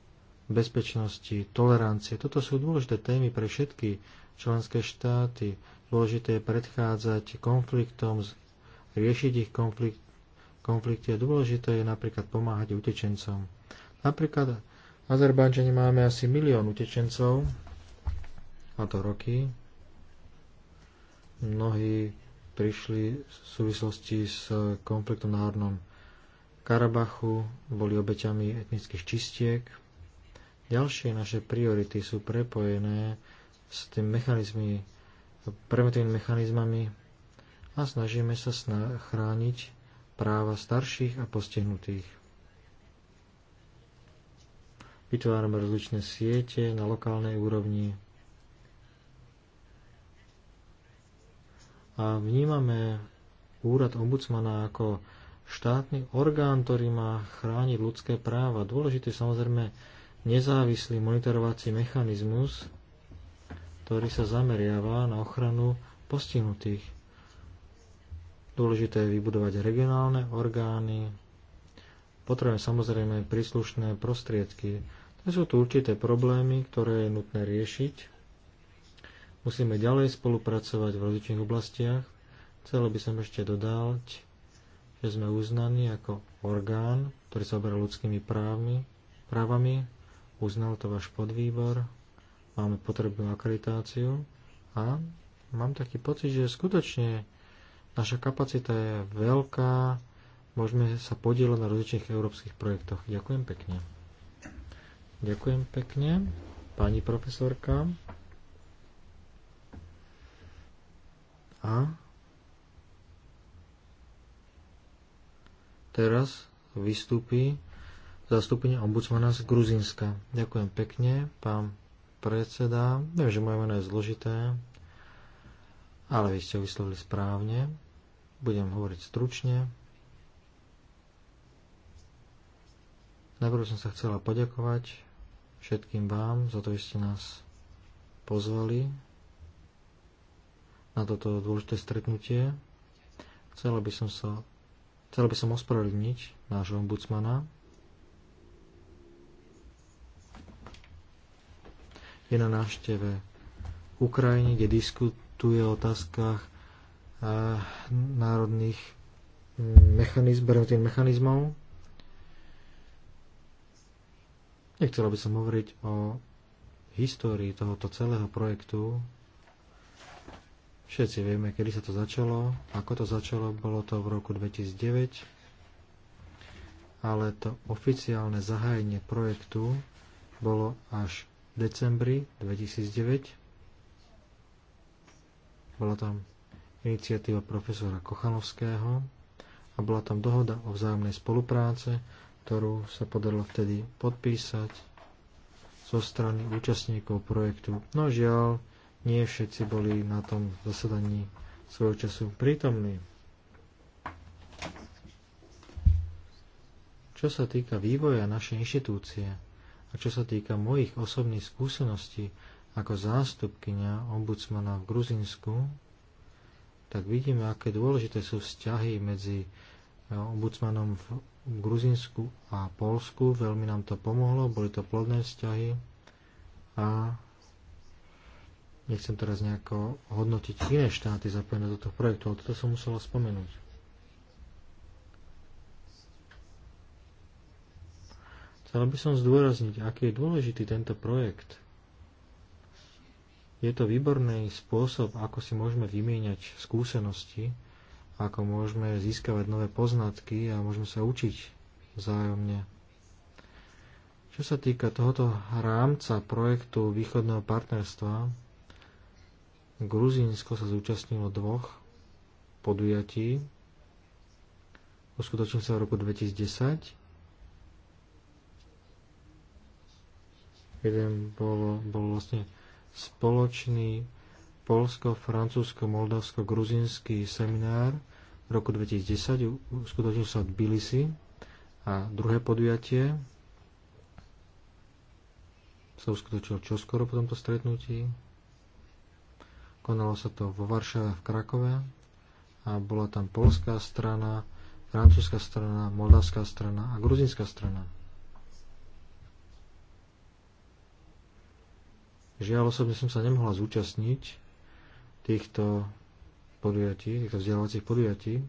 bezpečnosti, tolerancie. Toto sú dôležité témy pre všetky členské štáty. Dôležité je predchádzať konfliktom, riešiť ich konflikt, konflikty a dôležité je napríklad pomáhať utečencom. Napríklad v Azerbajdžane máme asi milión utečencov, a to roky. Mnohí prišli v súvislosti s konfliktom na Hornom Karabachu, boli obeťami etnických čistiek. Ďalšie naše priority sú prepojené s tým mechanizmy preventívnymi mechanizmami a snažíme sa sna- chrániť práva starších a postihnutých. Vytvárame rozličné siete na lokálnej úrovni a vnímame úrad ombudsmana ako štátny orgán, ktorý má chrániť ľudské práva. Dôležitý samozrejme nezávislý monitorovací mechanizmus, ktorý sa zameriava na ochranu postihnutých. Dôležité je vybudovať regionálne orgány. Potrebujeme samozrejme príslušné prostriedky. To sú tu určité problémy, ktoré je nutné riešiť. Musíme ďalej spolupracovať v rozličných oblastiach. Chcel by som ešte dodať, že sme uznaní ako orgán, ktorý sa oberá ľudskými právmi, právami. Uznal to váš podvýbor máme potrebnú akreditáciu a mám taký pocit, že skutočne naša kapacita je veľká, môžeme sa podielať na rozličných európskych projektoch. Ďakujem pekne. Ďakujem pekne, pani profesorka. A teraz vystúpi zastúpenie ombudsmana z Gruzinska. Ďakujem pekne, pán predseda. Viem, že moje meno je zložité, ale vy ste vyslovili správne. Budem hovoriť stručne. Najprv som sa chcela poďakovať všetkým vám za to, že ste nás pozvali na toto dôležité stretnutie. Chcela by som sa chcel by som ospravedlniť nášho ombudsmana, je na návšteve Ukrajiny, kde diskutuje o otázkach eh, národných mm, mechanizm, mechanizmov. Nechcel by som hovoriť o histórii tohoto celého projektu. Všetci vieme, kedy sa to začalo, ako to začalo, bolo to v roku 2009, ale to oficiálne zahájenie projektu bolo až decembri 2009. Bola tam iniciatíva profesora Kochanovského a bola tam dohoda o vzájomnej spolupráce, ktorú sa podarilo vtedy podpísať zo strany účastníkov projektu. No žiaľ, nie všetci boli na tom zasadaní svojho času prítomní. Čo sa týka vývoja našej inštitúcie, a čo sa týka mojich osobných skúseností ako zástupkynia ombudsmana v Gruzinsku, tak vidíme, aké dôležité sú vzťahy medzi e, ombudsmanom v Gruzinsku a Polsku. Veľmi nám to pomohlo, boli to plodné vzťahy a nechcem teraz nejako hodnotiť iné štáty zapojené do toho projektu, ale toto som musela spomenúť. Chcel by som zdôrazniť, aký je dôležitý tento projekt. Je to výborný spôsob, ako si môžeme vymieňať skúsenosti, ako môžeme získavať nové poznatky a môžeme sa učiť vzájomne. Čo sa týka tohoto rámca projektu východného partnerstva, Gruzínsko sa zúčastnilo dvoch podujatí. Uskutočnil sa v roku 2010 Jeden bol, bol vlastne spoločný polsko-francúzsko-moldavsko-gruzinský seminár v roku 2010, uskutočnil sa v Tbilisi a druhé podujatie sa uskutočilo čoskoro po tomto stretnutí. Konalo sa to vo Varšave v Krakove a bola tam polská strana, francúzska strana, moldavská strana a gruzinská strana. Takže ja osobne som sa nemohla zúčastniť týchto podujatí, týchto vzdelávacích podujatí,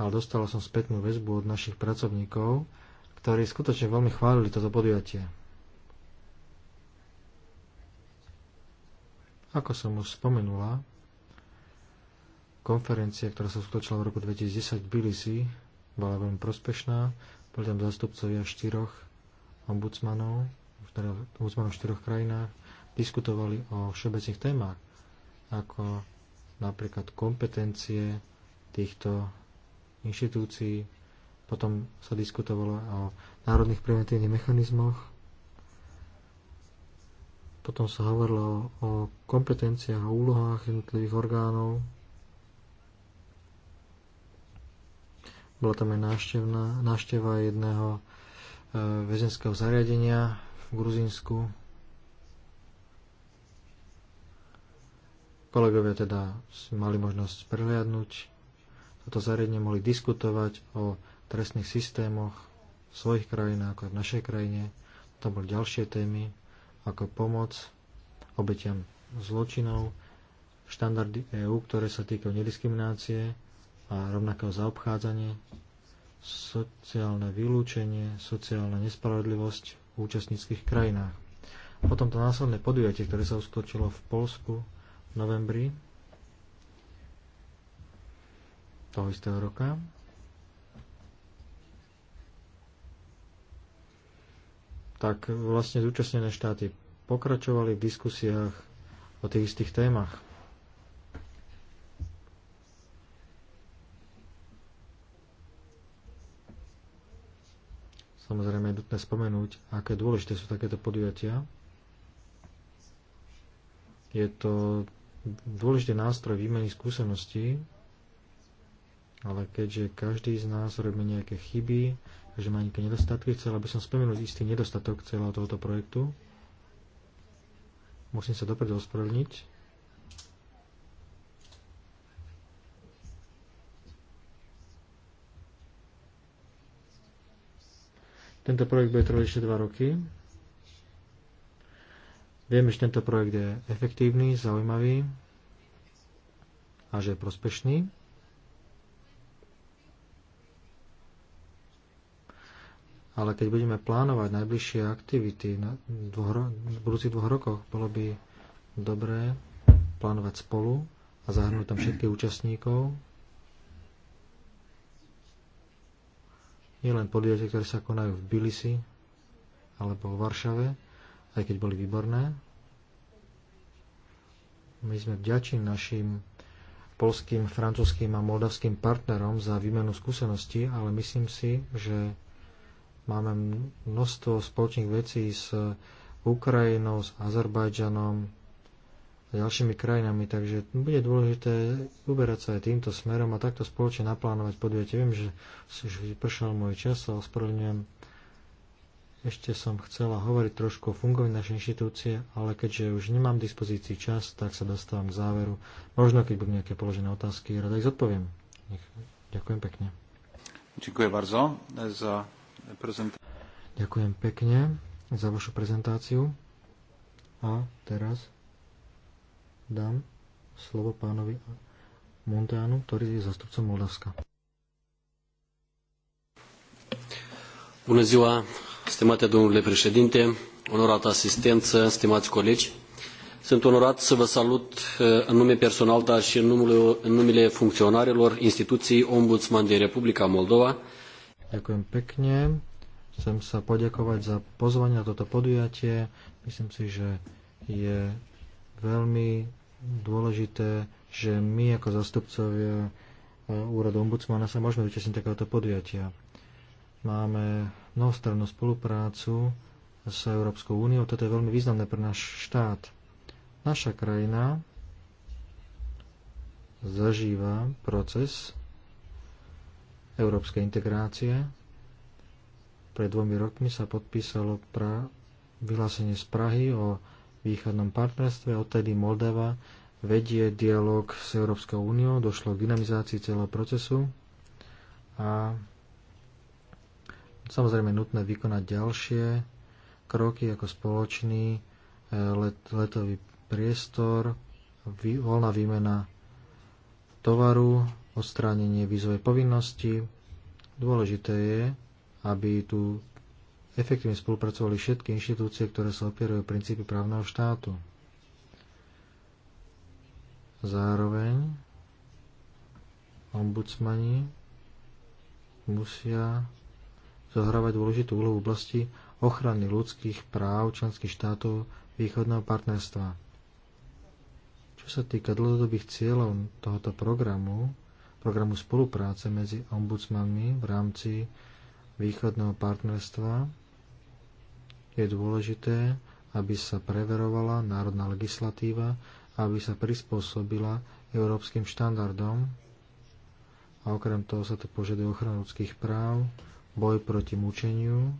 ale dostala som spätnú väzbu od našich pracovníkov, ktorí skutočne veľmi chválili toto podujatie. Ako som už spomenula, konferencia, ktorá sa skutočila v roku 2010 v Bilisi, bola veľmi prospešná. Boli tam zastupcovia štyroch ombudsmanov ombudsmanov v štyroch krajinách diskutovali o všeobecných témach, ako napríklad kompetencie týchto inštitúcií, potom sa diskutovalo o národných preventívnych mechanizmoch, potom sa hovorilo o kompetenciách a úlohách jednotlivých orgánov, bola tam aj návšteva jedného e, väzenského zariadenia v Gruzínsku. Kolegovia teda si mali možnosť prehliadnúť toto zariadenie, mohli diskutovať o trestných systémoch v svojich krajinách, ako aj v našej krajine. Tam boli ďalšie témy, ako pomoc obetiam zločinov, štandardy EÚ, ktoré sa týkajú nediskriminácie a rovnakého zaobchádzanie, sociálne vylúčenie, sociálna nespravodlivosť účastníckých krajinách. Potom to následné podujatie, ktoré sa uskutočilo v Polsku v novembri toho istého roka, tak vlastne zúčastnené štáty pokračovali v diskusiách o tých istých témach. Samozrejme je nutné spomenúť, aké dôležité sú takéto podujatia. Je to dôležitý nástroj výmeny skúseností, ale keďže každý z nás robí nejaké chyby, že má nejaké nedostatky, chcel by som spomenúť istý nedostatok celého tohoto projektu. Musím sa dopredu ospravedlniť. Tento projekt bude trvať ešte 2 roky. Vieme, že tento projekt je efektívny, zaujímavý a že je prospešný. Ale keď budeme plánovať najbližšie aktivity na, dvoch, v budúcich dvoch rokoch, bolo by dobré plánovať spolu a zahrnúť tam všetkých účastníkov, nielen podujatia, ktoré sa konajú v Bilisi alebo v Varšave, aj keď boli výborné. My sme vďační našim polským, francúzským a moldavským partnerom za výmenu skúseností, ale myslím si, že máme množstvo spoločných vecí s Ukrajinou, s Azerbajdžanom, ďalšími krajinami, takže bude dôležité uberať sa aj týmto smerom a takto spoločne naplánovať podujete. Viem, že už vypršal môj čas a ospravedlňujem. Ešte som chcela hovoriť trošku o fungovaní našej inštitúcie, ale keďže už nemám k dispozícii čas, tak sa dostávam k záveru. Možno, keď budú nejaké položené otázky, rada ich zodpoviem. Nech... Ďakujem pekne. Ďakujem bardzo za prezentáciu. Ďakujem pekne za vašu prezentáciu. A teraz dám slovo pánovi Montánu, ktorý je zastupcom Moldavska. Bună ziua, stimate domnule președinte, onorată asistență, stimați colegi. Sunt onorat să vă salut eh, în nume personal, dar și în numele, în numele funcționarilor instituției Ombudsman din Republica Moldova. Ďakujem pekne. Chcem sa poďakovať za pozvanie na toto podujatie. Myslím si, že je veľmi dôležité, že my ako zastupcovia e, úradu ombudsmana sa môžeme zúčastniť takéhoto podujatia. Máme mnohostrannú spoluprácu s Európskou úniou. Toto je veľmi významné pre náš štát. Naša krajina zažíva proces európskej integrácie. Pred dvomi rokmi sa podpísalo pra- vyhlásenie z Prahy o východnom partnerstve. Odtedy Moldava vedie dialog s Európskou úniou, došlo k dynamizácii celého procesu a samozrejme nutné vykonať ďalšie kroky ako spoločný e, let, letový priestor, vý, voľná výmena tovaru, odstránenie vízovej povinnosti. Dôležité je, aby tu efektívne spolupracovali všetky inštitúcie, ktoré sa opierajú princípy právneho štátu. Zároveň ombudsmani musia zohrávať dôležitú úlohu v oblasti ochrany ľudských práv členských štátov východného partnerstva. Čo sa týka dlhodobých cieľov tohoto programu, programu spolupráce medzi ombudsmanmi v rámci východného partnerstva, je dôležité, aby sa preverovala národná legislatíva, aby sa prispôsobila európskym štandardom a okrem toho sa to požaduje ochranu ľudských práv, boj proti mučeniu.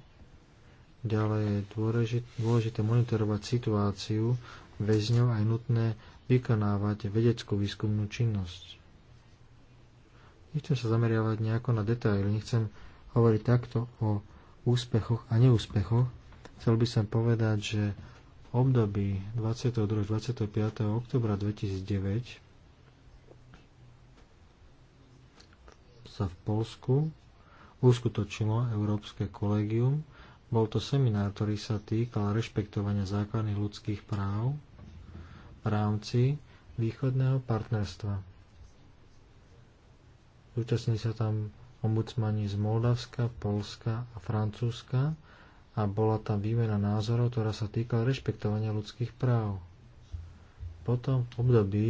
Ďalej je dôležité, dôležité monitorovať situáciu väzňov a je nutné vykonávať vedeckú výskumnú činnosť. Nechcem sa zameriavať nejako na detaily, nechcem hovoriť takto o úspechoch a neúspechoch, Chcel by som povedať, že v období 22. 25. oktobra 2009 sa v Polsku uskutočilo Európske kolegium. Bol to seminár, ktorý sa týkal rešpektovania základných ľudských práv v rámci východného partnerstva. Zúčastní sa tam ombudsmani z Moldavska, Polska a Francúzska a bola tam výmena názorov, ktorá sa týkala rešpektovania ľudských práv. Potom v období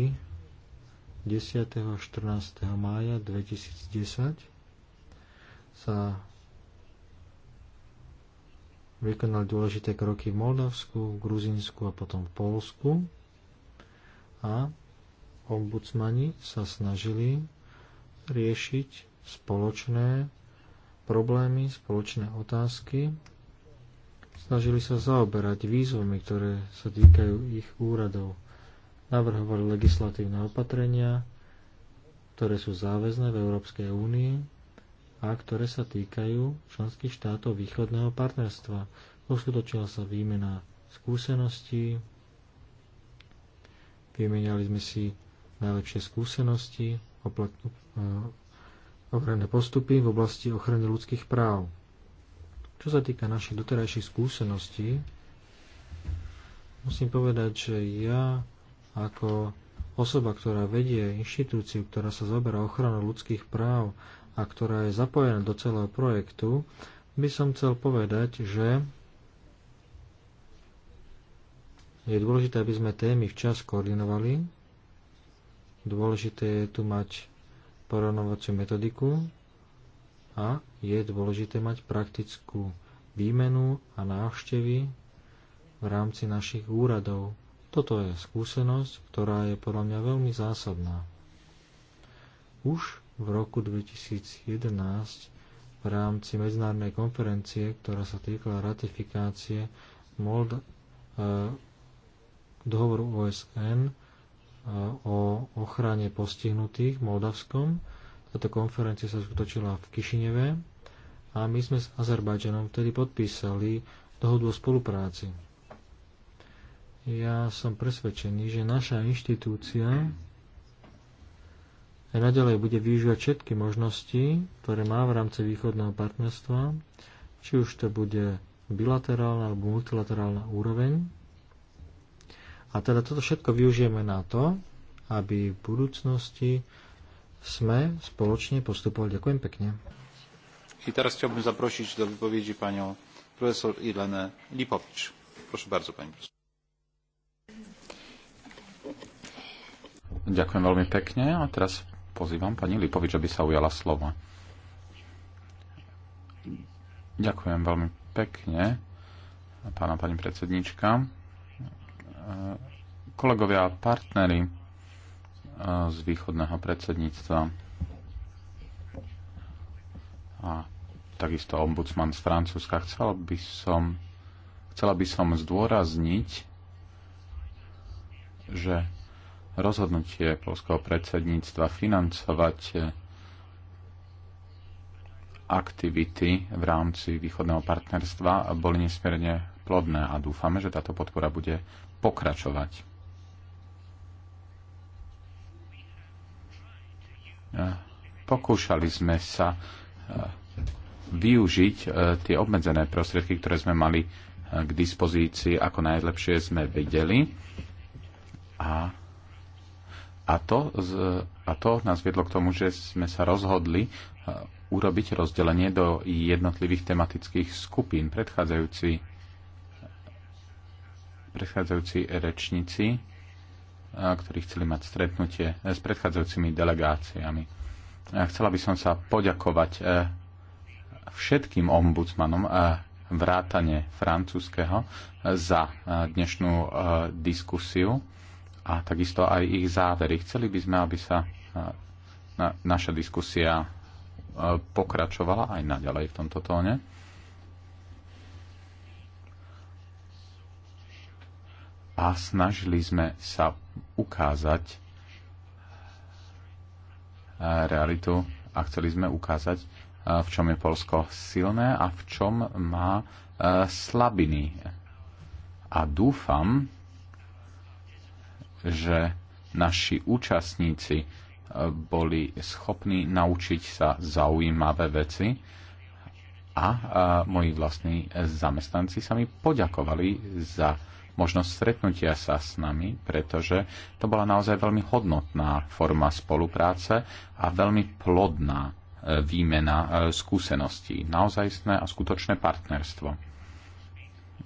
10. a 14. mája 2010 sa vykonali dôležité kroky v Moldavsku, v Gruzinsku a potom v Polsku. A ombudsmani sa snažili riešiť spoločné problémy, spoločné otázky, snažili sa zaoberať výzvami, ktoré sa týkajú ich úradov. Navrhovali legislatívne opatrenia, ktoré sú záväzné v Európskej únii a ktoré sa týkajú členských štátov východného partnerstva. Uskutočila sa výmena skúseností, vymenali sme si najlepšie skúsenosti, eh, ochranné postupy v oblasti ochrany ľudských práv. Čo sa týka našich doterajších skúseností, musím povedať, že ja ako osoba, ktorá vedie inštitúciu, ktorá sa zaberá ochranou ľudských práv a ktorá je zapojená do celého projektu, by som chcel povedať, že je dôležité, aby sme témy včas koordinovali. Dôležité je tu mať porovnovaciu metodiku, a je dôležité mať praktickú výmenu a návštevy v rámci našich úradov. Toto je skúsenosť, ktorá je podľa mňa veľmi zásadná. Už v roku 2011 v rámci medzinárodnej konferencie, ktorá sa týkala ratifikácie Mold, eh, dohovoru OSN eh, o ochrane postihnutých v Moldavskom, táto konferencia sa skutočila v Kišineve a my sme s Azerbajdžanom vtedy podpísali dohodu o spolupráci. Ja som presvedčený, že naša inštitúcia aj naďalej bude využívať všetky možnosti, ktoré má v rámci východného partnerstva, či už to bude bilaterálna alebo multilaterálna úroveň. A teda toto všetko využijeme na to, aby v budúcnosti sme spoločne postupovali. Ďakujem pekne. I teraz chciałbym zaprosić do wypowiedzi panią profesor Irenę Lipowicz. Proszę bardzo, pani profesor. Ďakujem veľmi pekne a teraz pozývam pani Lipovič, aby sa ujala slova. Ďakujem veľmi pekne, pána pani predsednička. Kolegovia a partnery, z východného predsedníctva a takisto ombudsman z Francúzska. Chcela by som, chcela by som zdôrazniť, že rozhodnutie polského predsedníctva financovať aktivity v rámci východného partnerstva boli nesmierne plodné a dúfame, že táto podpora bude pokračovať. E, pokúšali sme sa e, využiť e, tie obmedzené prostriedky, ktoré sme mali k dispozícii, ako najlepšie sme vedeli. A, a, to, a to nás viedlo k tomu, že sme sa rozhodli urobiť rozdelenie do jednotlivých tematických skupín. Predchádzajúci, predchádzajúci rečníci ktorí chceli mať stretnutie eh, s predchádzajúcimi delegáciami. Eh, chcela by som sa poďakovať eh, všetkým ombudsmanom vrátane francúzského za dnešnú diskusiu a takisto aj ich závery. Chceli by sme, aby sa naša diskusia pokračovala aj naďalej v tomto tóne. A snažili sme sa ukázať eh, realitu a chceli sme ukázať, eh, v čom je Polsko silné a v čom má eh, slabiny. A dúfam, že naši účastníci boli schopní naučiť sa zaujímavé veci a moji vlastní zamestnanci sa mi poďakovali za možnosť stretnutia sa s nami, pretože to bola naozaj veľmi hodnotná forma spolupráce a veľmi plodná e, výmena e, skúseností, naozajstné a skutočné partnerstvo.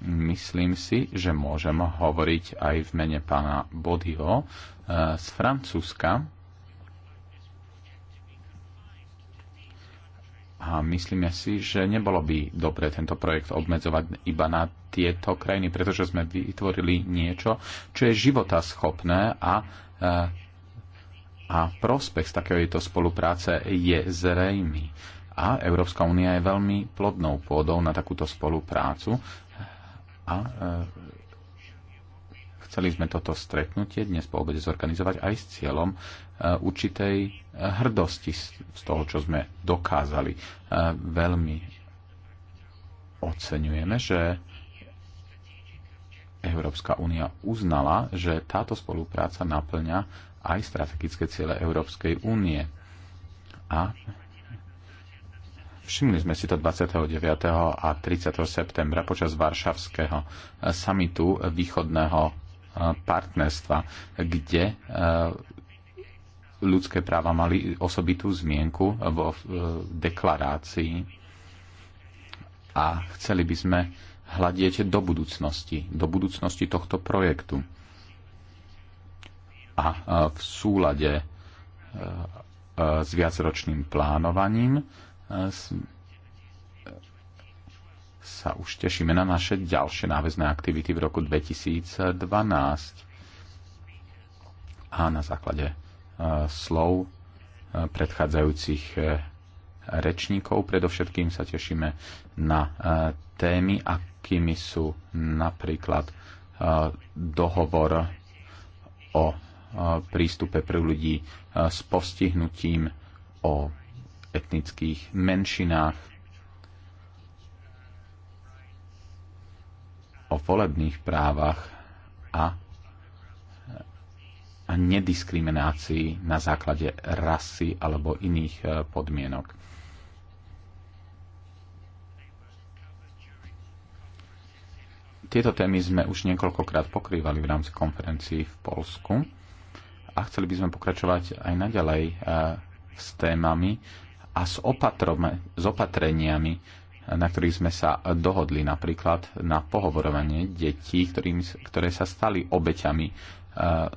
Myslím si, že môžem hovoriť aj v mene pána Bodyho e, z Francúzska, A myslíme si, že nebolo by dobre tento projekt obmedzovať iba na tieto krajiny, pretože sme vytvorili niečo, čo je života schopné a, eh, a prospech z takéhoto spolupráce je zrejmý. A Európska únia je veľmi plodnou pôdou na takúto spoluprácu a eh, Chceli sme toto stretnutie dnes po obede zorganizovať aj s cieľom e, určitej e, hrdosti z toho, čo sme dokázali. E, veľmi oceňujeme, že Európska únia uznala, že táto spolupráca naplňa aj strategické ciele Európskej únie. A všimli sme si to 29. a 30. septembra počas Varšavského samitu východného partnerstva, kde e, ľudské práva mali osobitú zmienku vo e, deklarácii a chceli by sme hľadieť do budúcnosti, do budúcnosti tohto projektu. A e, v súlade s viacročným plánovaním sa už tešíme na naše ďalšie náväzné aktivity v roku 2012 a na základe e, slov e, predchádzajúcich e, rečníkov. Predovšetkým sa tešíme na témy, akými sú napríklad dohovor o prístupe pre ľudí s postihnutím, o etnických menšinách, o volebných právach a, a nediskriminácii na základe rasy alebo iných e, podmienok. Tieto témy sme už niekoľkokrát pokrývali v rámci konferencií v Polsku a chceli by sme pokračovať aj naďalej e, s témami a s, opatrome, s opatreniami, na ktorých sme sa dohodli napríklad na pohovorovanie detí, ktorým, ktoré sa stali obeťami e,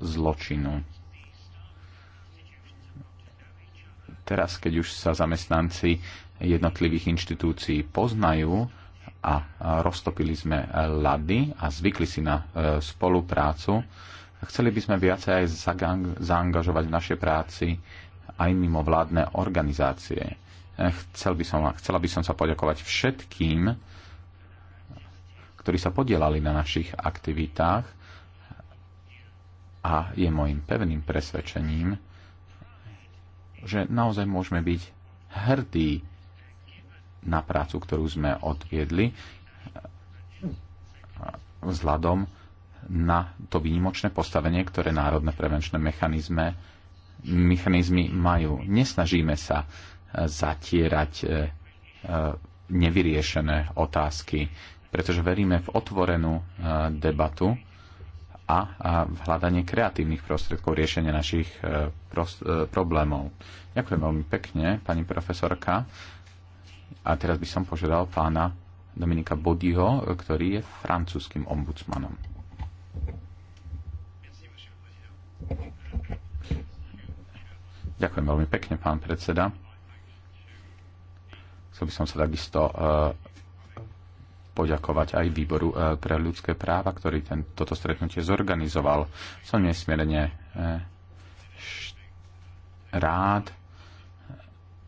zločinu. Teraz, keď už sa zamestnanci jednotlivých inštitúcií poznajú a roztopili sme lady a zvykli si na e, spoluprácu, chceli by sme viacej aj zaangažovať v našej práci aj mimo vládne organizácie Chcel by som, chcela by som sa poďakovať všetkým, ktorí sa podielali na našich aktivitách a je môjim pevným presvedčením, že naozaj môžeme byť hrdí na prácu, ktorú sme odviedli vzhľadom na to výnimočné postavenie, ktoré národné prevenčné mechanizmy, mechanizmy majú. Nesnažíme sa zatierať e, e, nevyriešené otázky, pretože veríme v otvorenú e, debatu a v hľadanie kreatívnych prostriedkov riešenia našich problémov. Ďakujem veľmi pekne, pani profesorka. A teraz by som požiadal pána Dominika Bodiho, ktorý je francúzským ombudsmanom. Ďakujem veľmi pekne, pán predseda. Chcel by som sa takisto e, poďakovať aj výboru e, pre ľudské práva, ktorý ten, toto stretnutie zorganizoval. Som nesmierne e, rád,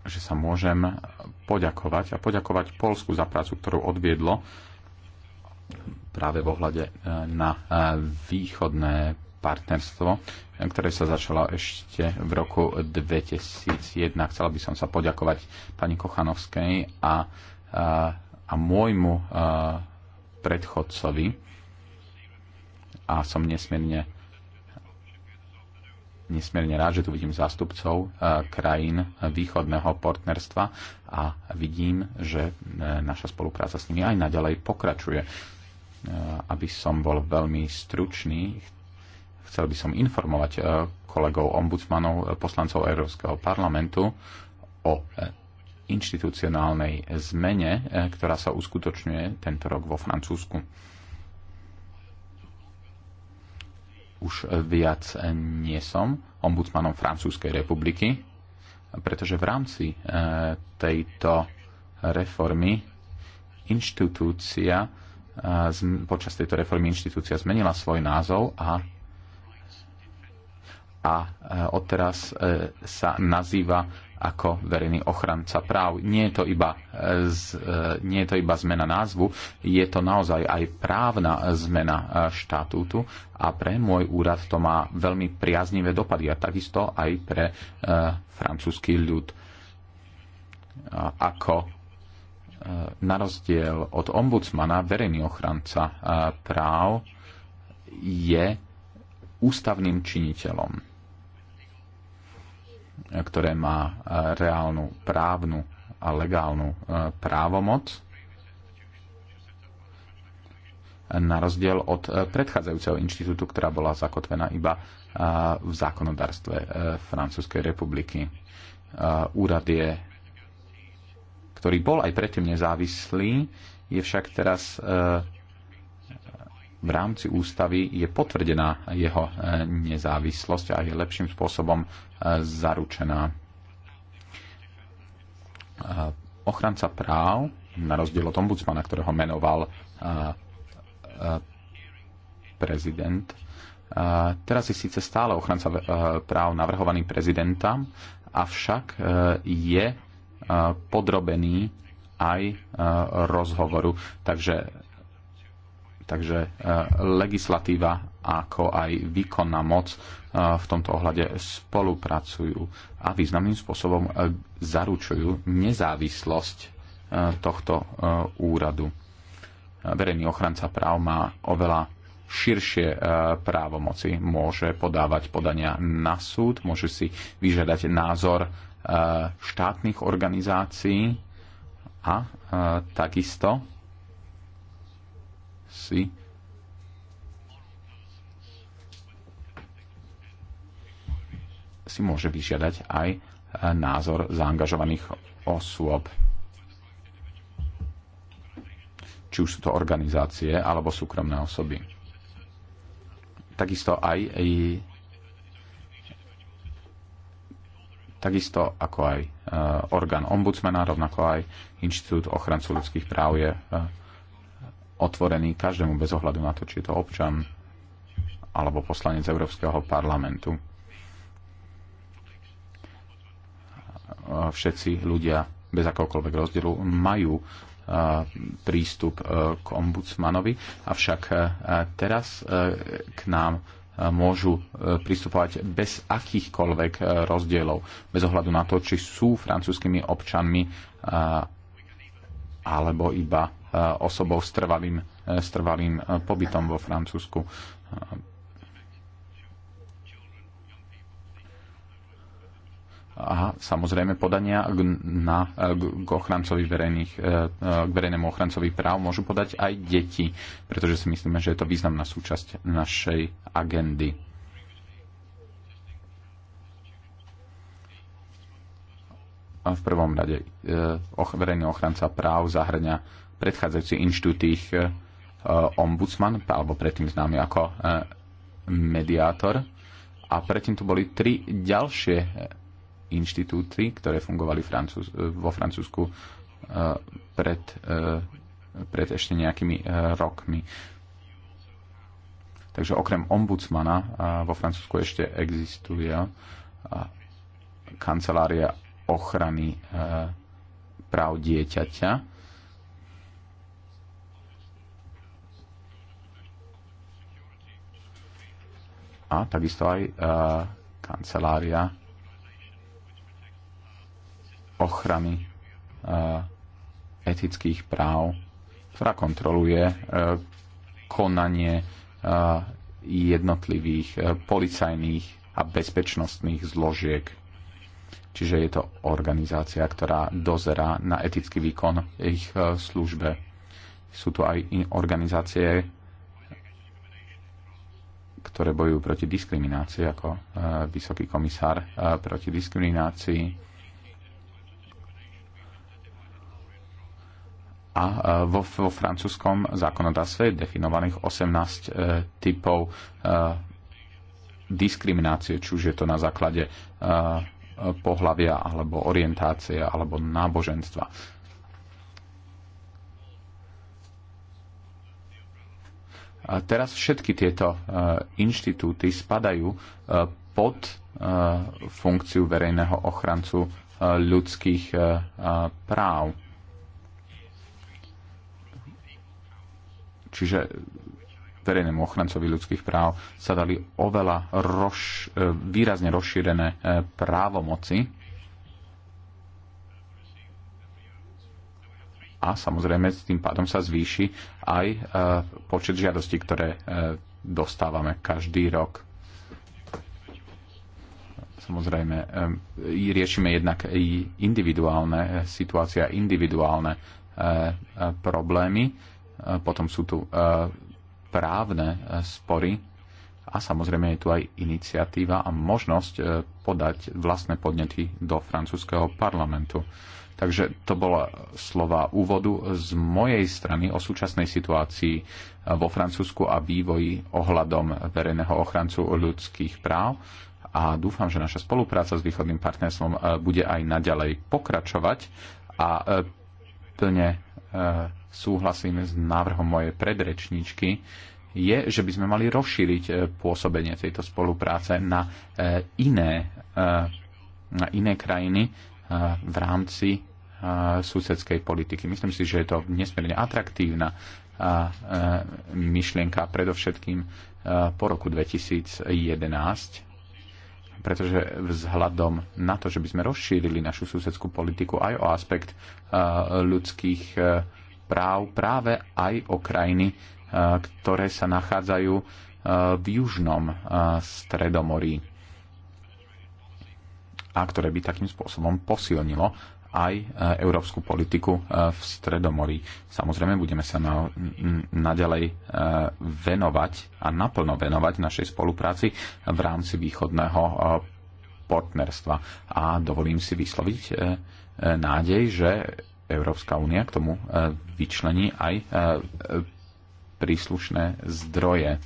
že sa môžem poďakovať a poďakovať Polsku za prácu, ktorú odviedlo práve v ohľade na východné partnerstvo, ktoré sa začalo ešte v roku 2001. Chcela by som sa poďakovať pani Kochanovskej a, a, a môjmu a, predchodcovi a som nesmierne nesmierne rád, že tu vidím zástupcov krajín východného partnerstva a vidím, že e, naša spolupráca s nimi aj naďalej pokračuje. E, aby som bol veľmi stručný, Chcel by som informovať e, kolegov ombudsmanov, e, poslancov Európskeho parlamentu o e, inštitucionálnej zmene, ktorá sa uskutočňuje tento rok vo Francúzsku. Už viac nie som ombudsmanom Francúzskej republiky, pretože v rámci tejto reformy inštitúcia počas tejto reformy inštitúcia zmenila svoj názov a a e, odteraz e, sa nazýva ako verejný ochranca práv. Nie je to iba, e, z, nie je to iba zmena názvu, je to naozaj aj právna zmena štatútu a pre môj úrad to má veľmi priaznivé dopady a takisto aj pre francúzsky ľud. Ako na rozdiel od ombudsmana, verejný ochranca práv je ústavným činiteľom ktoré má e, reálnu právnu a legálnu e, právomoc, na rozdiel od e, predchádzajúceho inštitútu, ktorá bola zakotvená iba v zákonodárstve Francúzskej republiky. Úrad je, ktorý bol aj predtým nezávislý, je však teraz v rámci ústavy je potvrdená jeho e, nezávislosť a je lepším spôsobom e, zaručená. E, ochranca práv, na rozdiel od ombudsmana, ktorého menoval prezident, teraz je síce stále ochranca práv navrhovaný prezidentom, avšak je podrobený aj rozhovoru. Takže Takže e, legislatíva ako aj výkonná moc e, v tomto ohľade spolupracujú a významným spôsobom e, zaručujú nezávislosť tohto úradu. Verejný ochranca práv má oveľa širšie právomoci. Môže podávať podania na súd, môže si vyžiadať názor štátnych organizácií a takisto si si môže vyžiadať aj eh, názor zaangažovaných osôb. Či už sú to organizácie alebo súkromné osoby. Takisto aj takisto ako aj eh, orgán ombudsmana, rovnako aj Inštitút ochrancu ľudských práv je eh, otvorený každému bez ohľadu na to, či je to občan alebo poslanec Európskeho parlamentu. Všetci ľudia bez akokoľvek rozdielu majú eh, prístup eh, k ombudsmanovi, avšak eh, teraz k nám môžu pristupovať bez akýchkoľvek rozdielov, bez ohľadu na to, či sú francúzskými občanmi alebo iba osobou s trvalým, s trvalým e, pobytom vo Francúzsku. a samozrejme podania k, na, k, ochrancovi verejných, e, e, k verejnému ochrancovi práv môžu podať aj deti, pretože si myslíme, že je to významná súčasť našej agendy. A v prvom rade verejný ochranca práv zahrňa predchádzajúci inštitút e, ombudsman, alebo predtým známy ako e, mediátor. A predtým tu boli tri ďalšie e, inštitúty, ktoré fungovali Francúz, vo Francúzsku pred, pred ešte nejakými rokmi. Takže okrem ombudsmana vo Francúzsku ešte existuje kancelária ochrany práv dieťaťa a takisto aj e, kancelária ochrany e, etických práv, ktorá kontroluje e, konanie jednotlivých policajných a bezpečnostných zložiek. Čiže je to organizácia, ktorá dozerá na etický výkon ich službe. Sú tu aj organizácie, ktoré bojujú proti diskriminácii, ako e, vysoký komisár e, proti diskriminácii. A e, vo, vo francúzskom zákonodárstve je definovaných 18 typov diskriminácie, či už je to na základe pohlavia, alebo orientácie, alebo náboženstva A teraz všetky tieto e, inštitúty spadajú e, pod e, funkciu verejného ochrancu ľudských práv. Čiže verejnému ochrancovi ľudských práv sa dali oveľa roš, výrazne rozšírené právomoci a samozrejme tým pádom sa zvýši aj e, počet žiadostí, ktoré e, dostávame každý rok. Samozrejme, e, riešime jednak i individuálne situácie a individuálne problémy. Potom sú tu právne spory a samozrejme je tu aj iniciatíva a možnosť podať vlastné podnety do francúzského parlamentu. Takže to bola slova úvodu z mojej strany o súčasnej situácii e, vo Francúzsku a vývoji ohľadom verejného ochrancu ľudských práv a dúfam, že naša spolupráca s východným partnerstvom e, bude aj naďalej pokračovať a e, plne súhlasím s návrhom mojej predrečníčky, je, že by sme mali rozšíriť pôsobenie tejto spolupráce na iné, na iné krajiny v rámci susedskej politiky. Myslím si, že je to nesmierne atraktívna myšlienka predovšetkým po roku 2011, pretože vzhľadom na to, že by sme rozšírili našu susedskú politiku aj o aspekt ľudských práv, práve aj o krajiny, ktoré sa nachádzajú v južnom stredomorí a ktoré by takým spôsobom posilnilo aj e, európsku politiku e, v Stredomorí. Samozrejme, budeme sa na, naďalej e, venovať a naplno venovať našej spolupráci v rámci východného partnerstva. A dovolím si vysloviť nádej, že Európska únia k tomu vyčlení aj príslušné zdroje.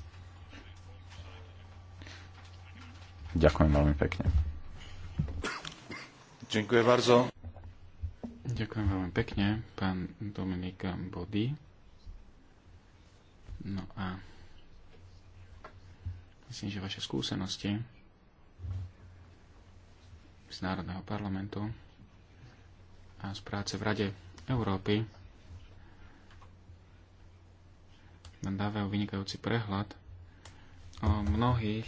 Ďakujem veľmi pekne. Dziękuję bardzo. Ďakujem veľmi pekne, pán Dominik Body. No a myslím, že vaše skúsenosti z Národného parlamentu a z práce v Rade Európy nám dávajú vynikajúci prehľad o mnohých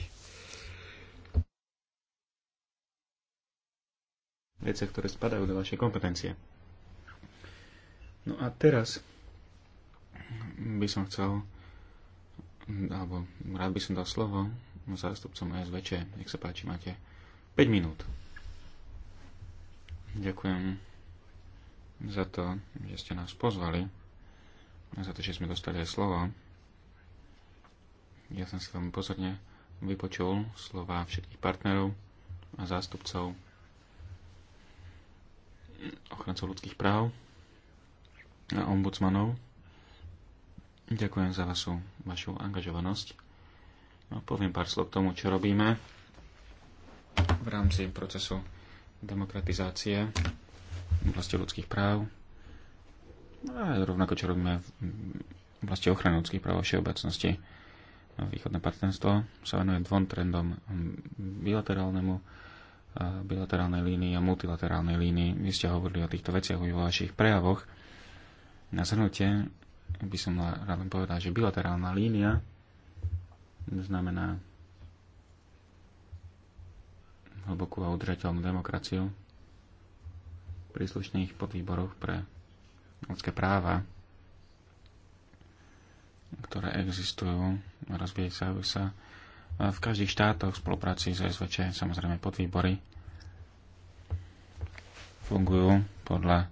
veciach, ktoré spadajú do vašej kompetencie. No a teraz by som chcel, alebo rád by som dal slovo zástupcom SVČ. Nech sa páči, máte 5 minút. Ďakujem za to, že ste nás pozvali a za to, že sme dostali aj slovo. Ja som si veľmi pozorne vypočul slova všetkých partnerov a zástupcov ochrancov ľudských práv a ombudsmanov. Ďakujem za vašu, vašu angažovanosť. No, poviem pár slov k tomu, čo robíme v rámci procesu demokratizácie v oblasti ľudských práv no, a rovnako čo robíme v oblasti ochrany ľudských práv a všeobecnosti. No, východné partnerstvo sa venuje dvom trendom bilaterálnemu bilaterálnej línii a multilaterálnej línii. Vy ste hovorili o týchto veciach vo vašich prejavoch. Na zhrnutie by som rád len povedal, že bilaterálna línia znamená hlbokú a udržateľnú demokraciu príslušných podvýboroch pre ľudské práva, ktoré existujú a rozvíjajú sa v každých štátoch v spolupráci s SVČ, samozrejme podvýbory, fungujú podľa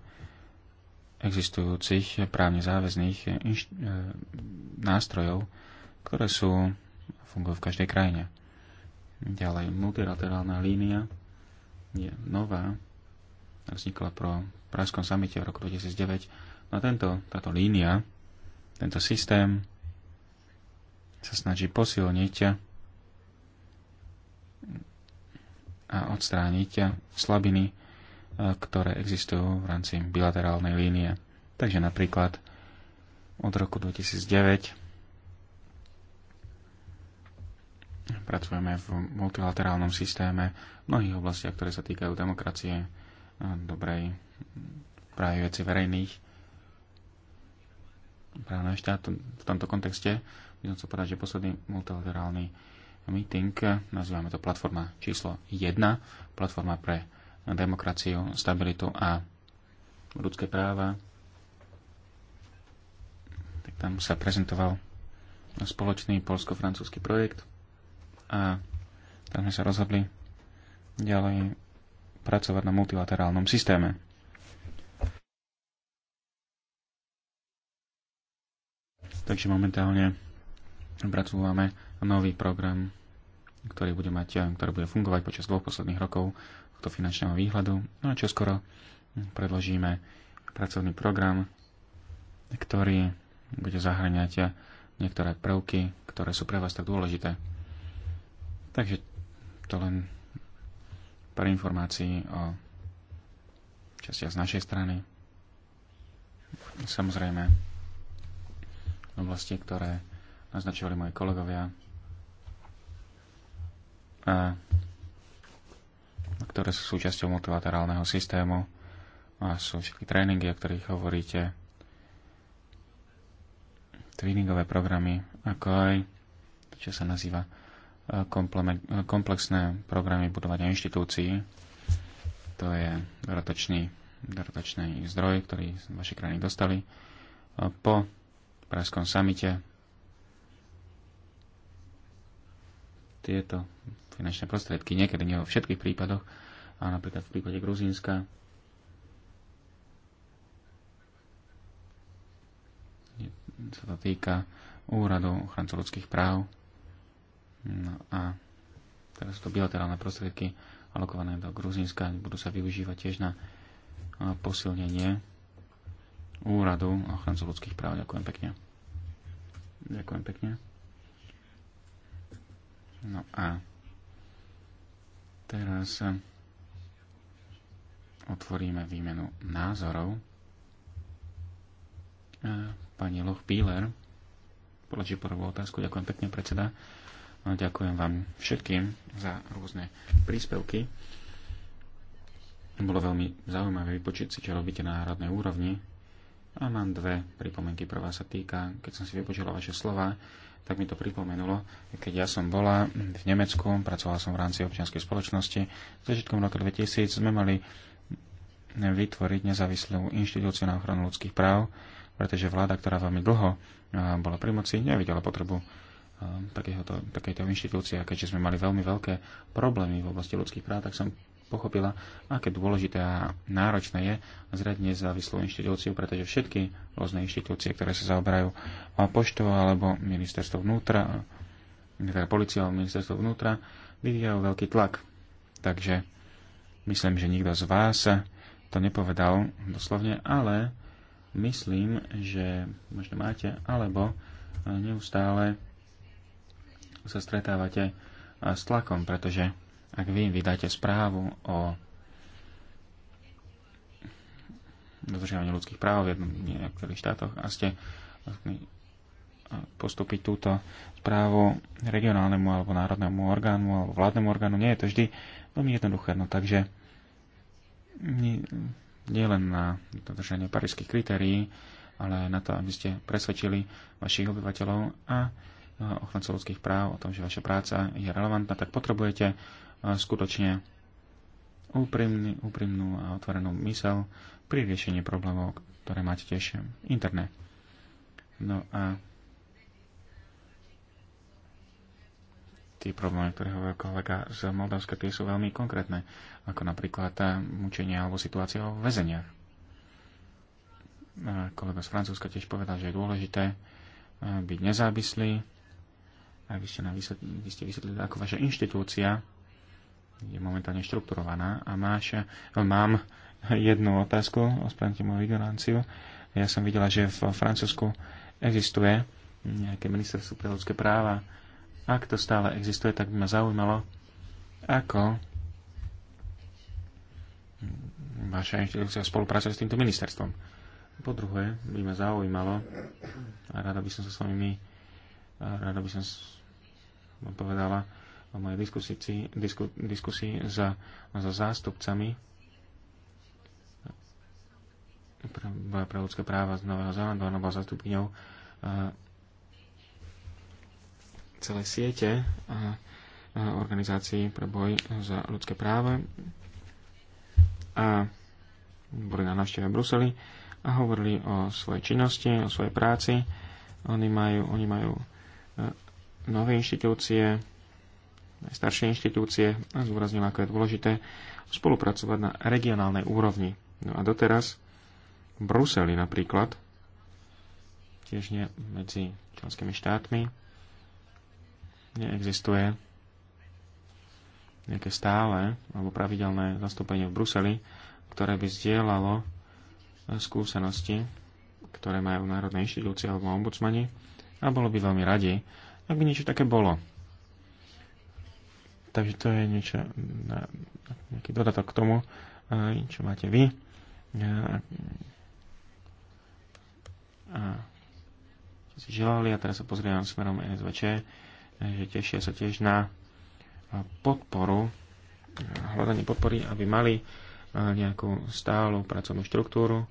existujúcich právne záväzných e, nástrojov, ktoré sú, fungujú v každej krajine. Ďalej, multilaterálna línia je nová, vznikla pro Pražskom samite v roku 2009. No a tento, táto línia, tento systém sa snaží posilniť a odstrániť slabiny, e, ktoré existujú v rámci bilaterálnej línie. Takže napríklad od roku 2009 pracujeme v multilaterálnom systéme v mnohých oblastiach, ktoré sa týkajú demokracie, dobrej práve veci verejných, právneho štátu. V tomto kontexte by som chcel povedať, že posledný multilaterálny meeting, eh, nazývame to platforma číslo 1, platforma pre demokraciu, stabilitu a ľudské práva. Tak tam sa prezentoval spoločný polsko-francúzsky projekt a tam sme sa rozhodli ďalej pracovať na multilaterálnom systéme. Takže momentálne pracujeme nový program ktorý bude mať, eh, ktoré bude fungovať počas dvoch posledných rokov tohto finančného výhľadu. No a čoskoro predložíme pracovný program, ktorý bude zahraniať eh, niektoré prvky, ktoré sú pre vás tak dôležité. Takže to len pár informácií o časti z našej strany. Samozrejme, oblasti, ktoré naznačovali moji kolegovia, ktoré sú súčasťou multilaterálneho systému a sú všetky tréningy, o ktorých hovoríte, tréningové programy, ako aj to, čo sa nazýva e, e, komplexné programy budovania inštitúcií. To je dodatočný, dodatočný zdroj, ktorý vaše krajiny dostali. E, po Pražskom samite tieto finančné prostriedky, niekedy nie vo všetkých prípadoch, a napríklad v prípade Gruzínska sa to týka úradu ochrancu ľudských práv. No a teraz sú to bilaterálne prostriedky alokované do Gruzínska, budú sa využívať tiež na posilnenie úradu ochrancov ľudských práv. Ďakujem pekne. Ďakujem pekne. No a Teraz otvoríme výmenu názorov. Pani Loch Píler, položí prvú otázku. Ďakujem pekne, predseda. Ďakujem vám všetkým za rôzne príspevky. Bolo veľmi zaujímavé vypočiť si, čo robíte na národnej úrovni. A mám dve pripomienky. Prvá sa týka, keď som si vypočula vaše slova, tak mi to pripomenulo, keď ja som bola v Nemecku, pracovala som v rámci občianskej spoločnosti. V začiatkom roku 2000 sme mali vytvoriť nezávislú inštitúciu na ochranu ľudských práv, pretože vláda, ktorá veľmi dlho bola pri moci, nevidela potrebu takéto inštitúcie. A keďže sme mali veľmi veľké problémy v oblasti ľudských práv, tak som pochopila, aké dôležité a náročné je zrieť nezávislú inštitúciu, pretože všetky rôzne inštitúcie, ktoré sa zaoberajú poštou alebo ministerstvo vnútra, teda policia alebo ministerstvo vnútra, vyvíjajú veľký tlak. Takže myslím, že nikto z vás to nepovedal doslovne, ale myslím, že možno máte, alebo neustále sa stretávate s tlakom, pretože ak vy vydáte správu o dodržiavaní ľudských práv v niektorých štátoch a ste postupiť túto správu regionálnemu alebo národnému orgánu alebo vládnemu orgánu. Nie je to vždy veľmi jednoduché. No takže nie, nie len na dodržanie parížských kritérií, ale aj na to, aby ste presvedčili vašich obyvateľov a ochrancov ľudských práv o tom, že vaša práca je relevantná, tak potrebujete skutočne úprimný, úprimnú a otvorenú mysel pri riešení problémov, ktoré máte tiež internet. No a tie problémy, ktoré hovoril kolega z Moldavska, tie sú veľmi konkrétne, ako napríklad tá mučenie alebo situácia o väzeniach. A kolega z Francúzska tiež povedal, že je dôležité eh, byť nezávislý. A vy ste, na vy ste vysvetlili, ako vaša inštitúcia je momentálne štrukturovaná a máš, mám jednu otázku, ospravedlňte moju ignoranciu. Ja som videla, že v Francúzsku existuje nejaké ministerstvo pre ľudské práva. Ak to stále existuje, tak by ma zaujímalo, ako vaša inštitúcia spolupracuje s týmto ministerstvom. Po druhé, by ma zaujímalo, a rada by som sa s vami, rada by som vám povedala, o mojej diskusii, disku, diskusii za, za zástupcami boja pre ľudské práva z Nového Zelandu, ona bola zástupňou celej siete organizácií pre boj za ľudské práva a boli na návšteve Bruseli a hovorili o svojej činnosti, o svojej práci. Oni majú, oni majú e, nové inštitúcie, staršie inštitúcie a zúraznil, ako je dôležité spolupracovať na regionálnej úrovni. No a doteraz v Bruseli napríklad, tiež nie medzi členskými štátmi, neexistuje nejaké stále alebo pravidelné zastúpenie v Bruseli, ktoré by zdieľalo skúsenosti, ktoré majú národné inštitúcie alebo ombudsmani a bolo by veľmi radi, ak by niečo také bolo. Takže to je niečo, nejaký dodatok k tomu, čo máte vy. A, a čo si želali, a teraz sa pozrievam smerom NSVČ, že tešia sa tiež na podporu, hľadanie podpory, aby mali nejakú stálu pracovnú štruktúru,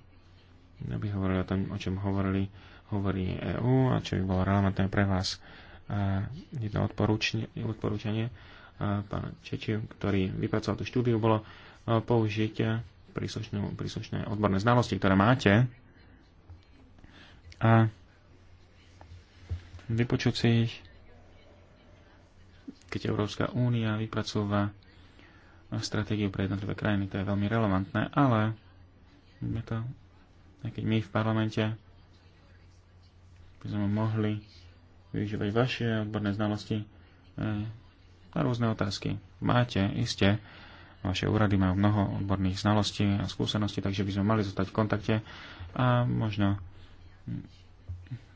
aby hovorili o tom, o čom hovorili, hovorí EÚ a čo by bolo relevantné pre vás. A jedno odporúčanie, pán Čečie, ktorý vypracoval tú štúdiu, bolo e, použiť e, príslušnú, príslušné odborné znalosti, ktoré máte a vypočuť si ich, keď Európska únia vypracúva stratégiu pre jednotlivé krajiny, to je veľmi relevantné, ale my to, keď my v parlamente by sme mohli využívať vaše odborné znalosti, e, na rôzne otázky. Máte, iste, vaše úrady majú mnoho odborných znalostí a skúseností, takže by sme mali zostať v kontakte a možno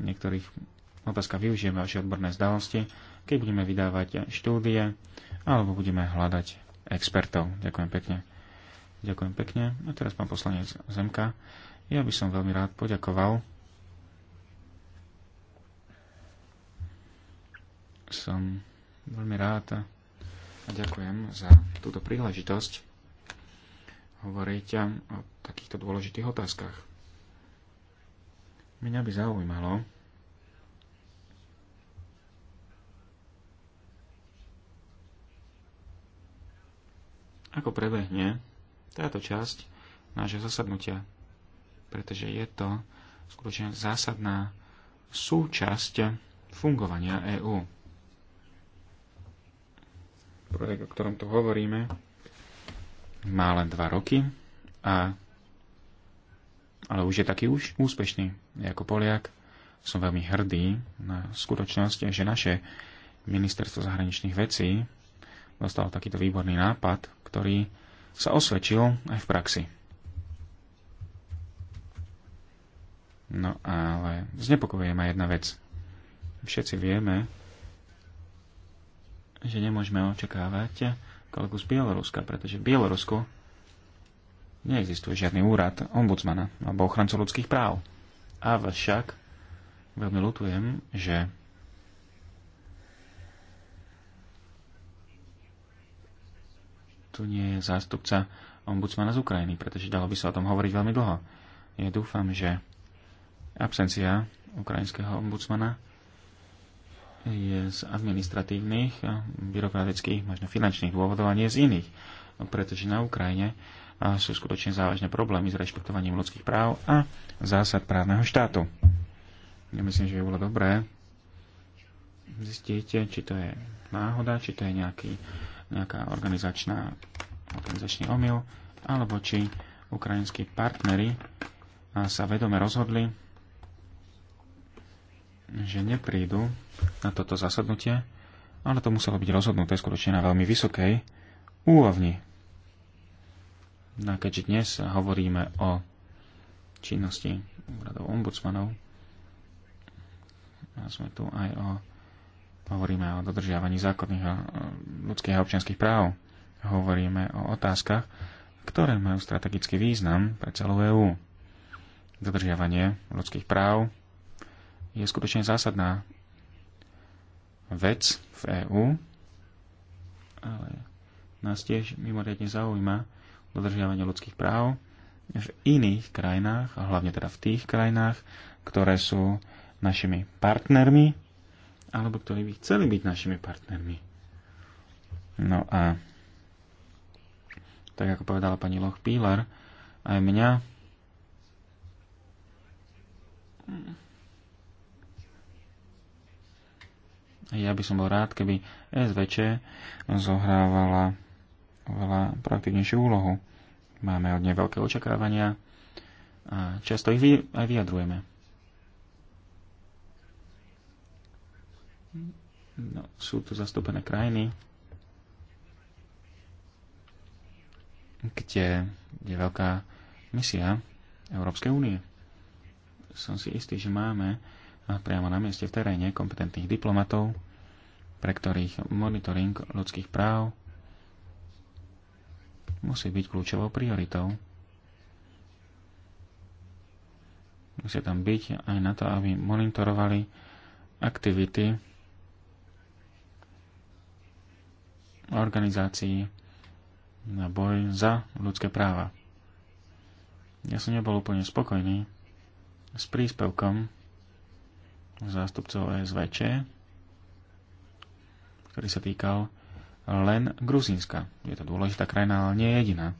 niektorých otázkach využijeme vaše odborné znalosti, keď budeme vydávať štúdie alebo budeme hľadať expertov. Ďakujem pekne. Ďakujem pekne. A teraz pán poslanec Zemka. Ja by som veľmi rád poďakoval. some Veľmi rád a ďakujem za túto príležitosť hovoriť o takýchto dôležitých otázkach. Mňa by zaujímalo, ako prebehne táto časť nášho zasadnutia, pretože je to skutočne zásadná súčasť fungovania EÚ projekt, o ktorom tu hovoríme, má len dva roky, a, ale už je taký už úspešný. Ja ako Poliak som veľmi hrdý na skutočnosť, že naše ministerstvo zahraničných vecí dostalo takýto výborný nápad, ktorý sa osvedčil aj v praxi. No ale znepokojuje ma jedna vec. Všetci vieme, že nemôžeme očakávať kolegu z Bieloruska, pretože v Bielorusku neexistuje žiadny úrad ombudsmana alebo ochrancu ľudských práv. Avšak veľmi lutujem, že tu nie je zástupca ombudsmana z Ukrajiny, pretože dalo by sa o tom hovoriť veľmi dlho. Ja dúfam, že absencia ukrajinského ombudsmana je z administratívnych, eh, byrokratických, možno finančných dôvodov a nie z iných. Pretože na Ukrajine eh, sú skutočne závažné problémy s rešpektovaním ľudských práv a zásad právneho štátu. Ja myslím, že by bolo dobré zistiť, či to je náhoda, či to je nejaký, nejaká organizačná, organizačný omyl, alebo či ukrajinskí partnery eh, sa vedome rozhodli že neprídu na toto zasadnutie, ale to muselo byť rozhodnuté skutočne na veľmi vysokej úrovni. No a keďže dnes hovoríme o činnosti úradov ombudsmanov, a sme tu aj o, hovoríme o dodržiavaní zákonných a ľudských a občianských práv, hovoríme o otázkach, ktoré majú strategický význam pre celú EÚ. Dodržiavanie ľudských práv, je skutočne zásadná vec v EÚ, ale nás tiež mimoriadne zaujíma dodržiavanie ľudských práv v iných krajinách, a hlavne teda v tých krajinách, ktoré sú našimi partnermi, alebo ktorí by chceli byť našimi partnermi. No a tak ako povedala pani Loch Pílar, aj mňa Ja by som bol rád, keby SVČ zohrávala veľa proaktívnejšiu úlohu. Máme od nej veľké očakávania a často ich vy, aj vyjadrujeme. No, sú tu zastúpené krajiny, kde je veľká misia Európskej únie. Som si istý, že máme priamo na mieste v teréne kompetentných diplomatov, pre ktorých monitoring ľudských práv musí byť kľúčovou prioritou. Musia tam byť aj na to, aby monitorovali aktivity organizácií na boj za ľudské práva. Ja som nebol úplne spokojný s príspevkom zástupcov SVČ, ktorý sa týkal len Gruzínska. Je to dôležitá krajina, ale nie je jediná.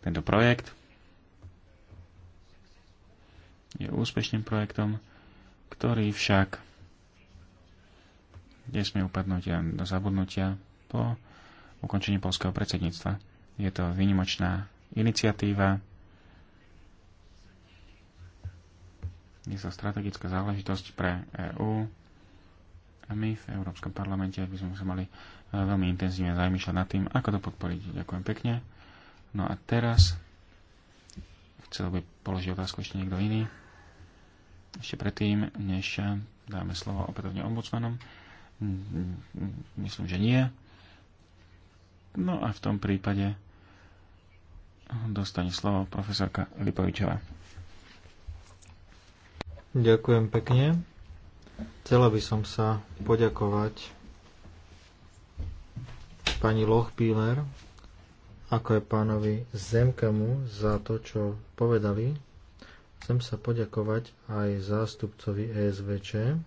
Tento projekt je úspešným projektom, ktorý však nesmie upadnúť do zabudnutia po ukončení polského predsedníctva. Je to výnimočná iniciatíva, je to strategická záležitosť pre EÚ a my v Európskom parlamente by sme sa mali e, veľmi intenzívne zajmýšľať nad tým, ako to podporiť. Ďakujem pekne. No a teraz chcel by položiť otázku ešte niekto iný. Ešte predtým, než dáme slovo opätovne ombudsmanom. Myslím, že nie. No a v tom prípade dostane slovo profesorka Lipovičová. Ďakujem pekne. Chcela by som sa poďakovať pani Lochbíler, ako aj pánovi Zemkamu za to, čo povedali. Chcem sa poďakovať aj zástupcovi ESVČ.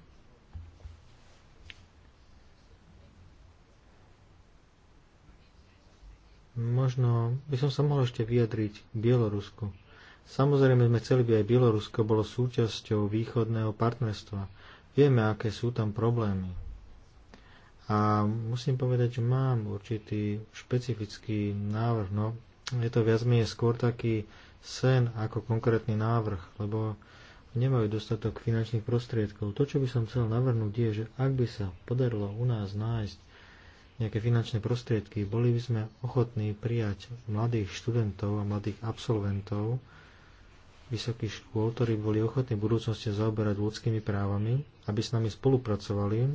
Možno by som sa mohol ešte vyjadriť Bielorusku. Samozrejme sme chceli, by aj Bielorusko bolo súčasťou východného partnerstva. Vieme, aké sú tam problémy. A musím povedať, že mám určitý špecifický návrh. No, je to viac menej skôr taký sen ako konkrétny návrh, lebo nemajú dostatok finančných prostriedkov. To, čo by som chcel navrhnúť, je, že ak by sa podarilo u nás nájsť nejaké finančné prostriedky, boli by sme ochotní prijať mladých študentov a mladých absolventov, vysokých škôl, ktorí boli ochotní v budúcnosti zaoberať ľudskými právami, aby s nami spolupracovali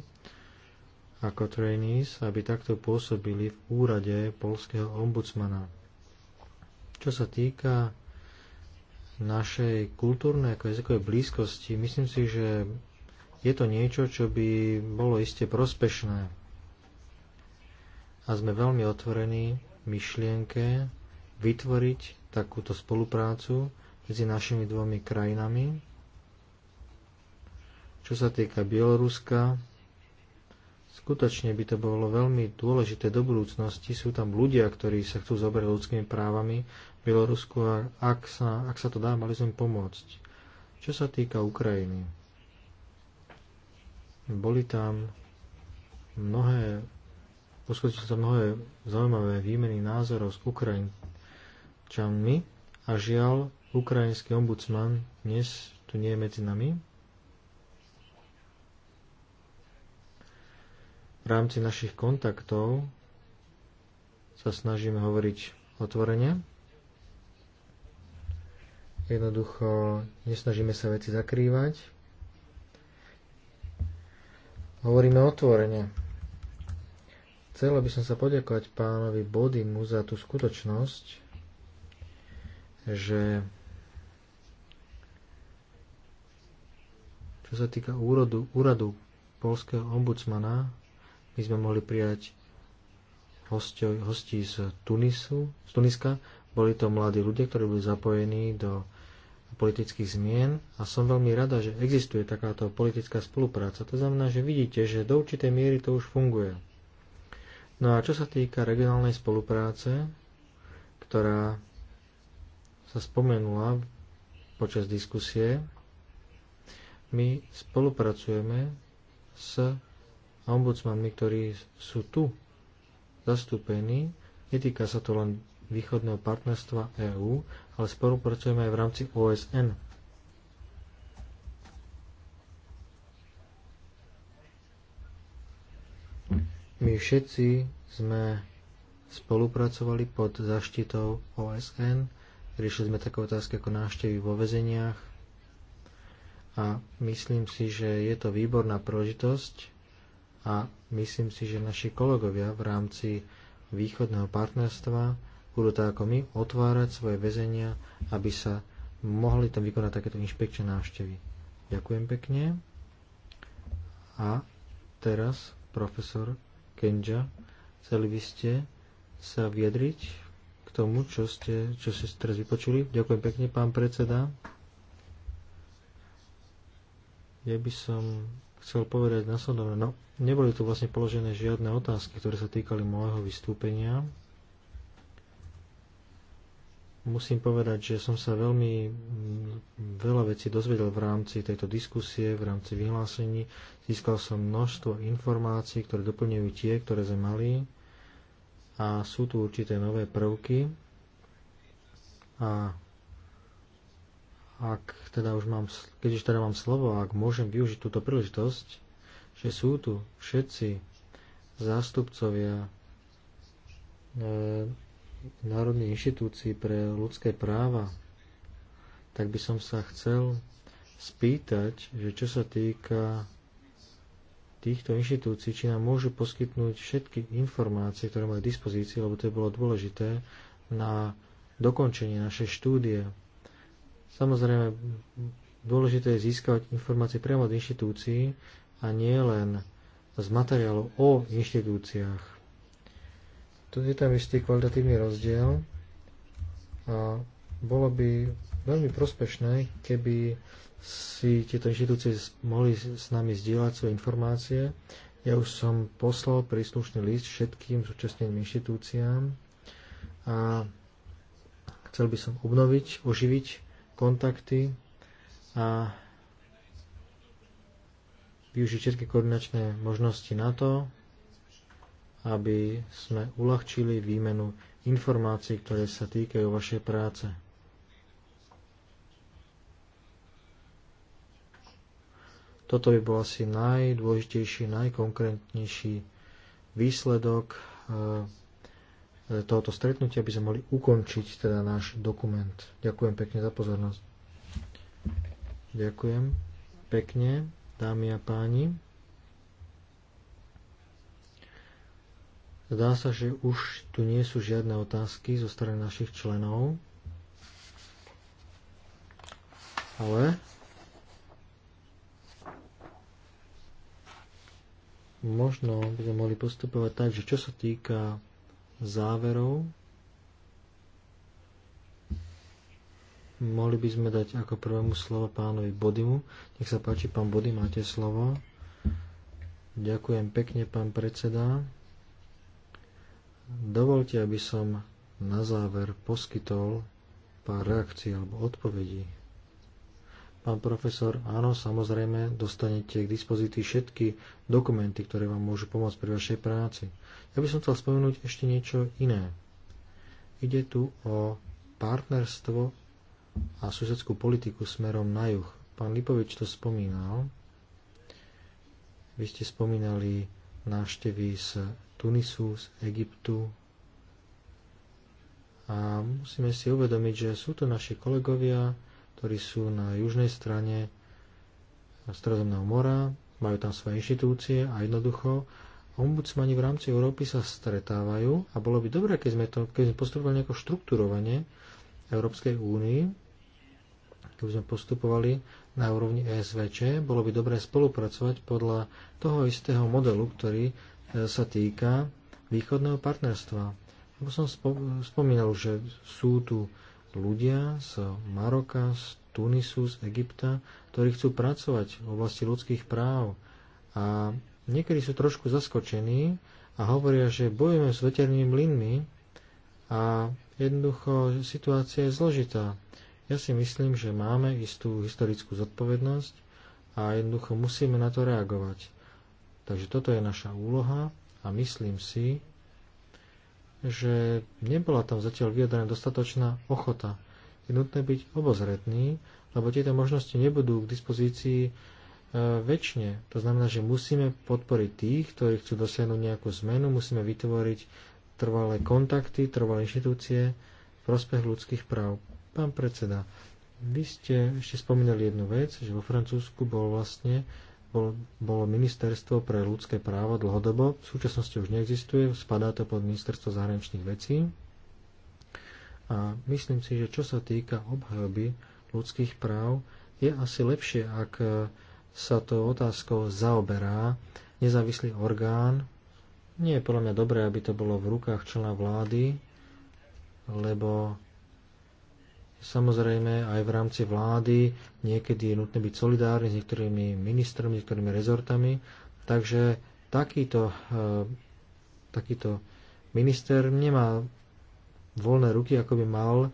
ako trainees, aby takto pôsobili v úrade polského ombudsmana. Čo sa týka našej kultúrnej ako jazykovej blízkosti, myslím si, že je to niečo, čo by bolo iste prospešné. A sme veľmi otvorení myšlienke vytvoriť takúto spoluprácu medzi našimi dvomi krajinami. Čo sa týka Bieloruska, skutočne by to bolo veľmi dôležité do budúcnosti. Sú tam ľudia, ktorí sa chcú zobrať ľudskými právami v Bielorusku a ak sa, ak sa to dá, mali sme pomôcť. Čo sa týka Ukrajiny, boli tam mnohé, uskutočili sa mnohé zaujímavé výmeny názorov s Ukrajinčanmi a žiaľ ukrajinský ombudsman dnes tu nie je medzi nami. V rámci našich kontaktov sa snažíme hovoriť otvorene. Jednoducho nesnažíme sa veci zakrývať. Hovoríme otvorene. Chcel by som sa poďakovať pánovi Bodimu za tú skutočnosť, že Čo sa týka úradu, úradu polského ombudsmana, my sme mohli prijať hostio, hostí z, Tunisu, z Tuniska. Boli to mladí ľudia, ktorí boli zapojení do politických zmien a som veľmi rada, že existuje takáto politická spolupráca. To znamená, že vidíte, že do určitej miery to už funguje. No a čo sa týka regionálnej spolupráce, ktorá sa spomenula počas diskusie, my spolupracujeme s ombudsmanmi, ktorí sú tu zastúpení. Netýka sa to len východného partnerstva EÚ, ale spolupracujeme aj v rámci OSN. My všetci sme spolupracovali pod zaštitou OSN. Riešili sme také otázky ako návštevy vo väzeniach, a myslím si, že je to výborná prožitosť a myslím si, že naši kolegovia v rámci východného partnerstva budú tak ako my otvárať svoje väzenia, aby sa mohli tam vykonať takéto inšpekčné návštevy. Ďakujem pekne. A teraz profesor Kenja, chceli by ste sa vyjadriť k tomu, čo ste, čo ste teraz vypočuli. Ďakujem pekne, pán predseda ja by som chcel povedať nasledovne. No, neboli tu vlastne položené žiadne otázky, ktoré sa týkali môjho vystúpenia. Musím povedať, že som sa veľmi mm, veľa vecí dozvedel v rámci tejto diskusie, v rámci vyhlásení. Získal som množstvo informácií, ktoré doplňujú tie, ktoré sme mali. A sú tu určité nové prvky. A ak teda už mám, keď už teda mám slovo, ak môžem využiť túto príležitosť, že sú tu všetci zástupcovia e, Národných inštitúcií pre ľudské práva, tak by som sa chcel spýtať, že čo sa týka týchto inštitúcií, či nám môžu poskytnúť všetky informácie, ktoré majú k dispozícii, lebo to je bolo dôležité na dokončenie našej štúdie Samozrejme, dôležité je získavať informácie priamo od inštitúcií a nie len z materiálov o inštitúciách. Tu je tam istý kvalitatívny rozdiel a bolo by veľmi prospešné, keby si tieto inštitúcie mohli s nami zdieľať svoje informácie. Ja už som poslal príslušný list všetkým súčasneným inštitúciám a chcel by som obnoviť, oživiť kontakty a využiť všetky koordinačné možnosti na to, aby sme uľahčili výmenu informácií, ktoré sa týkajú vašej práce. Toto by bol asi najdôležitejší, najkonkrétnejší výsledok eh, E, tohoto stretnutia, aby sme mohli ukončiť teda náš dokument. Ďakujem pekne za pozornosť. Ďakujem pekne, dámy a páni. Zdá sa, že už tu nie sú žiadne otázky zo strany našich členov. Ale možno by sme mohli postupovať tak, že čo sa týka záverov. Mohli by sme dať ako prvému slovo pánovi Bodimu. Nech sa páči, pán Body, máte slovo. Ďakujem pekne, pán predseda. Dovolte, aby som na záver poskytol pár reakcií alebo odpovedí Pán profesor, áno, samozrejme, dostanete k dispozícii všetky dokumenty, ktoré vám môžu pomôcť pri vašej práci. Ja by som chcel spomenúť ešte niečo iné. Ide tu o partnerstvo a susedskú politiku smerom na juh. Pán Lipovič to spomínal. Vy ste spomínali návštevy z Tunisu, z Egyptu. A musíme si uvedomiť, že sú to naši kolegovia, ktorí sú na južnej strane Stredozemného mora, majú tam svoje inštitúcie a jednoducho ombudsmani v rámci Európy sa stretávajú a bolo by dobré, keď sme, to, keď sme postupovali nejako štruktúrovanie Európskej únii, keby sme postupovali na úrovni ESVČ, bolo by dobré spolupracovať podľa toho istého modelu, ktorý e, sa týka východného partnerstva. Lebo som spomínal, že sú tu ľudia z Maroka, z Tunisu, z Egypta, ktorí chcú pracovať v oblasti ľudských práv. A niekedy sú trošku zaskočení a hovoria, že bojujeme s veternými mlynmi a jednoducho situácia je zložitá. Ja si myslím, že máme istú historickú zodpovednosť a jednoducho musíme na to reagovať. Takže toto je naša úloha a myslím si, že nebola tam zatiaľ vyjadrená dostatočná ochota. Je nutné byť obozretný, lebo tieto možnosti nebudú k dispozícii e, väčšine. To znamená, že musíme podporiť tých, ktorí chcú dosiahnuť nejakú zmenu, musíme vytvoriť trvalé kontakty, trvalé inštitúcie v prospech ľudských práv. Pán predseda, vy ste ešte spomínali jednu vec, že vo Francúzsku bol vlastne bol, bolo Ministerstvo pre ľudské práva dlhodobo, v súčasnosti už neexistuje, spadá to pod Ministerstvo zahraničných vecí. A myslím si, že čo sa týka obhajoby ľudských práv, je asi lepšie, ak e, sa to otázkou zaoberá nezávislý orgán. Nie je podľa mňa dobré, aby to bolo v rukách člena vlády, lebo Samozrejme, aj v rámci vlády niekedy je nutné byť solidárny s niektorými ministrami, s niektorými rezortami. Takže takýto, eh, takýto minister nemá voľné ruky, ako by mal eh,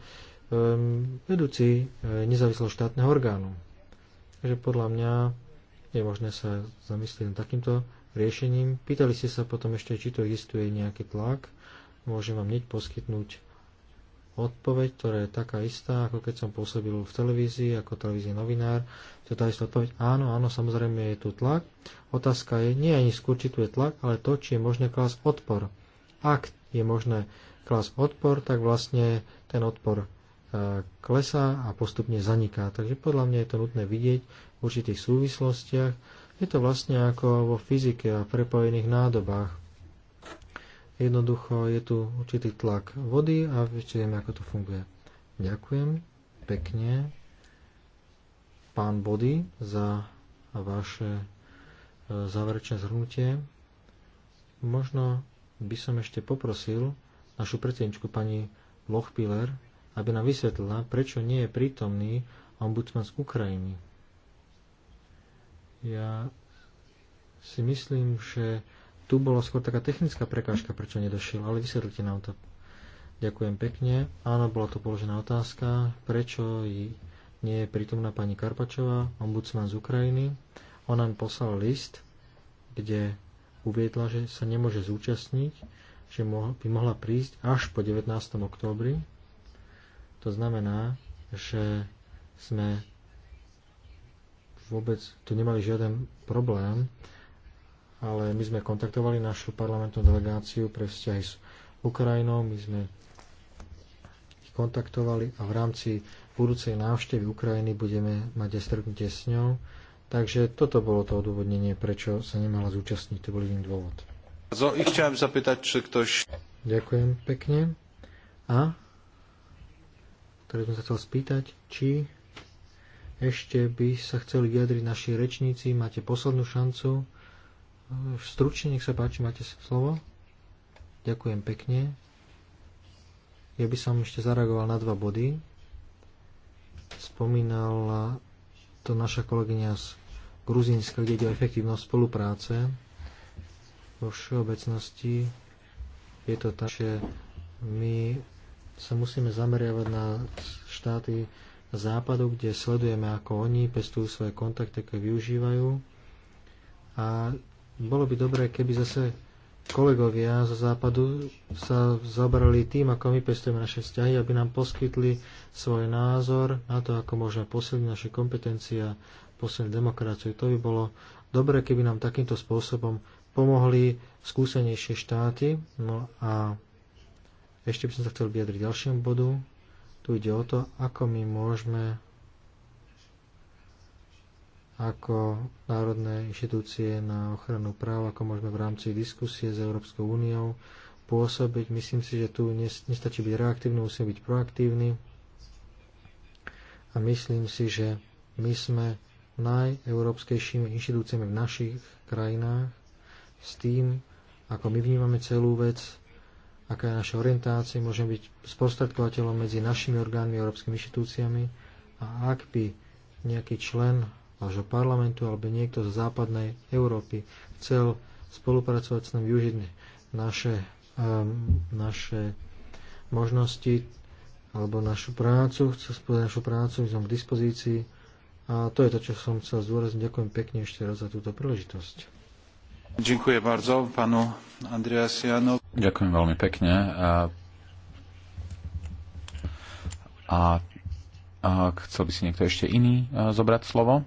vedúci eh, nezávislého štátneho orgánu. Takže podľa mňa je možné sa zamyslieť nad takýmto riešením. Pýtali ste sa potom ešte, či to existuje nejaký tlak. Môžem vám hneď poskytnúť odpoveď, ktorá je taká istá, ako keď som pôsobil v televízii, ako televízii novinár. To je tá istá odpoveď. Áno, áno, samozrejme je tu tlak. Otázka je, nie ani skôr, tu je tlak, ale to, či je možné klas odpor. Ak je možné klas odpor, tak vlastne ten odpor e, klesá a postupne zaniká. Takže podľa mňa je to nutné vidieť v určitých súvislostiach. Je to vlastne ako vo fyzike a prepojených nádobách. Jednoducho je tu určitý tlak vody a ešte vieme, ako to funguje. Ďakujem pekne pán Body za vaše e, záverečné zhrnutie. Možno by som ešte poprosil našu predsedničku pani Lochpiller, aby nám vysvetlila, prečo nie je prítomný ombudsman z Ukrajiny. Ja si myslím, že tu bola skôr taká technická prekážka, prečo nedošiel, ale vysvetlite nám to. Ďakujem pekne. Áno, bola to položená otázka, prečo nie je prítomná pani Karpačová, ombudsman z Ukrajiny. Ona mi poslala list, kde uviedla, že sa nemôže zúčastniť, že by mohla prísť až po 19. októbri. To znamená, že sme vôbec tu nemali žiaden problém ale my sme kontaktovali našu parlamentnú delegáciu pre vzťahy s Ukrajinou, my sme ich kontaktovali a v rámci budúcej návštevy Ukrajiny budeme mať aj stretnutie s ňou. Takže toto bolo to odôvodnenie, prečo sa nemala zúčastniť, to bol jediný dôvod. So, ich či ktoś... Ďakujem pekne. A? Teraz som sa chcel spýtať, či ešte by sa chceli vyjadriť naši rečníci. Máte poslednú šancu Eh, stručne, nech sa páči, máte slovo. Ďakujem pekne. Ja by som ešte zareagoval na dva body. Spomínala to naša kolegyňa z Gruzínska, kde ide o efektívnosť spolupráce. Vo všeobecnosti je to tak, že my sa musíme zameriavať na štáty západu, kde sledujeme, ako oni pestujú svoje kontakty, ako využívajú. A bolo by dobré, keby zase kolegovia zo západu sa zabrali tým, ako my pestujeme naše vzťahy, aby nám poskytli svoj názor na to, ako môžeme posilniť naše kompetencie a posilniť demokraciu. To by bolo dobré, keby nám takýmto spôsobom pomohli skúsenejšie štáty. No a ešte by som sa chcel vyjadriť ďalšiemu bodu. Tu ide o to, ako my môžeme ako národné inštitúcie na ochranu práv, ako môžeme v rámci diskusie s Európskou úniou pôsobiť. Myslím si, že tu nestačí byť reaktívny, musíme byť proaktívny. A myslím si, že my sme najeurópskejšími inštitúciami v našich krajinách s tým, ako my vnímame celú vec, aká je naša orientácia, môžeme byť sprostredkovateľom medzi našimi orgánmi a európskymi inštitúciami a ak by nejaký člen vášho parlamentu alebo niekto zo západnej Európy chcel spolupracovať s nami, využiť naše, um, naše možnosti alebo našu prácu, chcel spôsobiť našu prácu, my sme k dispozícii a to je to, čo som chcel zdôrazniť. Ďakujem pekne ešte raz za túto príležitosť. Ďakujem bardzo panu Andreasianu. Ďakujem veľmi pekne. A, a, a chcel by si niekto ešte iný e, zobrať slovo?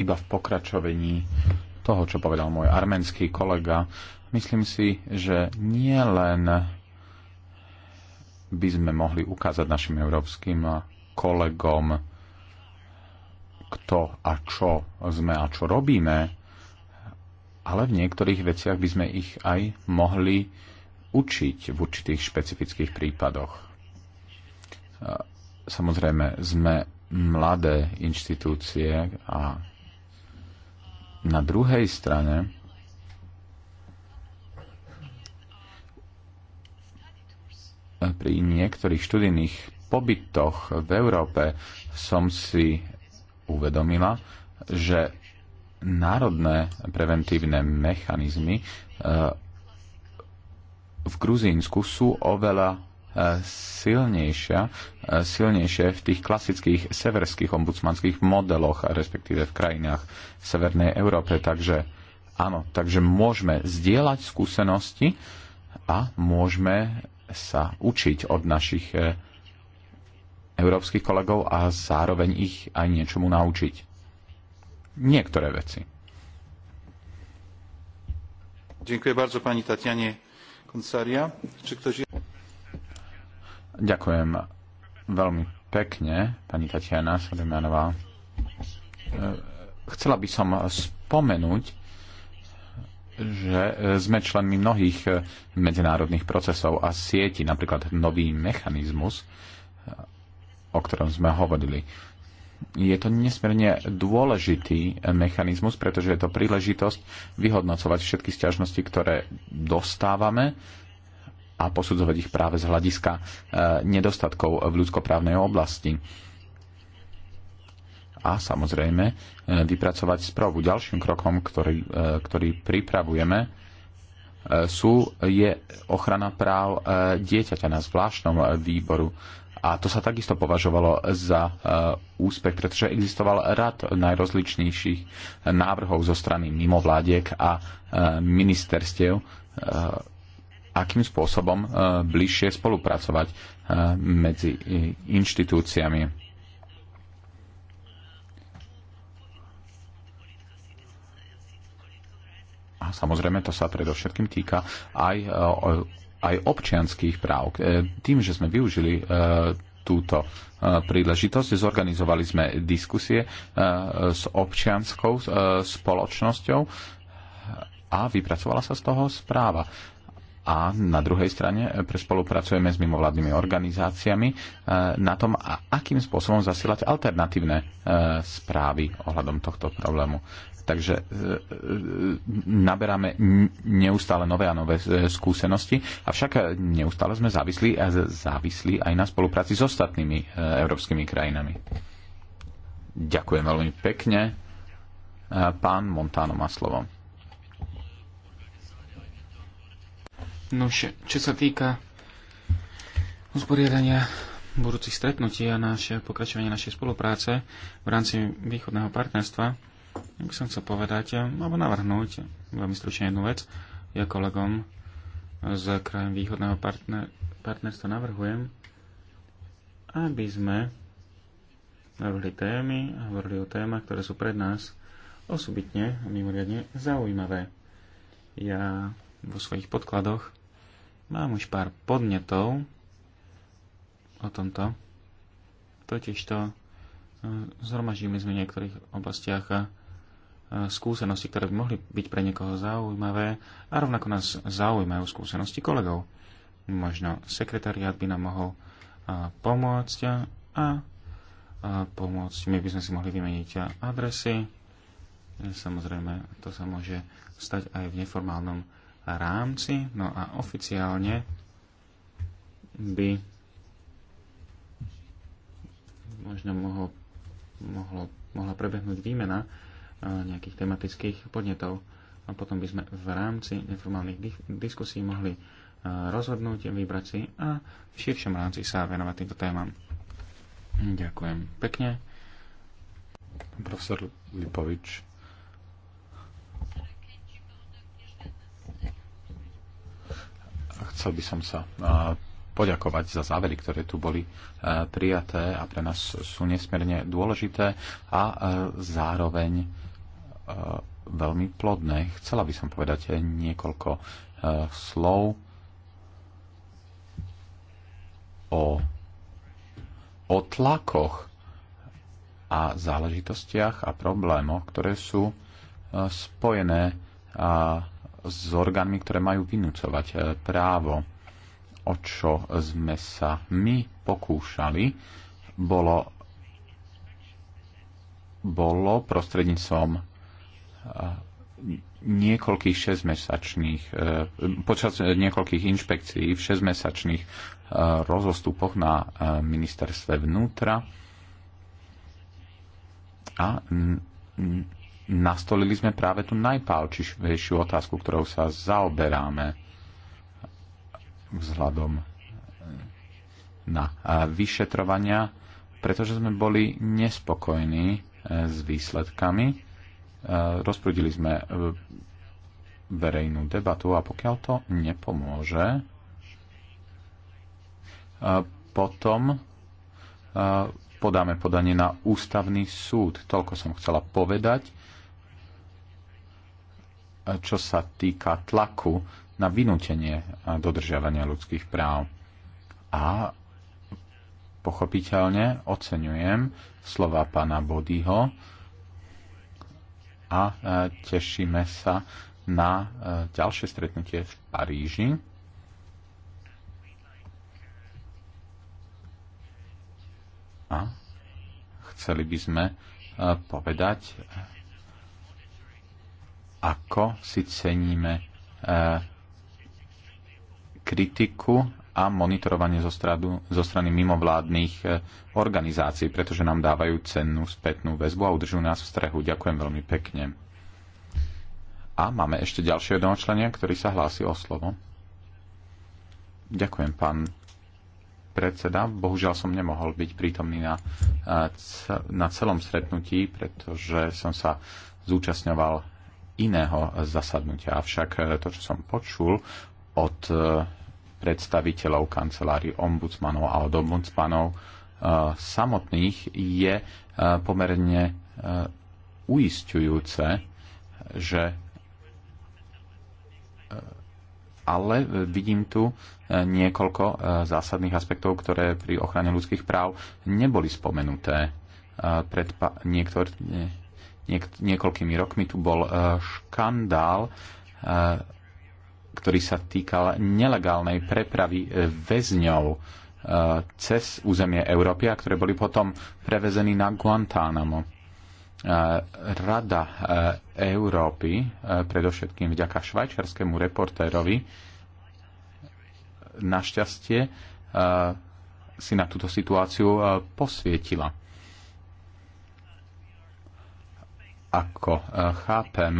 iba v pokračovaní toho, čo povedal môj arménsky kolega. Myslím si, že nie len by sme mohli ukázať našim európskym kolegom, kto a čo sme a čo robíme, ale v niektorých veciach by sme ich aj mohli učiť v určitých špecifických prípadoch. Samozrejme, sme mladé inštitúcie a na druhej strane pri niektorých študijných pobytoch v Európe som si uvedomila, že národné preventívne mechanizmy eh, v Gruzínsku sú oveľa E, silnejšia, e, silnejšie v tých klasických severských ombudsmanských modeloch, respektíve v krajinách v Severnej Európe. Takže áno, takže môžeme zdieľať skúsenosti a môžeme sa učiť od našich e, európskych kolegov a zároveň ich aj niečomu naučiť. Niektoré veci. Dziękuję bardzo pani Tatianie Koncaria. Czy ktoś... Ďakujem veľmi pekne, pani Tatiana Sodemanová. E, chcela by som spomenúť, že sme členmi mnohých medzinárodných procesov a sieti, napríklad nový mechanizmus, o ktorom sme hovorili. Je to nesmierne dôležitý mechanizmus, pretože je to príležitosť vyhodnocovať všetky stiažnosti, ktoré dostávame a posudzovať ich práve z hľadiska e, nedostatkov v ľudskoprávnej oblasti a samozrejme e, vypracovať spravu. Ďalším krokom, ktorý, e, ktorý pripravujeme, sú, je ochrana práv dieťaťa na zvláštnom výboru. A to sa takisto považovalo za úspech, pretože existoval rad najrozličnejších návrhov zo strany mimovládiek a ministerstiev akým spôsobom e, bližšie spolupracovať e, medzi inštitúciami. A samozrejme to sa predovšetkým týka aj, e, aj občianských práv. Tým, že sme využili túto príležitosť. Zorganizovali sme diskusie s občianskou spoločnosťou a vypracovala sa z toho správa a na druhej strane e, spolupracujeme s mimovládnymi organizáciami e, na tom, akým spôsobom zasilať alternatívne e, správy ohľadom tohto problému. Takže naberáme neustále nové a nové skúsenosti, avšak neustále sme závislí a závislí aj na spolupráci s ostatnými európskymi krajinami. Ďakujem veľmi pekne. Pán Montano má slovo. No, čo sa týka usporiadania budúcich stretnutí a naše, pokračovanie našej spolupráce v rámci východného partnerstva, by som chcel povedať, alebo navrhnúť veľmi stručne jednu vec. Ja kolegom z krajem východného partner, partnerstva navrhujem, aby sme navrhli témy a hovorili o témach, ktoré sú pred nás osobitne a mimoriadne zaujímavé. Ja vo svojich podkladoch Mám už pár podnetov o tomto. totiž to e, zhromažíme sme v niektorých oblastiach e, skúsenosti, ktoré by mohli byť pre niekoho zaujímavé a rovnako nás zaujímajú skúsenosti kolegov. Možno sekretariát by nám mohol e, pomôcť a pomôcť. My by sme si mohli vymeniť adresy. Samozrejme, to sa môže stať aj v neformálnom rámci, no a oficiálne by možno mohol, mohlo, mohla prebehnúť výmena e, nejakých tematických podnetov a potom by sme v rámci neformálnych diskusí mohli e, rozhodnúť, vybrať si a v širšom rámci sa venovať týmto témam. Ďakujem pekne. Profesor Lipovič, Chcel by som sa poďakovať za závery, ktoré tu boli prijaté a pre nás sú nesmierne dôležité a zároveň veľmi plodné. Chcela by som povedať niekoľko slov o, o tlakoch a záležitostiach a problémoch, ktoré sú spojené s orgánmi, ktoré majú vynúcovať e, právo. O čo sme sa my pokúšali, bolo, bolo prostredníctvom e, niekoľkých 6-mesačných, e, počas niekoľkých inšpekcií v 6-mesačných rozostupoch na ministerstve vnútra a nastolili sme práve tú najpálčivejšiu otázku, ktorou sa zaoberáme vzhľadom na vyšetrovania, pretože sme boli nespokojní eh, s výsledkami. Eh, rozprudili sme eh, verejnú debatu a pokiaľ to nepomôže, potom podáme podanie na ústavný súd. Toľko som chcela povedať čo sa týka tlaku na vynútenie dodržiavania ľudských práv. A pochopiteľne oceňujem slova pána Bodyho a e, tešíme sa na e, ďalšie stretnutie v Paríži. A chceli by sme e, povedať, ako si ceníme eh, kritiku a monitorovanie zo, stradu, zo strany mimovládnych eh, organizácií, pretože nám dávajú cennú spätnú väzbu a udržujú nás v strehu. Ďakujem veľmi pekne. A máme ešte ďalšieho jedného členia, ktorý sa hlási o slovo. Ďakujem, pán predseda. Bohužiaľ som nemohol byť prítomný na, eh, na celom stretnutí, pretože som sa zúčastňoval iného zasadnutia. Avšak e, to, čo som počul od e, predstaviteľov kancelárii ombudsmanov a od ombudsmanov e, samotných, je pomerne uistujúce, že ale vidím tu niekoľko zásadných aspektov, ktoré pri ochrane ľudských práv neboli spomenuté. Pred pa- niektor- niek- niekoľkými rokmi tu bol e, škandál, e, ktorý sa týkal nelegálnej prepravy e, väzňov cez územie Európy a ktoré boli potom prevezení na Guantánamo. Rada Európy, predovšetkým vďaka švajčarskému reportérovi, našťastie si na túto situáciu posvietila. ako eh, chápem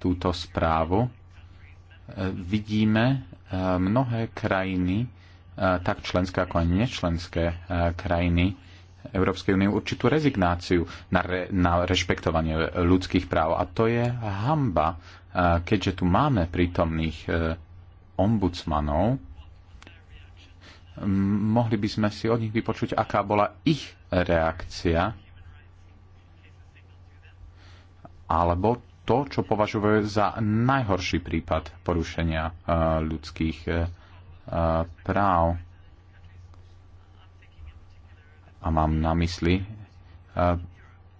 túto správu, eh, vidíme eh, mnohé krajiny, tak členské ako aj nečlenské krajiny Európskej únie určitú rezignáciu na, re, na rešpektovanie ľudských práv. A to je hamba, keďže tu máme prítomných ombudsmanov, mohli by sme si od nich vypočuť, aká bola ich reakcia alebo to, čo považujú za najhorší prípad porušenia eh, ľudských eh, eh, práv. A mám na mysli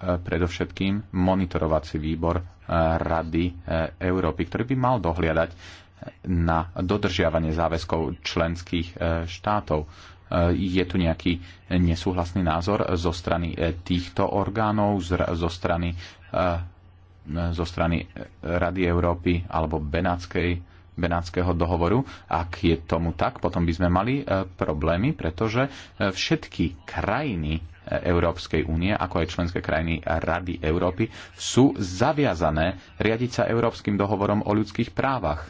predovšetkým monitorovací výbor Rady Európy, ktorý by mal dohliadať na dodržiavanie záväzkov členských štátov. Je tu nejaký nesúhlasný názor zo strany týchto orgánov, zo strany zo strany Rady Európy alebo Benátskej, Benátskeho dohovoru. Ak je tomu tak, potom by sme mali e, problémy, pretože e, všetky krajiny e, Európskej únie, ako aj členské krajiny Rady Európy, sú zaviazané riadiť sa Európskym dohovorom o ľudských právach.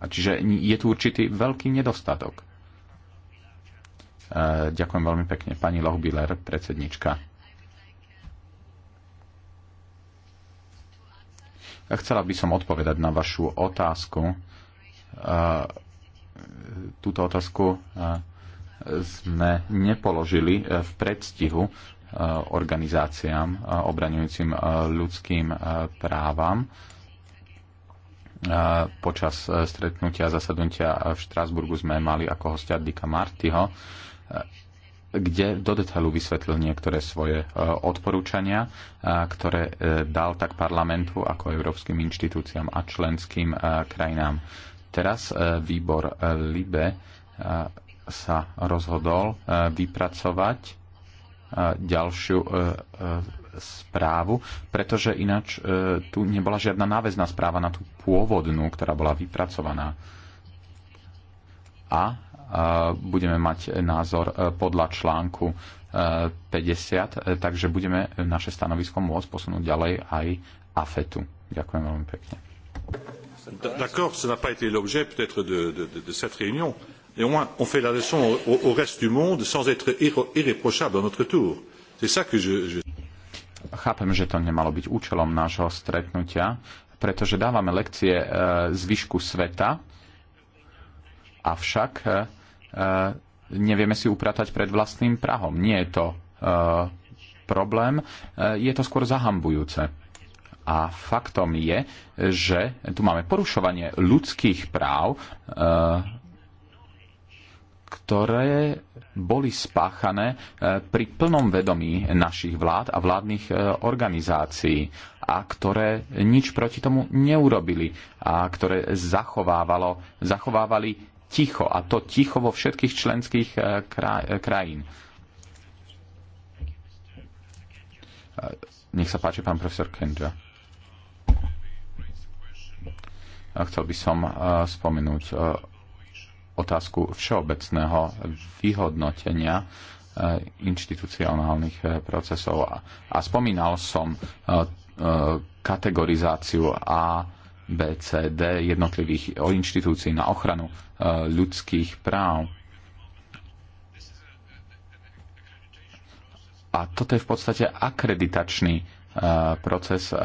Čiže je tu určitý veľký nedostatok. Ďakujem veľmi pekne. Pani Lohbiller, predsednička. Chcela by som odpovedať na vašu otázku. Túto otázku sme nepoložili e, v predstihu e, organizáciám e, obraňujúcim ľudským právam počas stretnutia a zasadnutia v Štrásburgu sme mali ako hostia Dika Martyho kde do detailu vysvetlil niektoré svoje e, odporúčania, e, ktoré e, dal tak parlamentu ako európskym inštitúciám a členským krajinám. Teraz výbor LIBE sa rozhodol vypracovať ďalšiu správu, pretože ináč tu nebola žiadna náväzná správa na tú pôvodnú, ktorá bola vypracovaná. A budeme mať názor e, podľa článku 50, e, e, takže budeme naše stanovisko môcť posunúť ďalej aj AFETu. Ďakujem veľmi pekne. D'accord, ça n'a pas été l'objet peut-être de, de, de, de cette réunion. Néanmoins, on fait la leçon au, au reste du monde sans être irréprochable à notre tour. C'est ça que je, je... Chápem, že to nemalo byť účelom nášho stretnutia, pretože dávame lekcie e, zvyšku sveta, avšak e, E, nevieme si upratať pred vlastným prahom. Nie je to e, problém, e, je to skôr zahambujúce. A faktom je, že tu máme porušovanie ľudských práv, ktoré boli spáchané pri plnom vedomí našich vlád a vládnych organizácií a ktoré nič proti tomu neurobili a ktoré zachovávalo, zachovávali ticho. A to ticho vo všetkých členských eh, eh, krajín. Eh, nech sa páči, pán profesor Kendra. Chcel by som spomenúť otázku všeobecného vyhodnotenia inštitucionálnych procesov. A spomínal som kategorizáciu a BCD jednotlivých inštitúcií na ochranu e, ľudských práv. A toto je v podstate akreditačný e, proces e,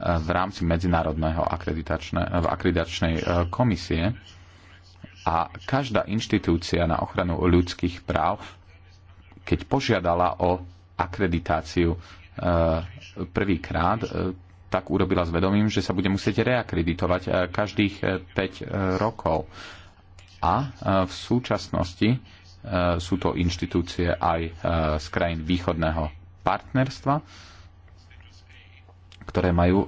v rámci Medzinárodného akreditačnej komisie a každá inštitúcia na ochranu ľudských práv, keď požiadala o akreditáciu prvýkrát, tak urobila s vedomím, že sa bude musieť reakreditovať eh, každých 5 eh, eh, rokov. A v súčasnosti sú to inštitúcie aj z krajín východného partnerstva, ktoré majú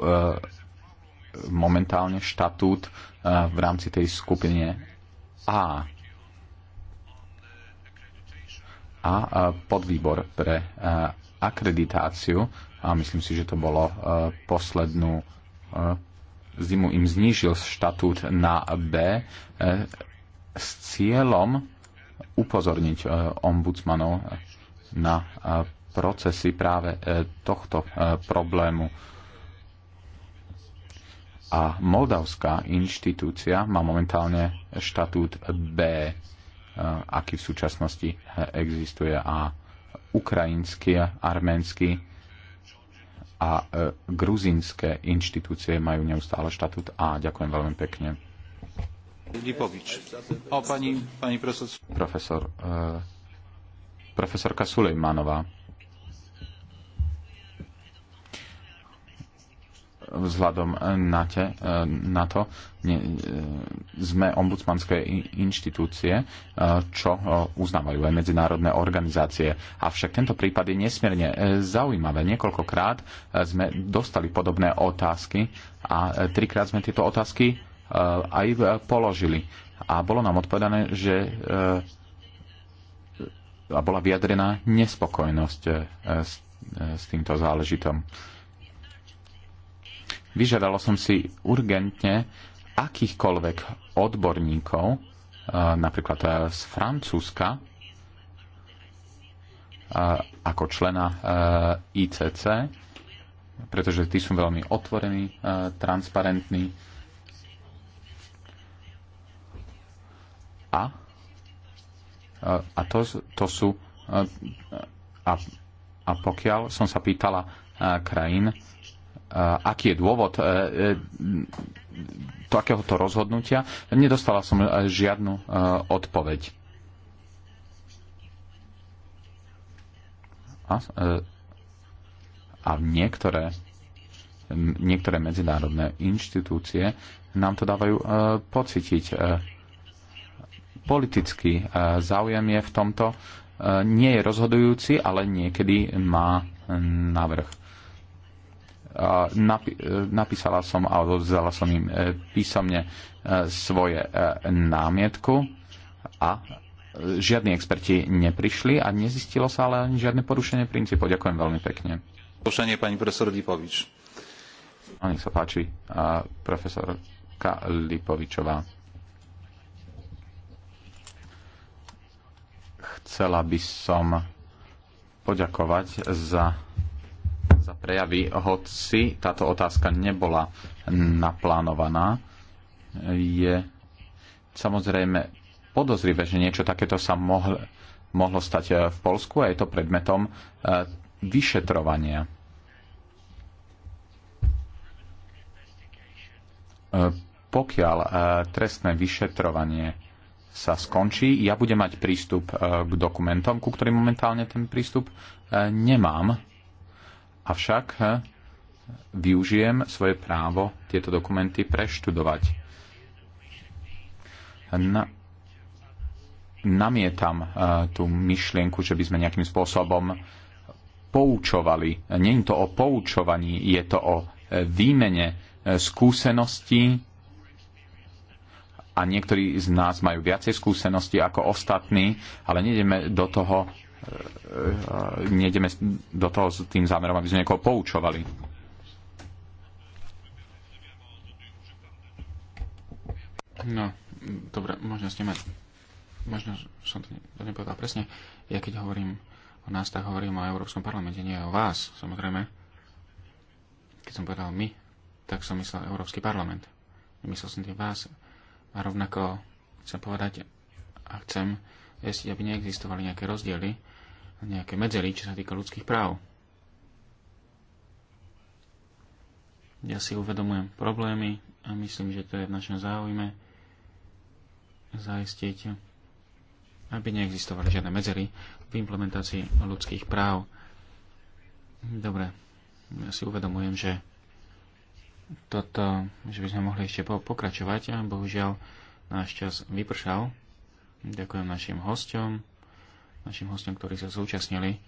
momentálne štatút v rámci tej skupine A. A podvýbor pre akreditáciu a myslím si, že to bolo e, poslednú e, zimu im znížil štatút na B e, s cieľom upozorniť ombudsmanov na procesy práve tohto problému. A moldavská inštitúcia má momentálne štatút B, aký v súčasnosti existuje a ukrajinské, arménsky a e, gruzinské inštitúcie majú neustále štatút A. Ďakujem veľmi pekne. Lipovič. O, pani, pani profesor. Profesor, e, profesorka Sulejmanová. vzhľadom e, na, te, e, na to ne, e, sme ombudsmanské inštitúcie, čo uznávajú aj medzinárodné organizácie. Avšak tento prípad je nesmierne zaujímavé. Niekoľkokrát sme dostali podobné otázky a trikrát sme tieto otázky aj položili. A bolo nám odpovedané, že a bola vyjadrená nespokojnosť s, s týmto záležitom vyžadalo som si urgentne akýchkoľvek odborníkov, e, napríklad e, z Francúzska, e, ako člena ICC, pretože tí sú veľmi otvorení, transparentní a, a to, to sú a, a pokiaľ som sa pýtala krajín, aký je dôvod e, e, takéhoto rozhodnutia, nedostala som e, žiadnu odpoveď. A, a niektoré, niektoré medzinárodné inštitúcie nám to dávajú pocitiť. Politický záujem je v tomto nie je rozhodujúci, ale niekedy má návrh. Napi- e, napísala som a odovzdala som im e, písomne e, svoje námietku a žiadni experti neprišli a nezistilo sa ale ani žiadne porušenie princípu. Ďakujem veľmi pekne. Porušenie pani profesor Lipovič. A no, nech sa páči, profesorka Lipovičová. Chcela by som poďakovať za za prejavy, hoci táto otázka nebola naplánovaná, je samozrejme podozrivé, že niečo takéto sa mohlo, mohlo stať e, v Polsku a je to predmetom e, vyšetrovania. E, pokiaľ trestné vyšetrovanie sa skončí, ja budem mať prístup k dokumentom, ku ktorým momentálne ten prístup nemám Avšak využijem svoje právo tieto dokumenty preštudovať. Na, namietam uh, tú myšlienku, že by sme nejakým spôsobom poučovali. Není to o poučovaní, je to o e, výmene e, skúseností a niektorí z nás majú viacej skúseností ako ostatní, ale nejdeme do toho E, nejdeme do toho s tým zámerom, aby sme niekoho poučovali. No, dobre, možno s nimi, Možno som to, ne, to nepovedal presne. Ja keď hovorím o nás, tak hovorím o Európskom parlamente, nie o vás, samozrejme. Keď som povedal my, tak som myslel Európsky parlament. Myslel som tým vás. A rovnako chcem povedať a chcem, jestli aby neexistovali nejaké rozdiely, nejaké medzery, čo sa týka ľudských práv. Ja si uvedomujem problémy a myslím, že to je v našom záujme zaistiť, aby neexistovali žiadne medzery v implementácii ľudských práv. Dobre, ja si uvedomujem, že toto, že by sme mohli ešte pokračovať a bohužiaľ náš čas vypršal. Ďakujem našim hosťom našim hostom, ktorí sa zúčastnili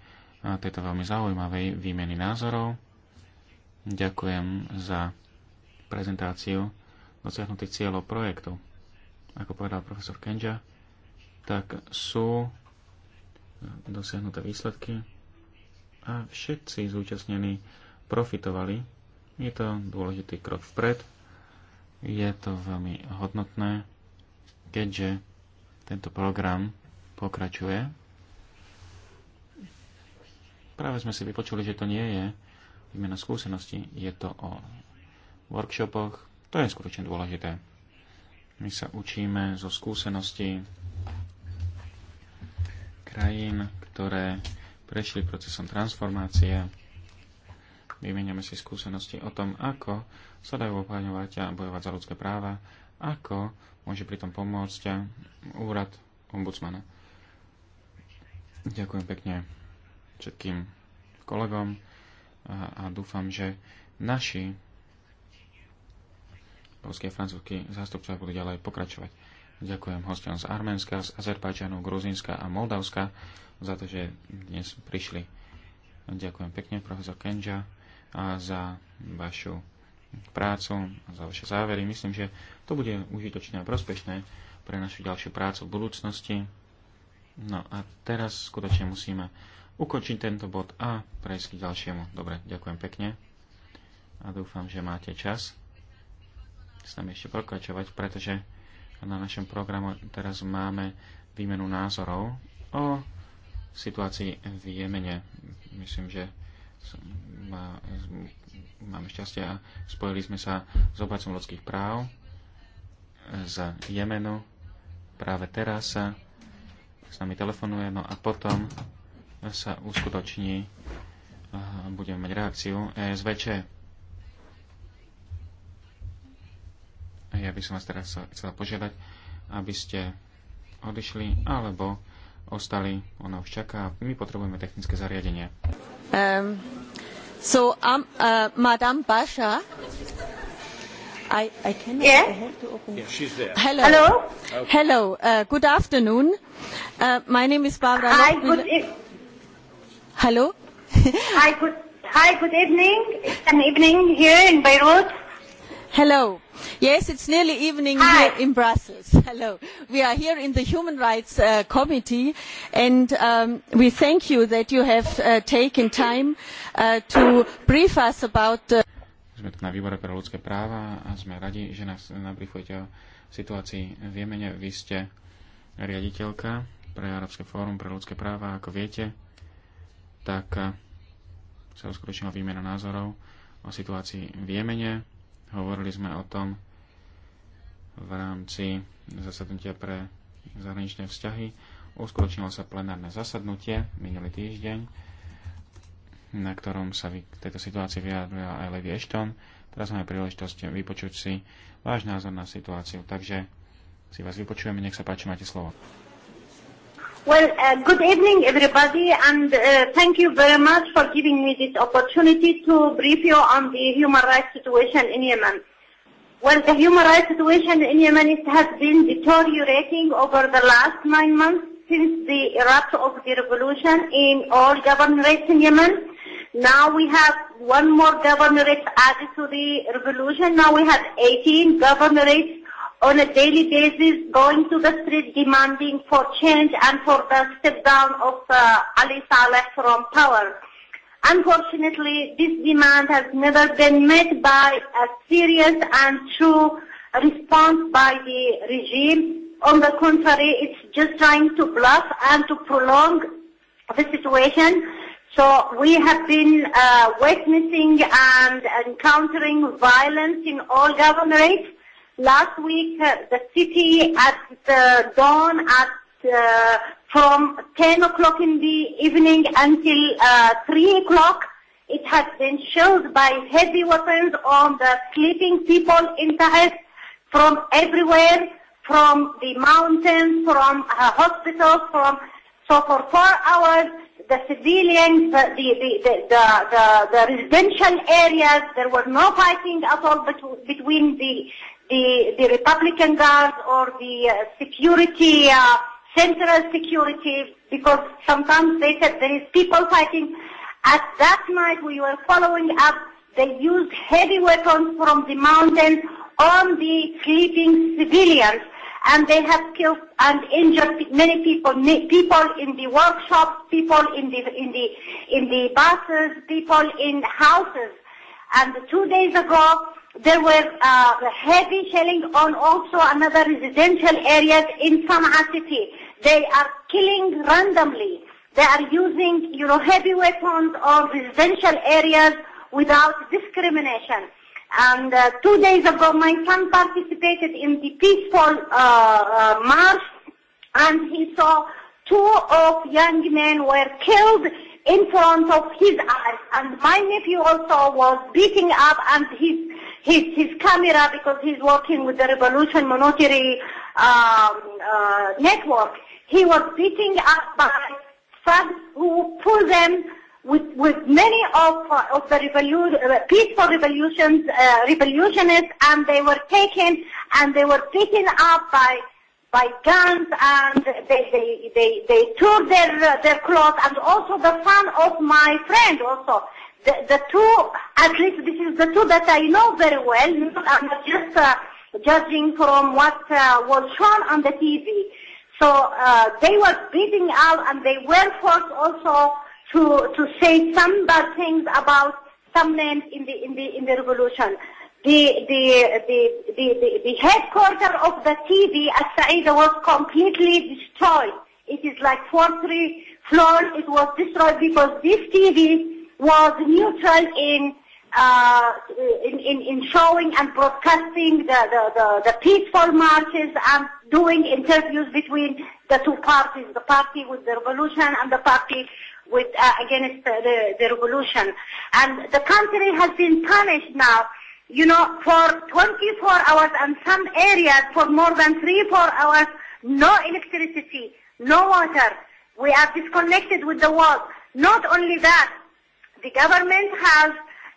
tejto veľmi zaujímavej výmeny názorov. Ďakujem za prezentáciu dosiahnutých cieľov projektu. Ako povedal profesor Kenja, tak sú dosiahnuté výsledky a všetci zúčastnení profitovali. Je to dôležitý krok vpred, je to veľmi hodnotné, keďže tento program pokračuje Práve sme si vypočuli, že to nie je výmena skúseností, je to o workshopoch. To je skutočne dôležité. My sa učíme zo skúseností krajín, ktoré prešli procesom transformácie. Vymeniame si skúsenosti o tom, ako sa dajú opáňovať a bojovať za ľudské práva, ako môže pritom pomôcť úrad ombudsmana. Ďakujem pekne všetkým kolegom a, a dúfam, že naši polskí a francúzskí zástupcovia budú ďalej pokračovať. Ďakujem hostiom z Arménska, z Azerbajčanu, Gruzínska a Moldavska za to, že dnes prišli. Ďakujem pekne, profesor Kenja, a za vašu prácu, a za vaše závery. Myslím, že to bude užitočné a prospešné pre našu ďalšiu prácu v budúcnosti. No a teraz skutočne musíme ukončiť tento bod a prejsť k ďalšiemu. Dobre, ďakujem pekne a dúfam, že máte čas s nami ešte pokračovať, pretože na našom programu teraz máme výmenu názorov o situácii v Jemene. Myslím, že máme šťastie a spojili sme sa s obacom ľudských práv z Jemenu práve teraz. S nami telefonuje, no a potom sa uskutoční, a budeme mať reakciu ESVČ. Ja by som vás teraz chcel požiadať, aby ste odišli alebo ostali. Ona už čaká. My potrebujeme technické zariadenie. Um, so, um, uh, Madame Basha, I, I cannot, yeah? I have to open yeah, she's there. Hello. Hello. Okay. Hello. Uh, good afternoon. Uh, my name is Barbara. Hi, good, e- Hello. hi, good, hi, good evening. It's an evening here in Beirut. Hello. Yes, it's nearly evening Hi. here in Brussels. Hello. We are here in the Human Rights uh, Committee and um, we thank you that you have uh, taken time uh, to brief us about the... Sme tu na výbore pre ľudské práva a sme radi, že nás nabrifujete o situácii v Jemene. Vy ste riaditeľka pre Európske fórum pre ľudské práva, ako viete tak eh, sa uskutočnila výmena názorov o situácii v Jemene. Hovorili sme o tom v rámci zasadnutia pre zahraničné vzťahy. Uskutočnilo sa plenárne zasadnutie minulý týždeň, na ktorom sa k tejto situácii vyjadrila aj Lady Ashton. Teraz máme príležitosť vypočuť si váš názor na situáciu, takže si vás vypočujeme, nech sa páči, máte slovo. Well, uh, good evening, everybody, and uh, thank you very much for giving me this opportunity to brief you on the human rights situation in Yemen. Well, the human rights situation in Yemen is, has been deteriorating over the last nine months since the erupt of the revolution in all governorates in Yemen. Now we have one more governorate added to the revolution. Now we have 18 governorates on a daily basis going to the street demanding for change and for the step down of uh, Ali Saleh from power. Unfortunately, this demand has never been met by a serious and true response by the regime. On the contrary, it's just trying to bluff and to prolong the situation. So we have been uh, witnessing and encountering violence in all governorates Last week, uh, the city at the uh, dawn at uh, from 10 o'clock in the evening until uh, 3 o'clock, it has been shelled by heavy weapons on the sleeping people in Tahes from everywhere, from the mountains, from uh, hospitals, from so for four hours the civilians, the, the, the, the, the, the residential areas, there was no fighting at all between the the, the Republican Guard or the uh, security, uh, central security, because sometimes they said there is people fighting. At that night we were following up, they used heavy weapons from the mountains on the sleeping civilians and they have killed and injured many people, people in the workshops, people in the, in the, in the buses, people in houses. And two days ago, There were uh, heavy shelling on also another residential areas in Sana'a city. They are killing randomly. They are using, you know, heavy weapons on residential areas without discrimination. And uh, two days ago, my son participated in the peaceful uh, uh, march, and he saw two of young men were killed in front of his eyes. And my nephew also was beating up, and his his his camera because he's working with the Revolution Monetary um, uh, Network. He was beating up by thugs who pulled them with with many of uh, of the revolu- uh, peaceful revolutions uh, revolutionists, and they were taken and they were beaten up by by guns and they they they, they tore their uh, their clothes and also the son of my friend also the, the two, at least this is the two that I know very well. You know, I'm not just uh, judging from what uh, was shown on the TV. So uh, they were beating out and they were forced also to, to say some bad things about some names in the, in the, in the revolution. The, the, the, the, the, the headquarter of the TV at Saida was completely destroyed. It is like four, three floors. It was destroyed because this TV was neutral in uh, in, in, in showing and broadcasting the, the, the, the peaceful marches and doing interviews between the two parties, the party with the revolution and the party with uh, against uh, the, the revolution. And the country has been punished now, you know, for 24 hours and some areas for more than three, four hours, no electricity, no water. We are disconnected with the world. Not only that, the government has,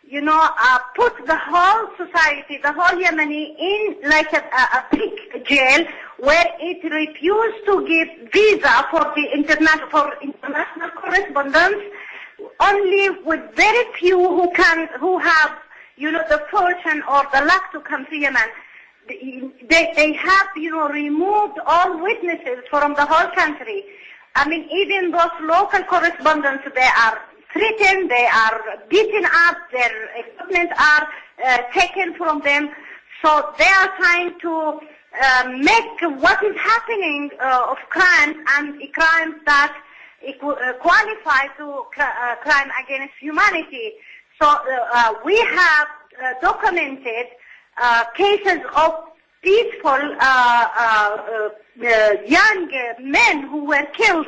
you know, uh, put the whole society, the whole Yemeni in like a, a, a big jail where it refused to give visa for the international, for international correspondence only with very few who can, who have, you know, the fortune or the luck to come to Yemen they, they have, you know, removed all witnesses from the whole country. I mean, even those local correspondents, they are threatened, they are beaten up, their equipment are uh, taken from them. So they are trying to uh, make what is happening uh, of crimes and crimes that equ- uh, qualify to cr- uh, crime against humanity. So uh, uh, we have uh, documented uh, cases of peaceful uh, uh, uh, young men who were killed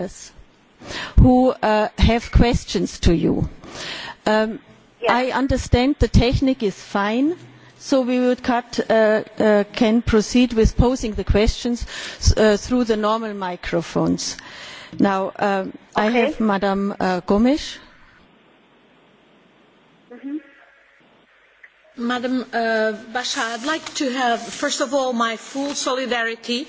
members who uh, have questions to you. Um, yes. I understand the technique is fine, so we would cut, uh, uh, can proceed with posing the questions uh, through the normal microphones. Now, um, okay. I have uh, mm-hmm. Madam Gomes. Mm -hmm. Uh, Madam Basha, I'd like to have, first of all, my full solidarity uh,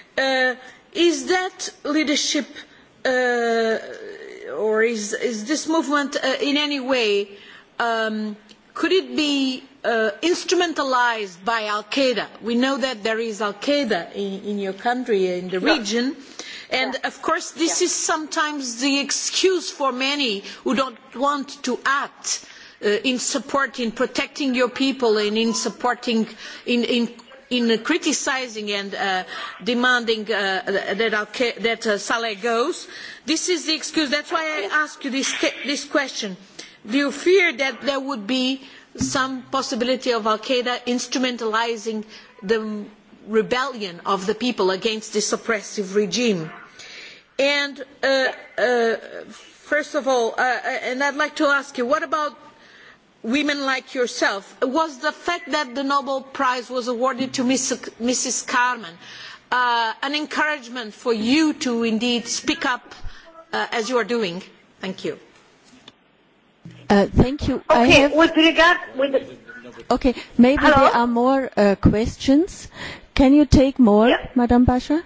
Uh, is that leadership uh, or is, is this movement uh, in any way, um, could it be uh, instrumentalized by Al-Qaeda? We know that there is Al-Qaeda in, in your country, in the region. Yeah. And yeah. of course, this yeah. is sometimes the excuse for many who don't want to act uh, in supporting, protecting your people and in supporting, in, in in criticising and uh, demanding uh, that, that uh, Saleh goes. This is the excuse. That is why I ask you this, this question. Do you fear that there would be some possibility of Al-Qaeda instrumentalising the rebellion of the people against this oppressive regime. And uh, uh, first of all, uh, uh and I'd like to ask you, what about women like yourself was the fact that the Nobel Prize was awarded to Mrs. Carmen uh, an encouragement for you to indeed speak up uh, as you are doing. Thank you. Uh, thank you. Okay, I have... with regard with the... Okay, maybe Hello? there are more uh, questions. Can you take more, yeah. Madam Basha?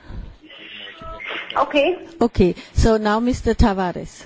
Okay. Okay, so now Mr. Tavares.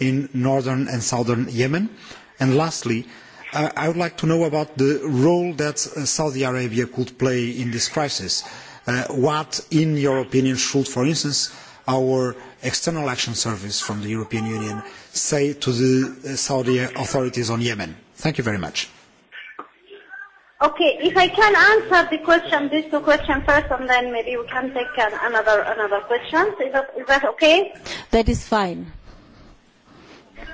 in northern and southern Yemen? And lastly, I would like to know about the role that uh, Saudi Arabia could play in this crisis. Uh, what, in your opinion, should, for instance, our external action service from the European Union say to the uh, Saudi authorities on Yemen? Thank you very much. Okay, if I can answer the question, these two questions first, and then maybe we can take an, another another question. Is that, is that okay? That is fine.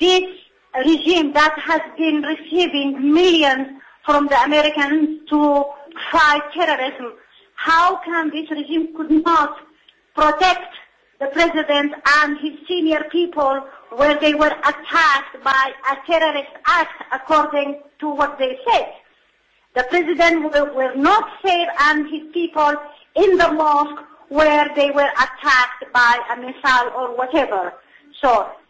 this regime that has been receiving millions from the Americans to fight terrorism. How can this regime could not protect the president and his senior people where they were attacked by a terrorist act according to what they said? The president were, will not safe and his people in the mosque where they were attacked by a missile or whatever. So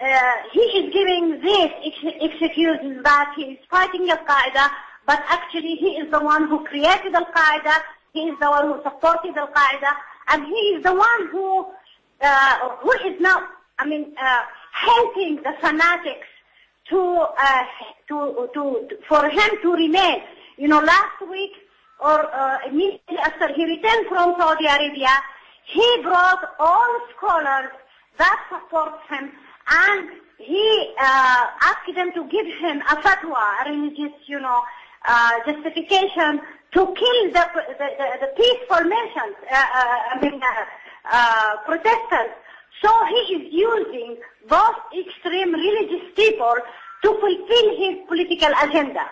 uh, he is giving this ex that he is fighting Al-Qaeda, but actually he is the one who created Al-Qaeda, he is the one who supported Al-Qaeda, and he is the one who, uh, who is now, I mean, uh, helping the fanatics to, uh, to, to, to, for him to remain. You know, last week, or uh, immediately after he returned from Saudi Arabia, he brought all scholars that support him and he uh, asked them to give him a fatwa, a religious, you know, uh, justification to kill the the, the, the peaceful merchants, uh, uh, I mean, uh, uh, protesters. So he is using both extreme religious people to fulfill his political agenda.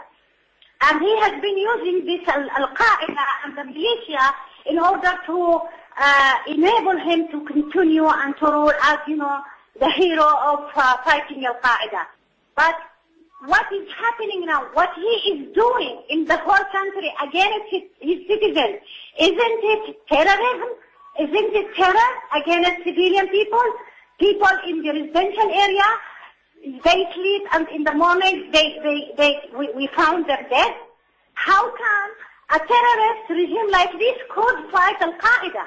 And he has been using this al-Qaeda and the militia in order to uh, enable him to continue and to rule as, you know, the hero of uh, fighting Al-Qaeda. But what is happening now, what he is doing in the whole country against his, his citizens, isn't it terrorism? Isn't it terror against civilian people? People in the residential area, they sleep and in the morning they, they, they, we, we found them dead. How come a terrorist regime like this could fight Al-Qaeda?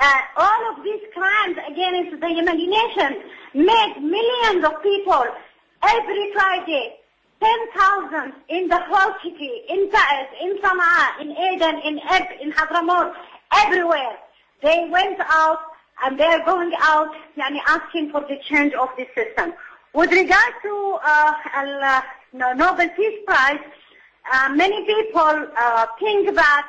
Uh, all of these crimes against the imagination nation make millions of people every Friday, 10,000 in the whole city, in Taiz, in Sana'a, in Aden, in Eb, in Hadramaut, everywhere. They went out and they are going out yani, asking for the change of the system. With regard to uh, the uh, no, Nobel Peace Prize, uh, many people uh, think that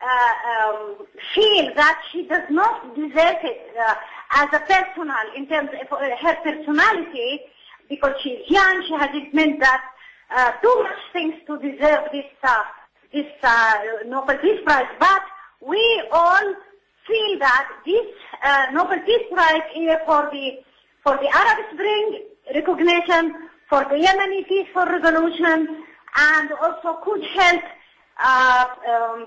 uh, um, feel that she does not deserve it uh, as a personal, in terms of her personality, because she's young, she hasn't meant that uh, too much things to deserve this, uh, this uh, Nobel Peace Prize, but we all feel that this uh, Nobel Peace Prize is for the, for the Arab Spring recognition, for the Yemeni peaceful revolution and also could help uh, um,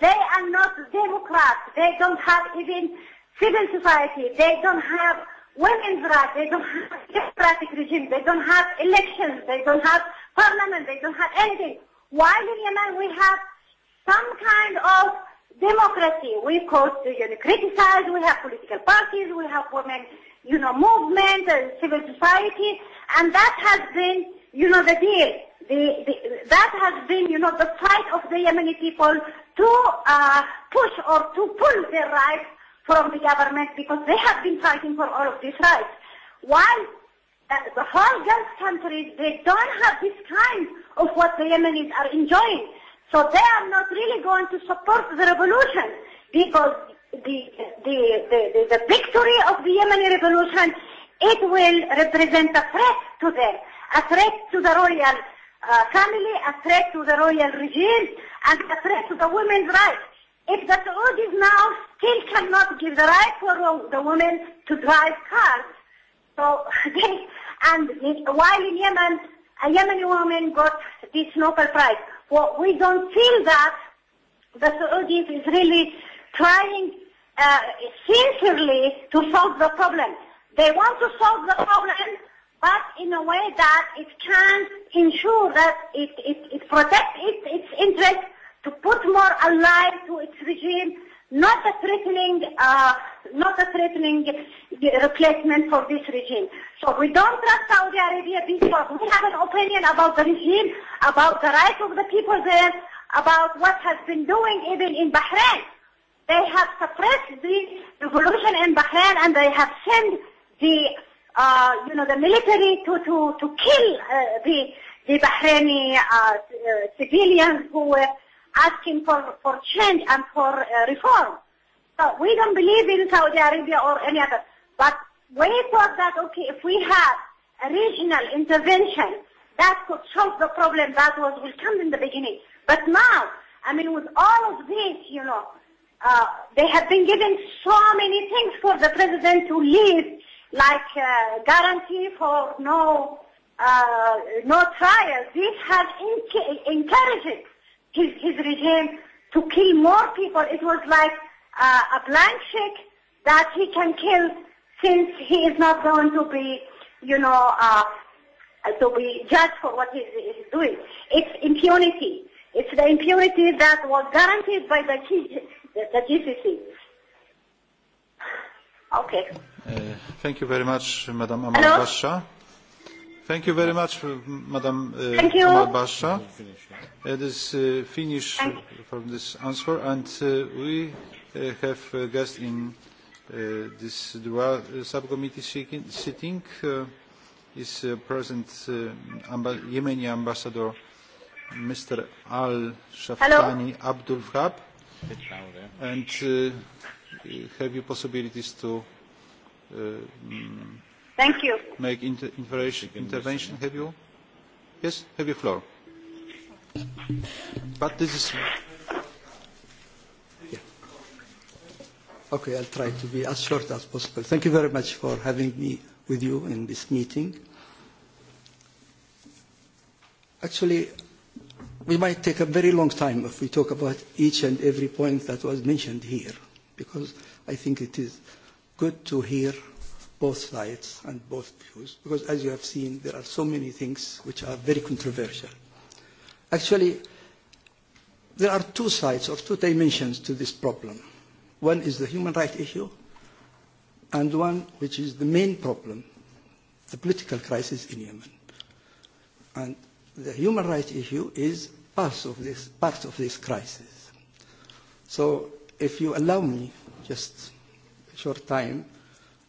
They are not democrats. They don't have even civil society. They don't have women's rights. They don't have democratic regime. They don't have elections. They don't have parliament. They don't have anything. While in Yemen we have some kind of democracy. We cause to you know, criticize. We have political parties. We have women, you know, movement and civil society, and that has been, you know, the deal. The, the, that has been, you know, the fight of the Yemeni people to uh, push or to pull their rights from the government because they have been fighting for all of these rights. While uh, the whole Gulf countries, they don't have this kind of what the Yemenis are enjoying. So they are not really going to support the revolution because the, the, the, the, the victory of the Yemeni revolution, it will represent a threat to them, a threat to the royal uh, family, a threat to the royal regime, and the threat to the women's rights. If the Saudis now still cannot give the right for the women to drive cars, so they, and while in Yemen, a Yemeni woman got this Nobel Prize. Well, we don't feel that the Saudis is really trying uh, sincerely to solve the problem. They want to solve the problem, but in a way that it can ensure that it, it, it protects its, its interests to put more allies to its regime, not a threatening, uh, not a threatening replacement for this regime. So we don't trust Saudi Arabia because we have an opinion about the regime, about the rights of the people there, about what has been doing even in Bahrain. They have suppressed the revolution in Bahrain and they have sent the, uh, you know, the military to, to, to kill uh, the, the Bahraini uh, uh, civilians who were asking for, for change and for uh, reform. So we don't believe in Saudi Arabia or any other. But we thought that, okay, if we have a regional intervention that could solve the problem that was come in the beginning. But now, I mean, with all of this, you know, uh, they have been given so many things for the president to leave, like uh, guarantee for no uh, no trial. This has enc- encouraged his, his regime to kill more people. It was like uh, a blank check that he can kill since he is not going to be, you know, uh, to be judged for what he's, he's doing. It's impunity. It's the impunity that was guaranteed by the, G- the, the GCC. Okay. Uh, thank you very much, Madam Amal Basha. Thank you very much, Madam uh, Omar Basha. It is uh, finished from this answer, and uh, we uh, have a guest in uh, this dual subcommittee sitting. Uh, is uh, present uh, amb Yemeni ambassador, Mr. Al Shaftani Abdul Wahab, and uh, have you possibilities to uh, mm, Thank you. Make intervention. Have you? Yes, have your floor. But this is. Yeah. Okay, I'll try to be as short as possible. Thank you very much for having me with you in this meeting. Actually, we might take a very long time if we talk about each and every point that was mentioned here, because I think it is good to hear both sides and both views, because as you have seen, there are so many things which are very controversial. Actually, there are two sides or two dimensions to this problem. One is the human rights issue, and one which is the main problem, the political crisis in Yemen. And the human rights issue is part of this, part of this crisis. So if you allow me just a short time,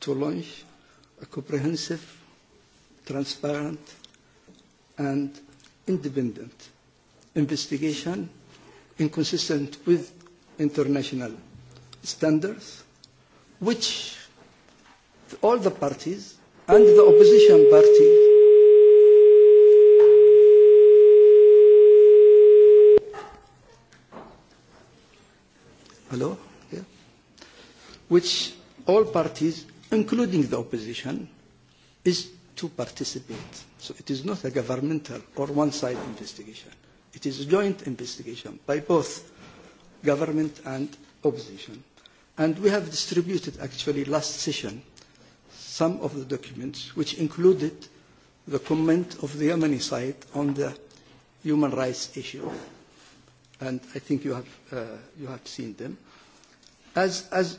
to launch a comprehensive, transparent, and independent investigation inconsistent with international standards, which all the parties and the opposition party Hello? Yeah. Which all parties including the opposition, is to participate. So it is not a governmental or one-side investigation. It is a joint investigation by both government and opposition. And we have distributed, actually, last session, some of the documents which included the comment of the Yemeni side on the human rights issue. And I think you have, uh, you have seen them. As, as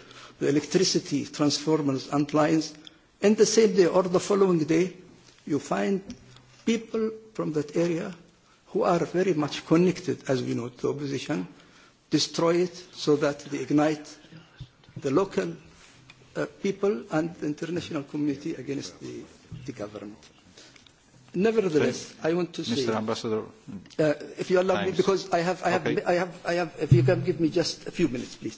the electricity transformers and lines, and the same day or the following day, you find people from that area who are very much connected, as we know, to opposition, destroy it so that they ignite the local uh, people and the international community against the, the government. Nevertheless, I want to Mr. say, Mr. Uh, Ambassador, uh, if you allow times. me, because I have, I have, okay. I have, I have, if you can give me just a few minutes, please.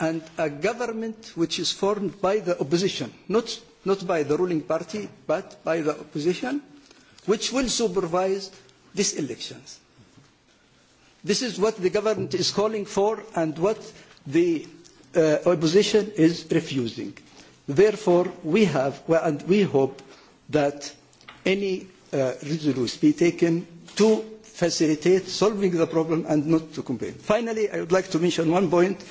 and a government which is formed by the opposition, not, not by the ruling party, but by the opposition, which will supervise these elections. This is what the government is calling for and what the uh, opposition is refusing. Therefore, we have, well, and we hope that any uh, resolution be taken to facilitate solving the problem and not to complain. Finally, I would like to mention one point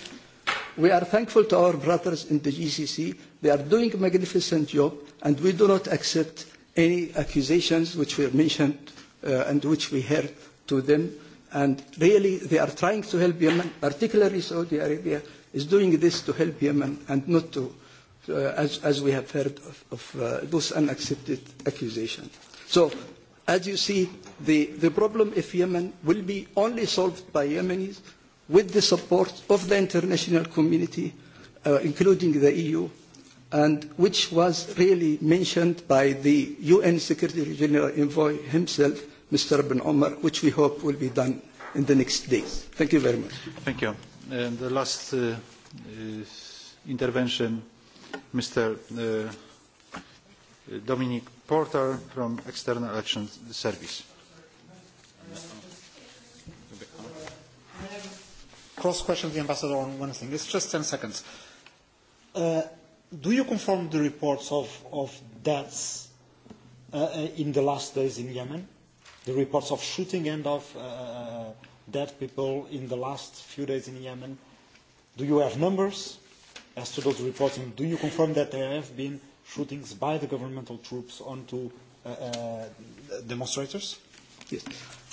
We are thankful to our brothers in the GCC. They are doing a magnificent job, and we do not accept any accusations which were mentioned uh, and which we heard to them. And really, they are trying to help Yemen, particularly Saudi Arabia is doing this to help Yemen and not to, uh, as, as we have heard of, of uh, those unaccepted accusations. So, as you see, the, the problem of Yemen will be only solved by Yemenis with the support of the international community, uh, including the EU, and which was really mentioned by the UN Secretary General Envoy himself, Mr. Ben Omar, which we hope will be done in the next days. Thank you very much. Thank you. And the last uh, uh intervention, Mr. Uh, Dominic Porter from External Action Service. cross-question the ambassador on one thing. It's just 10 seconds. Uh, do you confirm the reports of, of deaths uh, uh, in the last days in Yemen? The reports of shooting and of uh, uh, dead people in the last few days in Yemen? Do you have numbers as to those reports? And do you confirm that there have been shootings by the governmental troops onto uh, uh, demonstrators? Yes.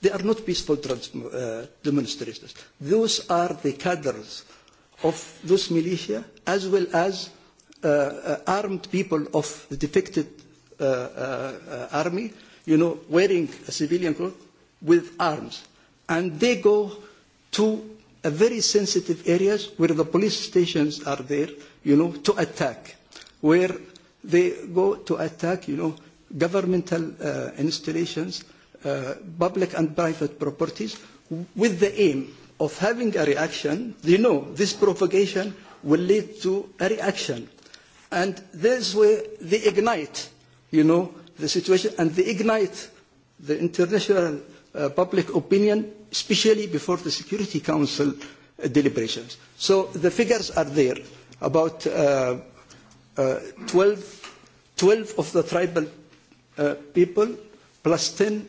They are not peaceful trans uh, demonstrators. Those are the cadres of those militia as well as uh, uh, armed people of the defected uh, uh, uh army, you know, wearing a civilian clothes with arms. And they go to a very sensitive areas where the police stations are there, you know, to attack, where they go to attack, you know, governmental uh, installations, uh, public and private properties with the aim of having a reaction. They know this propagation will lead to a reaction. And this way they ignite, you know, the situation and they ignite the international uh, public opinion, especially before the Security Council uh, deliberations. So the figures are there about uh, uh, 12, 12 of the tribal uh, people plus 10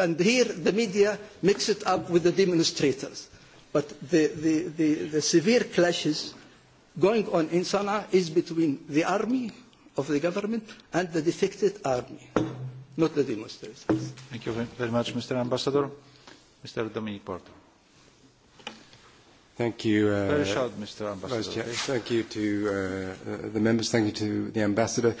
And here the media mix it up with the demonstrators. But the, the, the, the severe clashes going on in Sana'a is between the army of the government and the defected army, not the demonstrators. Thank you very much, Mr. Ambassador. Mr. Dominic Thank you. Uh, very short, Mr. Ambassador. thank you to uh, uh, the members. Thank you to the Ambassador. Uh,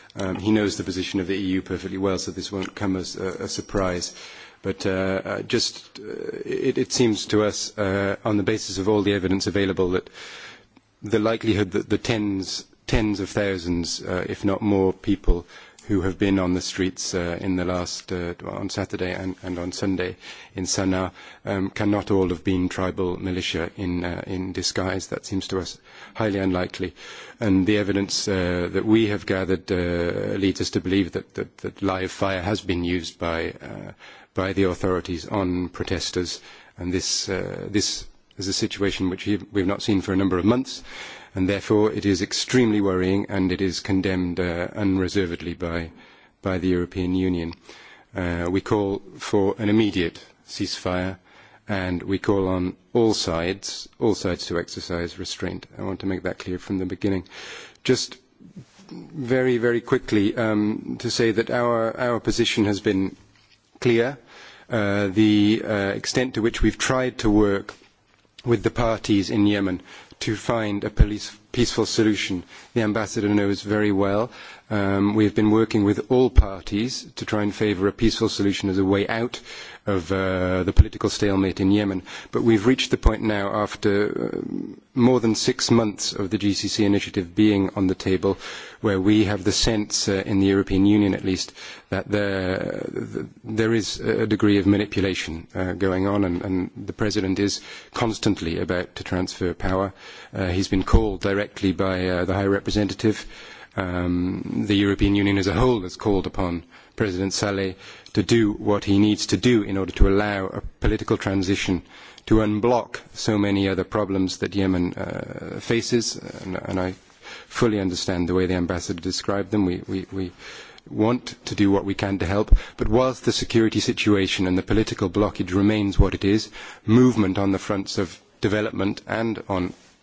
Um, he knows the position of the EU perfectly well, so this won't come as a, a surprise. But uh, uh, just uh, it, it seems to us, uh, on the basis of all the evidence available, that the likelihood that the tens, tens of thousands, uh, if not more, people who have been on the streets uh, in the last uh, on Saturday and, and on Sunday in Sana'a um, cannot all have been tribal militia in uh, in disguise. That seems to us highly unlikely, and the evidence uh, that we have gathered uh, leads us to believe that, that that live fire has been used by uh, by the authorities on protesters, and this uh, this is a situation which we have not seen for a number of months and therefore it is extremely worrying and it is condemned uh, unreservedly by, by the European Union. Uh, we call for an immediate ceasefire and we call on all sides, all sides to exercise restraint. I want to make that clear from the beginning. Just very, very quickly um, to say that our, our position has been clear. Uh, the uh, extent to which we've tried to work with the parties in Yemen to find a police peaceful solution. The ambassador knows very well. Um, we have been working with all parties to try and favour a peaceful solution as a way out of uh, the political stalemate in Yemen. But we have reached the point now, after um, more than six months of the GCC initiative being on the table, where we have the sense, uh, in the European Union at least, that there, there is a degree of manipulation uh, going on, and, and, the President is constantly about to transfer power. Uh, He has been called directly directly by uh, the High Representative. Um, the European Union as a whole has called upon President Saleh to do what he needs to do in order to allow a political transition to unblock so many other problems that Yemen uh, faces, and, and I fully understand the way the ambassador described them. We, we, we want to do what we can to help, but whilst the security situation and the political blockage remains what it is, movement on the fronts of development and on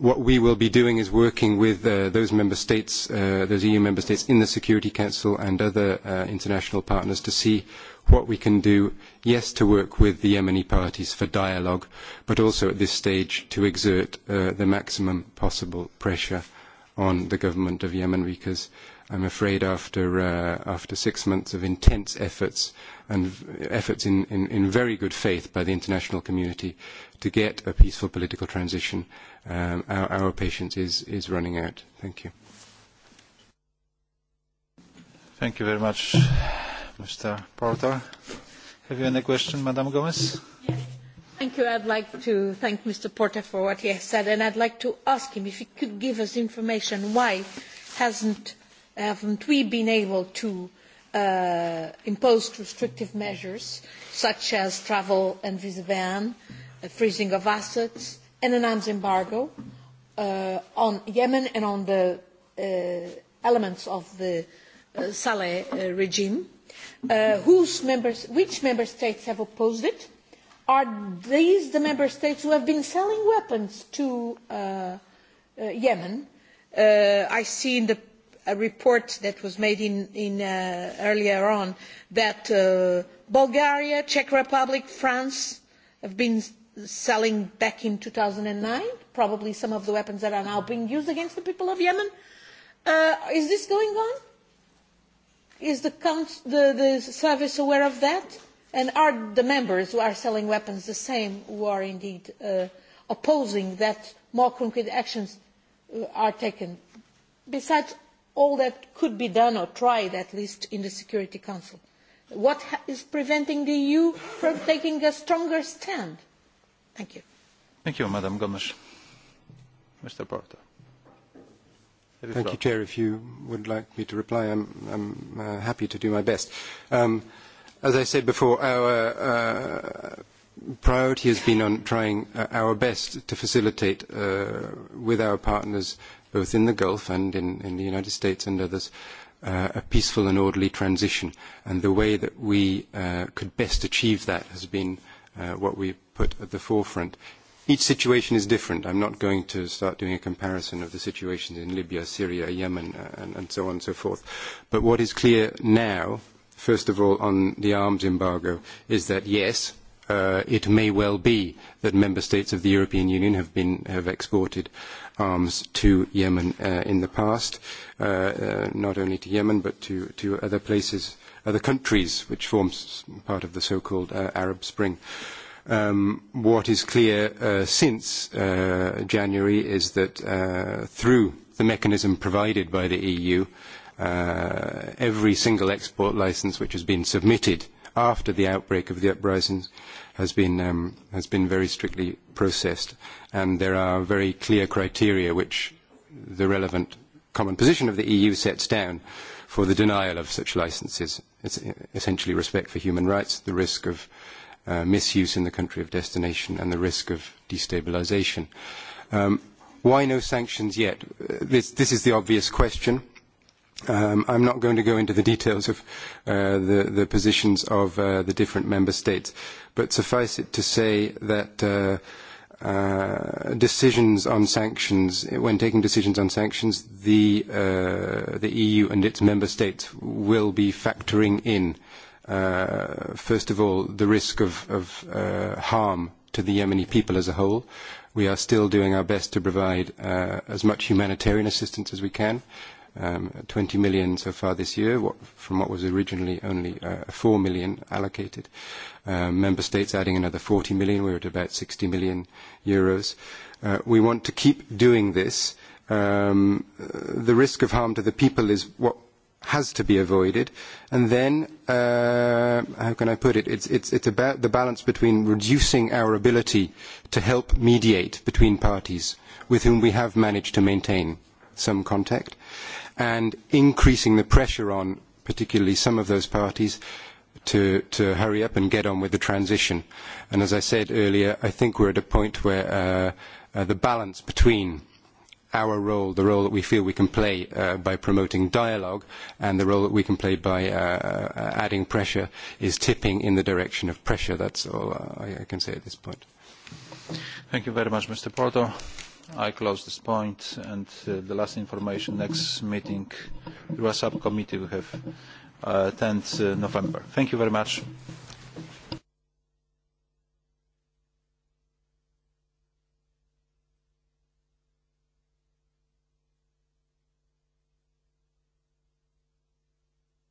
What we will be doing is working with uh, those member states, uh, those EU member states in the Security Council and other uh, international partners to see what we can do, yes, to work with the Yemeni parties for dialogue, but also at this stage to exert uh, the maximum possible pressure on the government of Yemen because I'm afraid after, uh, after six months of intense efforts and efforts in, in, in very good faith by the international community, to get a peaceful political transition, um, our, our patience is, is running out. Thank you. Thank you very much, Mr. Porter. Have you any question, Madam Gomez? Yes. Thank you. I'd like to thank Mr. Porter for what he has said, and I'd like to ask him if he could give us information why hasn't, haven't we been able to uh, impose restrictive measures such as travel and visa ban a freezing of assets, and an arms embargo uh, on Yemen and on the uh, elements of the uh, Saleh uh, regime. Uh, whose members, which member states have opposed it? Are these the member states who have been selling weapons to uh, uh, Yemen? Uh, I see in the a report that was made in, in, uh, earlier on that uh, Bulgaria, Czech Republic, France have been selling back in two thousand and nine, probably some of the weapons that are now being used against the people of Yemen. Uh, is this going on? Is the, the, the service aware of that? And are the members who are selling weapons the same who are indeed uh, opposing that more concrete actions uh, are taken? Besides all that could be done or tried, at least in the Security Council, what is preventing the EU from taking a stronger stand? Thank you. Thank you, Madam Gomes. Mr. porto Thank you, Chair. If you would like me to reply, I'm, I'm uh, happy to do my best. Um, as I said before, our uh, priority has been on trying uh, our best to facilitate uh, with our partners both in the Gulf and in, in the United States and others uh, a peaceful and orderly transition and the way that we uh, could best achieve that has been uh, what we put at the forefront. Each situation is different. I'm not going to start doing a comparison of the situations in Libya, Syria, Yemen, uh, and, and so on and so forth. But what is clear now, first of all, on the arms embargo, is that yes, uh, it may well be that member states of the European Union have been have exported arms to Yemen uh, in the past, uh, uh, not only to Yemen but to to other places other countries which forms part of the so-called uh, Arab Spring. Um, what is clear uh, since uh, January is that uh, through the mechanism provided by the EU, uh, every single export license which has been submitted after the outbreak of the uprisings has been, um, has been very strictly processed. And there are very clear criteria which the relevant common position of the EU sets down uh, for the denial of such licenses. It's essentially respect for human rights, the risk of uh, misuse in the country of destination, and the risk of destabilization. Um, why no sanctions yet? Uh, this, this is the obvious question. Um, I'm not going to go into the details of uh, the, the positions of uh, the different member states, but suffice it to say that uh, uh, decisions on sanctions, when taking decisions on sanctions, the, uh, the EU and its member states will be factoring in, uh, first of all, the risk of, of uh, harm to the Yemeni people as a whole. We are still doing our best to provide uh, as much humanitarian assistance as we can um, 20 million so far this year, what, from what was originally only uh, 4 million allocated. Um member states adding another 40 million. We're at about 60 million euros. Uh, we want to keep doing this. Um, the risk of harm to the people is what has to be avoided. And then, uh, how can I put it? It's, it's, it's about the balance between reducing our ability to help mediate between parties with whom we have managed to maintain some contact and increasing the pressure on particularly some of those parties to, to hurry up and get on with the transition. And as I said earlier, I think we're at a point where uh, uh, the balance between our role, the role that we feel we can play uh, by promoting dialogue, and the role that we can play by uh, uh adding pressure is tipping in the direction of pressure. That's all I, I can say at this point. Thank you very much, Mr. Porto. I close this point, and uh, the last information, next meeting, through a subcommittee, we have uh, 10th uh, November. Thank you very much.